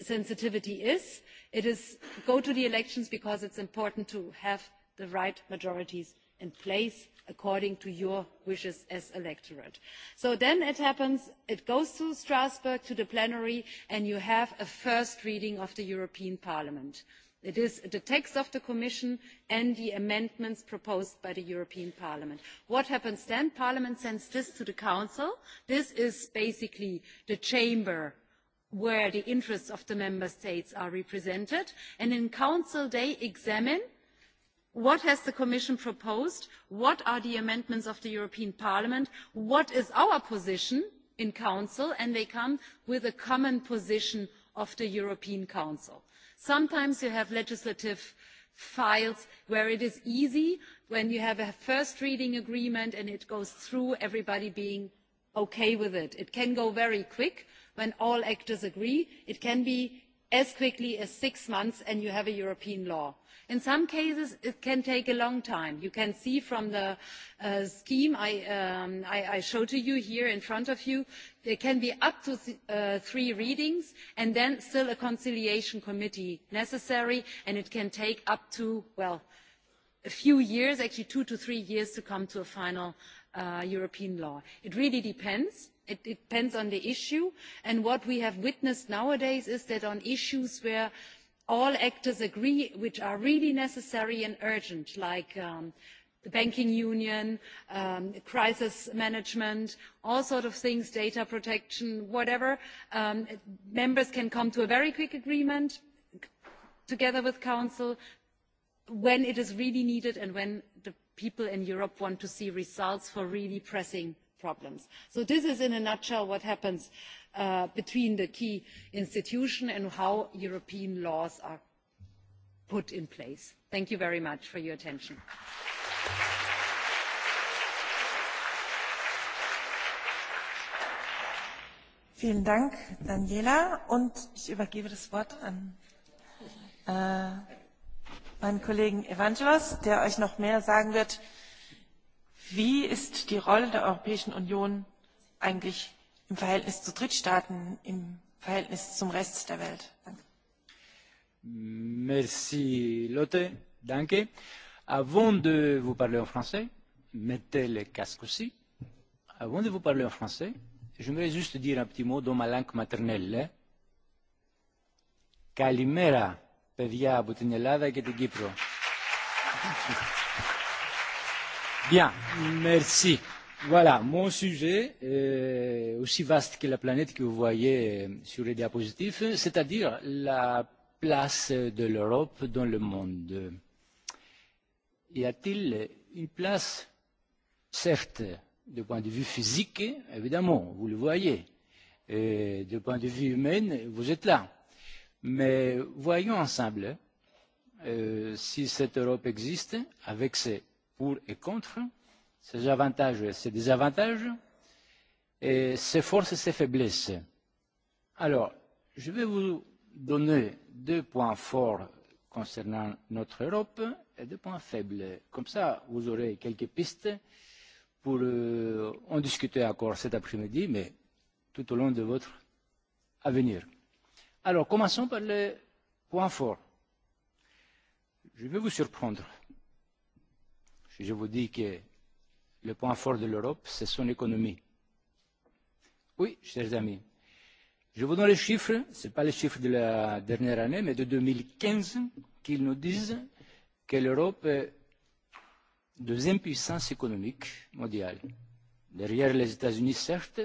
sensitivity is, it is go to the elections because it's important to have the right majorities in place according to your wishes as electorate. So then it happens, it goes to Strasbourg, to the plenary, and you have a first reading of the European Parliament. It is the text of the Commission and the amendments proposed by the European Parliament. What happens then? Parliament sends this to the Council. This is basically the chamber where the interests of the member states are represented. And in Council, they examine what has the commission proposed what are the amendments of the european parliament what is our position in council and they come with a common position of the european council. sometimes you have legislative files where it is easy when you have a first reading agreement and it goes through everybody being okay with it. it can go very quick when all actors agree. it can be as quickly as six months and you have a European law. In some cases, it can take a long time. You can see from the uh, scheme I, um, I, I showed to you here in front of you, there can be up to th uh, three readings and then still a conciliation committee necessary, and it can take up to, well, a few years, actually two to three years to come to a final uh, European law. It really depends it depends on the issue and what we have witnessed nowadays is that on issues where all actors agree which are really necessary and urgent like um, the banking union um, crisis management all sorts of things data protection whatever um, members can come to a very quick agreement together with council when it is really needed and when the people in europe want to see results for really pressing problems. so this is in a nutshell what happens uh, between the key institutions and how european laws are put in place. thank you very much for your attention. Vielen Dank, Daniela. Und ich übergebe das Wort an äh, meinen Kollegen Evangelos, der euch noch mehr sagen wird Wie ist die Rolle der Europäischen Union eigentlich im Verhältnis zu Drittstaaten, im Verhältnis zum Rest der Welt? Danke. Merci Lotte, danke. Avant de vous parler en français, mettez le casque aussi. Avant de vous parler en français, j'aimerais juste dire un petit mot dans ma langue maternelle. Καλημέρα, παιδιά από την Ελλάδα και την Κύπρο. Thank you. Bien, merci. Voilà, mon sujet est aussi vaste que la planète que vous voyez euh, sur les diapositives, c'est-à-dire la place de l'Europe dans le monde. Y a-t-il une place, certes, du point de vue physique, évidemment, vous le voyez, et du point de vue humain, vous êtes là. Mais voyons ensemble euh, si cette Europe existe avec ses pour et contre, ses avantages et ses désavantages, et ses forces et ses faiblesses. Alors, je vais vous donner deux points forts concernant notre Europe et deux points faibles. Comme ça, vous aurez quelques pistes pour euh, en discuter encore cet après-midi, mais tout au long de votre avenir. Alors, commençons par les points forts. Je vais vous surprendre je vous dis que le point fort de l'Europe, c'est son économie. Oui, chers amis, je vous donne les chiffres, ce n'est pas les chiffres de la dernière année, mais de 2015, qu'ils nous disent que l'Europe est deuxième puissance économique mondiale, derrière les États-Unis certes,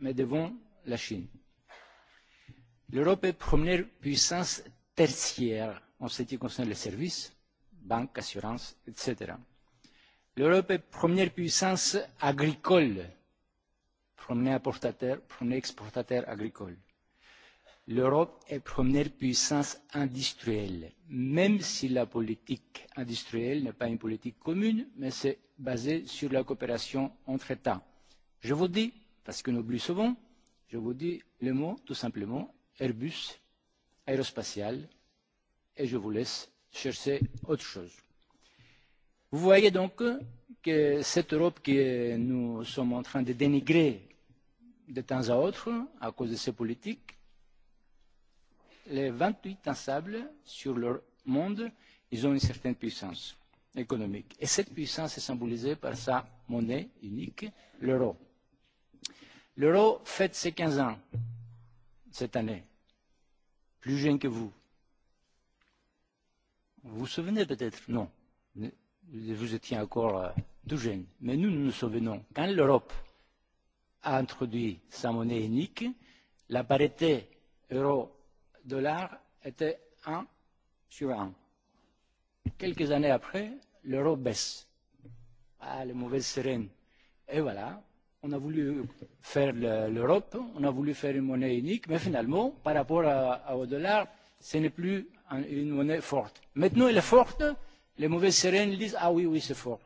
mais devant la Chine. L'Europe est première puissance tertiaire en ce qui concerne les services, banques, assurances, etc. L'Europe est première puissance agricole, premier importateur, premier exportateur agricole. L'Europe est première puissance industrielle, même si la politique industrielle n'est pas une politique commune, mais c'est basé sur la coopération entre États. Je vous dis, parce que nous oublions souvent, je vous dis le mot tout simplement Airbus, aérospatial, et je vous laisse chercher autre chose. Vous voyez donc que cette Europe que nous sommes en train de dénigrer de temps à autre à cause de ces politiques, les 28 ensembles sur leur monde, ils ont une certaine puissance économique. Et cette puissance est symbolisée par sa monnaie unique, l'euro. L'euro fête ses 15 ans cette année, plus jeune que vous. Vous vous souvenez peut-être Non vous étiez encore euh, tout jeune. Mais nous, nous nous souvenons, quand l'Europe a introduit sa monnaie unique, la parité euro-dollar était 1 sur 1. Quelques années après, l'euro baisse. Ah, les mauvaises sereines. Et voilà, on a voulu faire l'Europe, on a voulu faire une monnaie unique, mais finalement, par rapport à, à, au dollar, ce n'est plus une monnaie forte. Maintenant, elle est forte, Les mauvaises sirènes disent Ah oui, oui, c'est fort.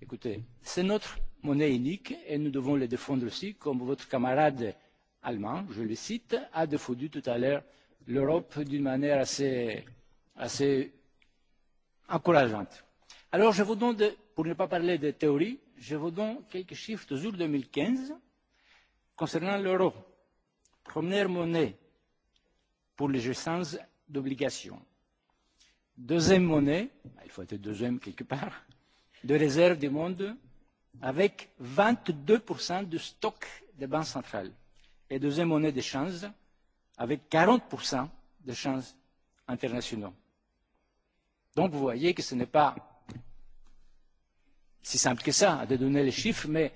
Écoutez, c'est notre monnaie unique et nous devons la défendre aussi, comme votre camarade allemand, je le cite, a défendu tout à l'heure l'Europe d'une manière assez, assez encourageante. Alors je vous donne, de, pour ne pas parler de théorie, je vous donne quelques chiffres de jour 2015 concernant l'euro. Première monnaie pour les gestions d'obligations deuxième monnaie, ah, il faut être deuxième quelque part, de réserve du monde avec 22% de stock des banques centrales et deuxième monnaie d'échange avec 40% d'échanges internationaux. Donc vous voyez que ce n'est pas si simple que ça de donner les chiffres, mais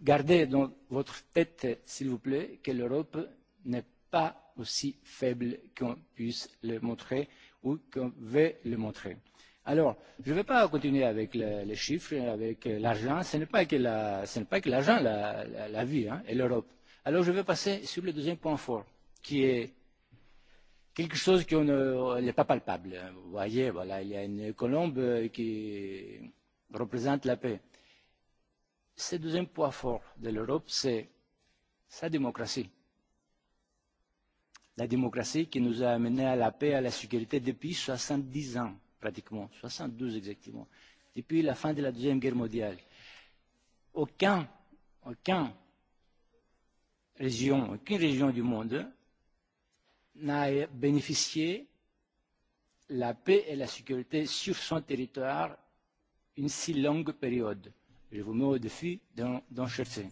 gardez dans votre tête, s'il vous plaît, que l'Europe n'est pas aussi faible qu'on puisse le montrer ou qu'on veut le montrer. Alors, je ne vais pas continuer avec le, les chiffres, avec euh, l'argent. Ce n'est pas que la, ce n'est pas que l'argent, la, la, la vie hein, et l'Europe. Alors, je vais passer sur le deuxième point fort, qui est quelque chose qui n'est pas palpable. Vous voyez, voilà, il y a une colombe euh, qui représente la paix. Ce deuxième point fort de l'Europe, c'est sa démocratie la démocratie qui nous a amenés à la paix et à la sécurité depuis 70 ans, pratiquement, 72 exactement, depuis la fin de la Deuxième Guerre mondiale. Aucun, aucun région, aucune région du monde n'a bénéficié la paix et la sécurité sur son territoire une si longue période. Je vous mets au défi d'en chercher.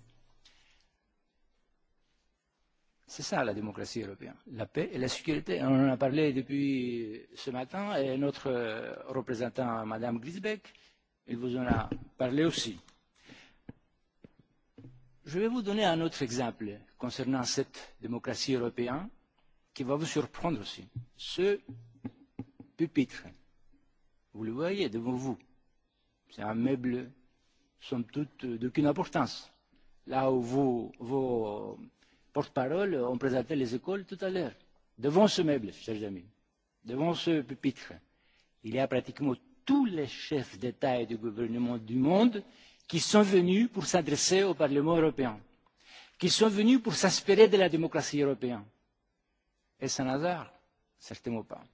C'est ça la démocratie européenne, la paix et la sécurité. On en a parlé depuis ce matin et notre euh, représentant, Madame Grisbeck, elle vous en a parlé aussi. Je vais vous donner un autre exemple concernant cette démocratie européenne qui va vous surprendre aussi. Ce pupitre, vous le voyez devant vous, c'est un meuble somme toute d'aucune importance. Là où vous, vos porte-parole, on présentait les écoles tout à l'heure. Devant ce meuble, chers amis, devant ce pupitre, il y a pratiquement tous les chefs d'État et de gouvernement du monde qui sont venus pour s'adresser au Parlement européen, qui sont venus pour s'inspirer de la démocratie européenne. Est-ce un hasard Certainement pas.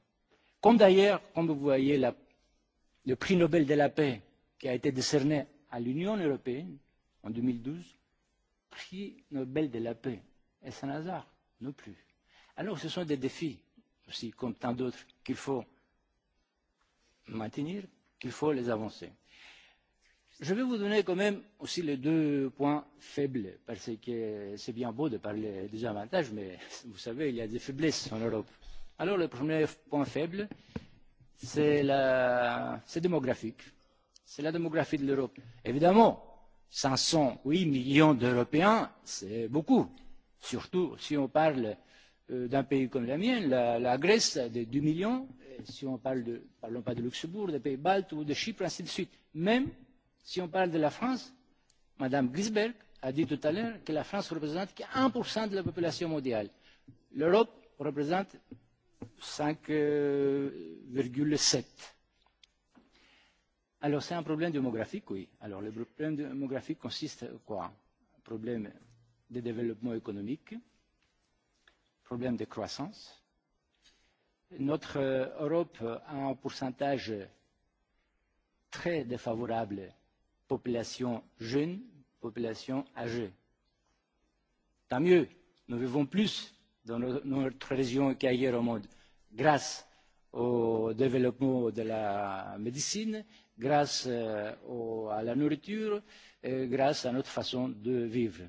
Comme d'ailleurs, comme vous voyez, la, le prix Nobel de la paix qui a été décerné à l'Union européenne en 2012, prix Nobel de la paix Et saint un hasard Non plus. Alors ce sont des défis aussi, comme tant d'autres, qu'il faut maintenir, qu'il faut les avancer. Je vais vous donner quand même aussi les deux points faibles, parce que c'est bien beau de parler des avantages, mais vous savez, il y a des faiblesses en Europe. Alors le premier point faible, c'est la... démographique. C'est la démographie de l'Europe. Évidemment, 508 millions d'Européens, c'est beaucoup surtout si on parle euh, d'un pays comme la mienne, la, la Grèce de 2 millions, si on parle de, parlons pas de Luxembourg, des pays baltes ou de Chypre, ainsi de suite. Même si on parle de la France, Madame Gisberg a dit tout à l'heure que la France représente que 1% de la population mondiale. L'Europe représente 5,7. sept. Alors c'est un problème démographique, oui. Alors le problème démographique consiste quoi Un problème de développement économique, problème de croissance. Notre euh, Europe a un pourcentage très défavorable population jeune, population âgée. Tant mieux, nous vivons plus dans no-, notre région qu'ailleurs au monde grâce au développement de la médecine, grâce euh, au, à la nourriture, et grâce à notre façon de vivre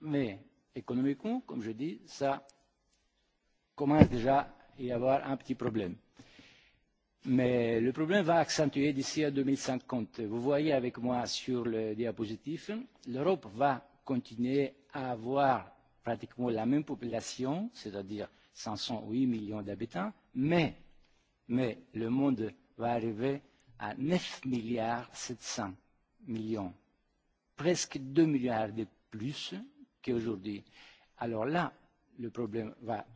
mais économiquement, comme je dis, ça commence déjà à y avoir un petit problème. Mais le problème va accentuer d'ici à deux mille cinquante. Vous voyez avec moi sur le diapositive, l'Europe va continuer à avoir pratiquement la même population, c'est-à-dire cinq cent huit millions d'habitants, mais, mais le monde va arriver à neuf milliards sept cents millions, presque deux milliards de plus qu'aujourd'hui. Alors là, le problème va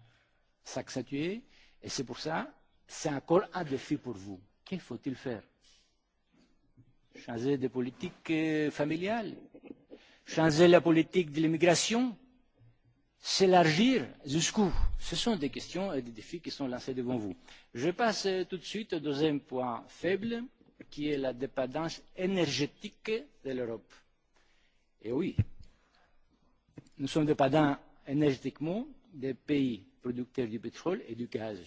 s'accentuer et c'est pour ça, c'est encore un défi pour vous. Qu'il faut-il faire Changer de politique euh, familiale Changer la politique de l'immigration S'élargir jusqu'où Ce sont des questions et des défis qui sont lancés devant vous. Je passe euh, tout de suite au deuxième point faible, qui est la dépendance énergétique de l'Europe. Et oui, Nous sommes dépendants énergétiquement des pays producteurs du pétrole et du gaz.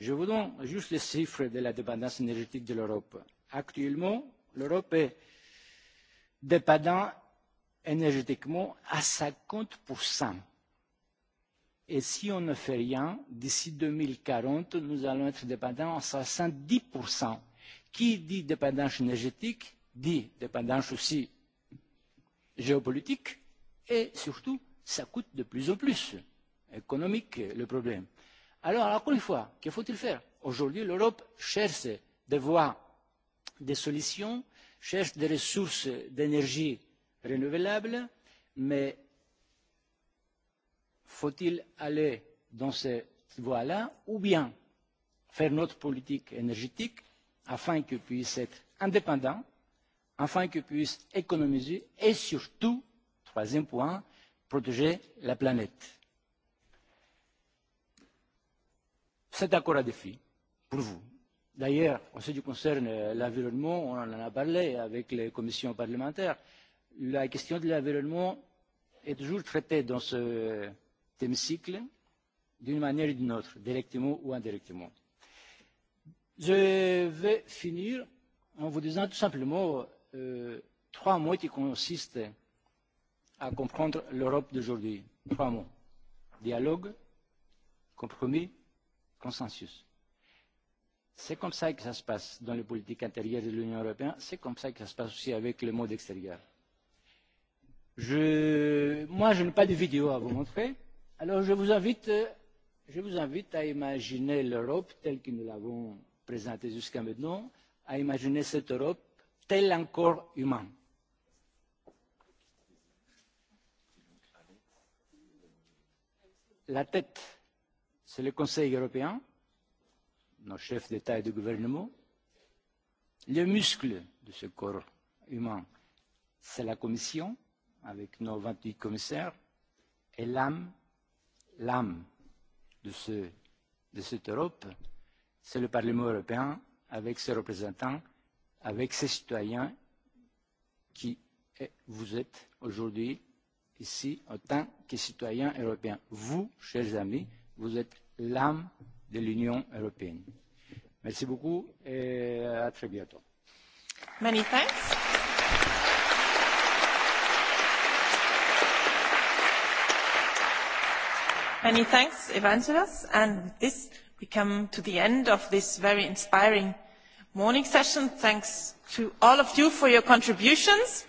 Je vous donne juste les chiffres de la dépendance énergétique de l'Europe. Actuellement, l'Europe est dépendante énergétiquement à cinquante Et si on ne fait rien, d'ici deux mille quarante, nous allons être dépendants à soixante dix. Qui dit dépendance énergétique dit dépendance aussi géopolitique et surtout, ça coûte de plus en plus économique le problème. Alors, encore une fois, que faut-il faire Aujourd'hui, l'Europe cherche des voies, des solutions, cherche des ressources d'énergie renouvelables, mais faut-il aller dans cette voie-là ou bien faire notre politique énergétique afin qu'elle puisse être indépendante, afin qu'elle puisse économiser et surtout Troisième point, protéger la planète. Cet accord a défi pour vous. D'ailleurs, en ce qui concerne euh, l'environnement, on en a parlé avec les commissions parlementaires. La question de l'environnement est toujours traitée dans ce hémicycle d'une manière ou d'une autre, directement ou indirectement. Je vais finir en vous disant tout simplement euh, trois mots qui consistent à comprendre l'Europe d'aujourd'hui. Trois mots. Dialogue, compromis, consensus. C'est comme ça que ça se passe dans les politiques intérieures de l'Union européenne. C'est comme ça que ça se passe aussi avec le monde extérieur. Je, moi, je n'ai pas de vidéo à vous montrer. Alors, je vous invite, je vous invite à imaginer l'Europe telle que nous l'avons présentée jusqu'à maintenant, à imaginer cette Europe telle encore humaine la tête, c'est le Conseil européen, nos chefs d'État et de gouvernement. Le muscle de ce corps humain, c'est la Commission, avec nos vingt-huit commissaires, et l'âme, l'âme de, ce, de cette Europe, c'est le Parlement européen, avec ses représentants, avec ses citoyens, qui vous êtes aujourd'hui ici en tant que citoyens européens. Vous, chers amis, vous êtes l'âme de l'Union européenne. Merci beaucoup et à très bientôt. Many thanks. Many thanks, Evangelos. And with this, we come to the end of this very inspiring morning session. Thanks to all of you for your contributions.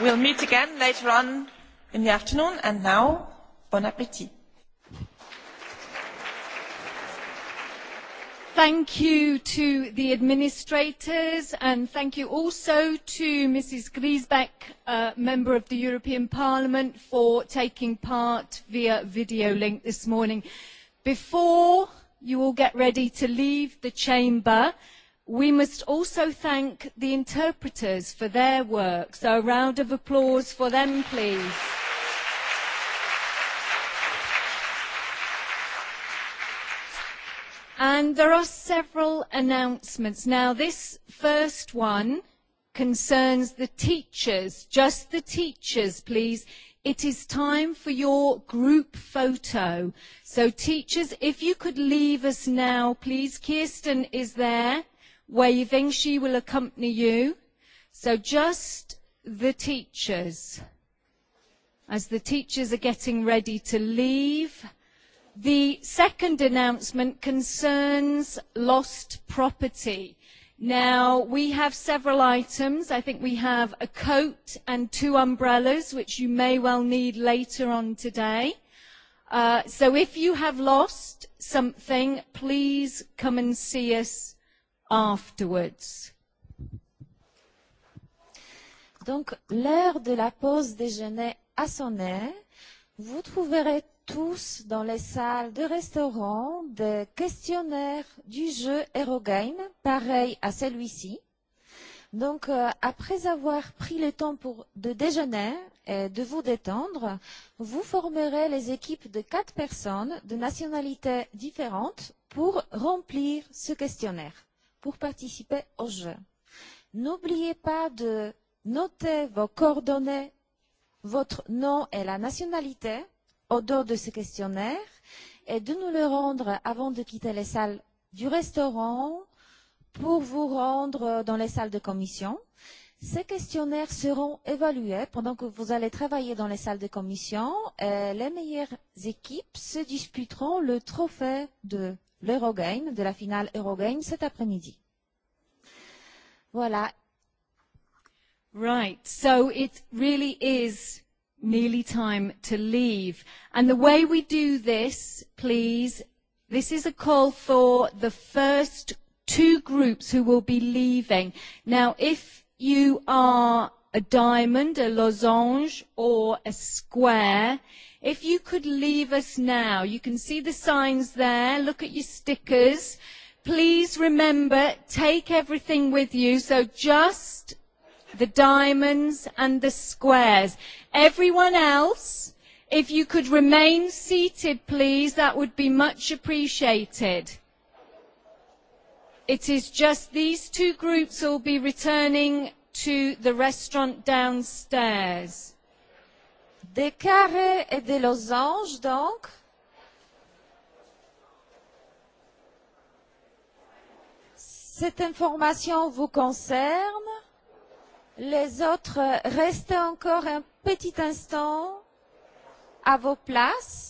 We'll meet again later on in the afternoon. And now, bon appétit. Thank you to the administrators and thank you also to Mrs. Griesbeck, uh, Member of the European Parliament, for taking part via video link this morning. Before you all get ready to leave the chamber, We must also thank the interpreters for their work, so a round of applause for them, please. And there are several announcements. Now, this first one concerns the teachers, just the teachers, please. It is time for your group photo. So, teachers, if you could leave us now, please. Kirsten is there waving. She will accompany you. So just the teachers. As the teachers are getting ready to leave, the second announcement concerns lost property. Now, we have several items. I think we have a coat and two umbrellas, which you may well need later on today. Uh, so if you have lost something, please come and see us afterwards. Donc, l'heure de la pause déjeuner a sonné. Vous trouverez tous dans les salles de restaurant des questionnaires du jeu Aerogame, pareil à celui-ci. Donc, euh, après avoir pris le temps pour, de déjeuner et de vous détendre, vous formerez les équipes de quatre personnes de nationalités différentes pour remplir ce questionnaire pour participer au jeu. N'oubliez pas de noter vos coordonnées, votre nom et la nationalité au dos de ce questionnaire et de nous le rendre avant de quitter les salles du restaurant pour vous rendre dans les salles de commission. Ces questionnaires seront évalués pendant que vous allez travailler dans les salles de commission et les meilleures équipes se disputeront le trophée de l'Eurogame, de la finale Eurogame cet après-midi. Voilà. Right, so it really is nearly time to leave. And the way we do this, please, this is a call for the first two groups who will be leaving. Now, if you are a diamond, a lozenge, or a square. If you could leave us now, you can see the signs there, look at your stickers. Please remember, take everything with you, so just the diamonds and the squares. Everyone else, if you could remain seated, please, that would be much appreciated. It is just these two groups will be returning to the restaurant downstairs. Des carrés et des losanges, donc. Cette information vous concerne. Les autres, restez encore un petit instant à vos places.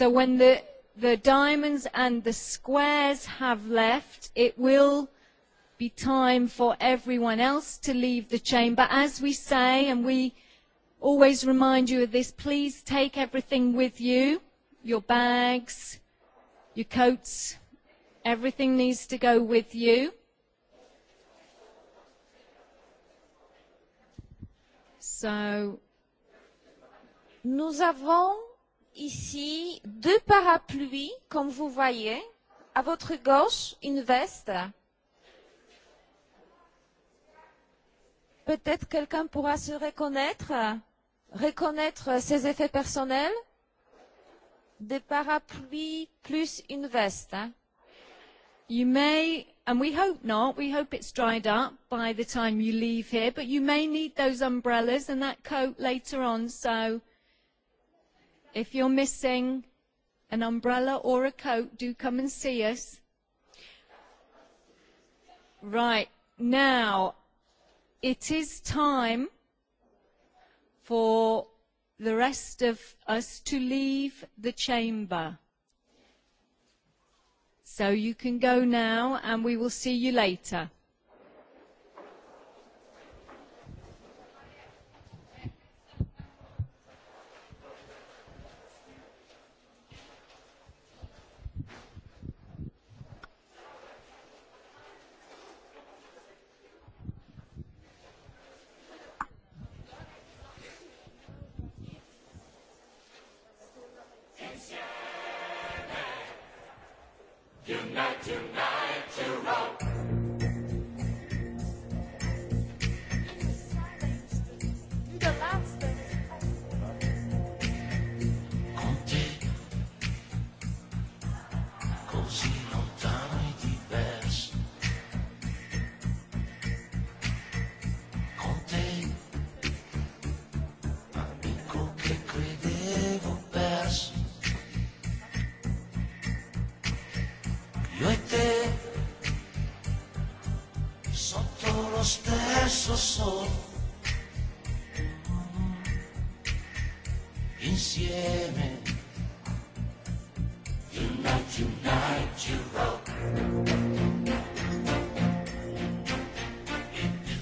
So when the, the diamonds and the squares have left, it will be time for everyone else to leave the chamber. As we say, and we always remind you of this, please take everything with you, your bags, your coats, everything needs to go with you. So, nous avons ici deux parapluies, comme vous voyez. À votre gauche, une veste. Peut-être quelqu'un pourra se reconnaître, reconnaître ses effets personnels. Des parapluies plus une veste. You may, and we hope not, we hope it's dried up by the time you leave here, but you may need those umbrellas and that coat later on, so If you're missing an umbrella or a coat, do come and see us. Right, now it is time for the rest of us to leave the chamber. So you can go now and we will see you later.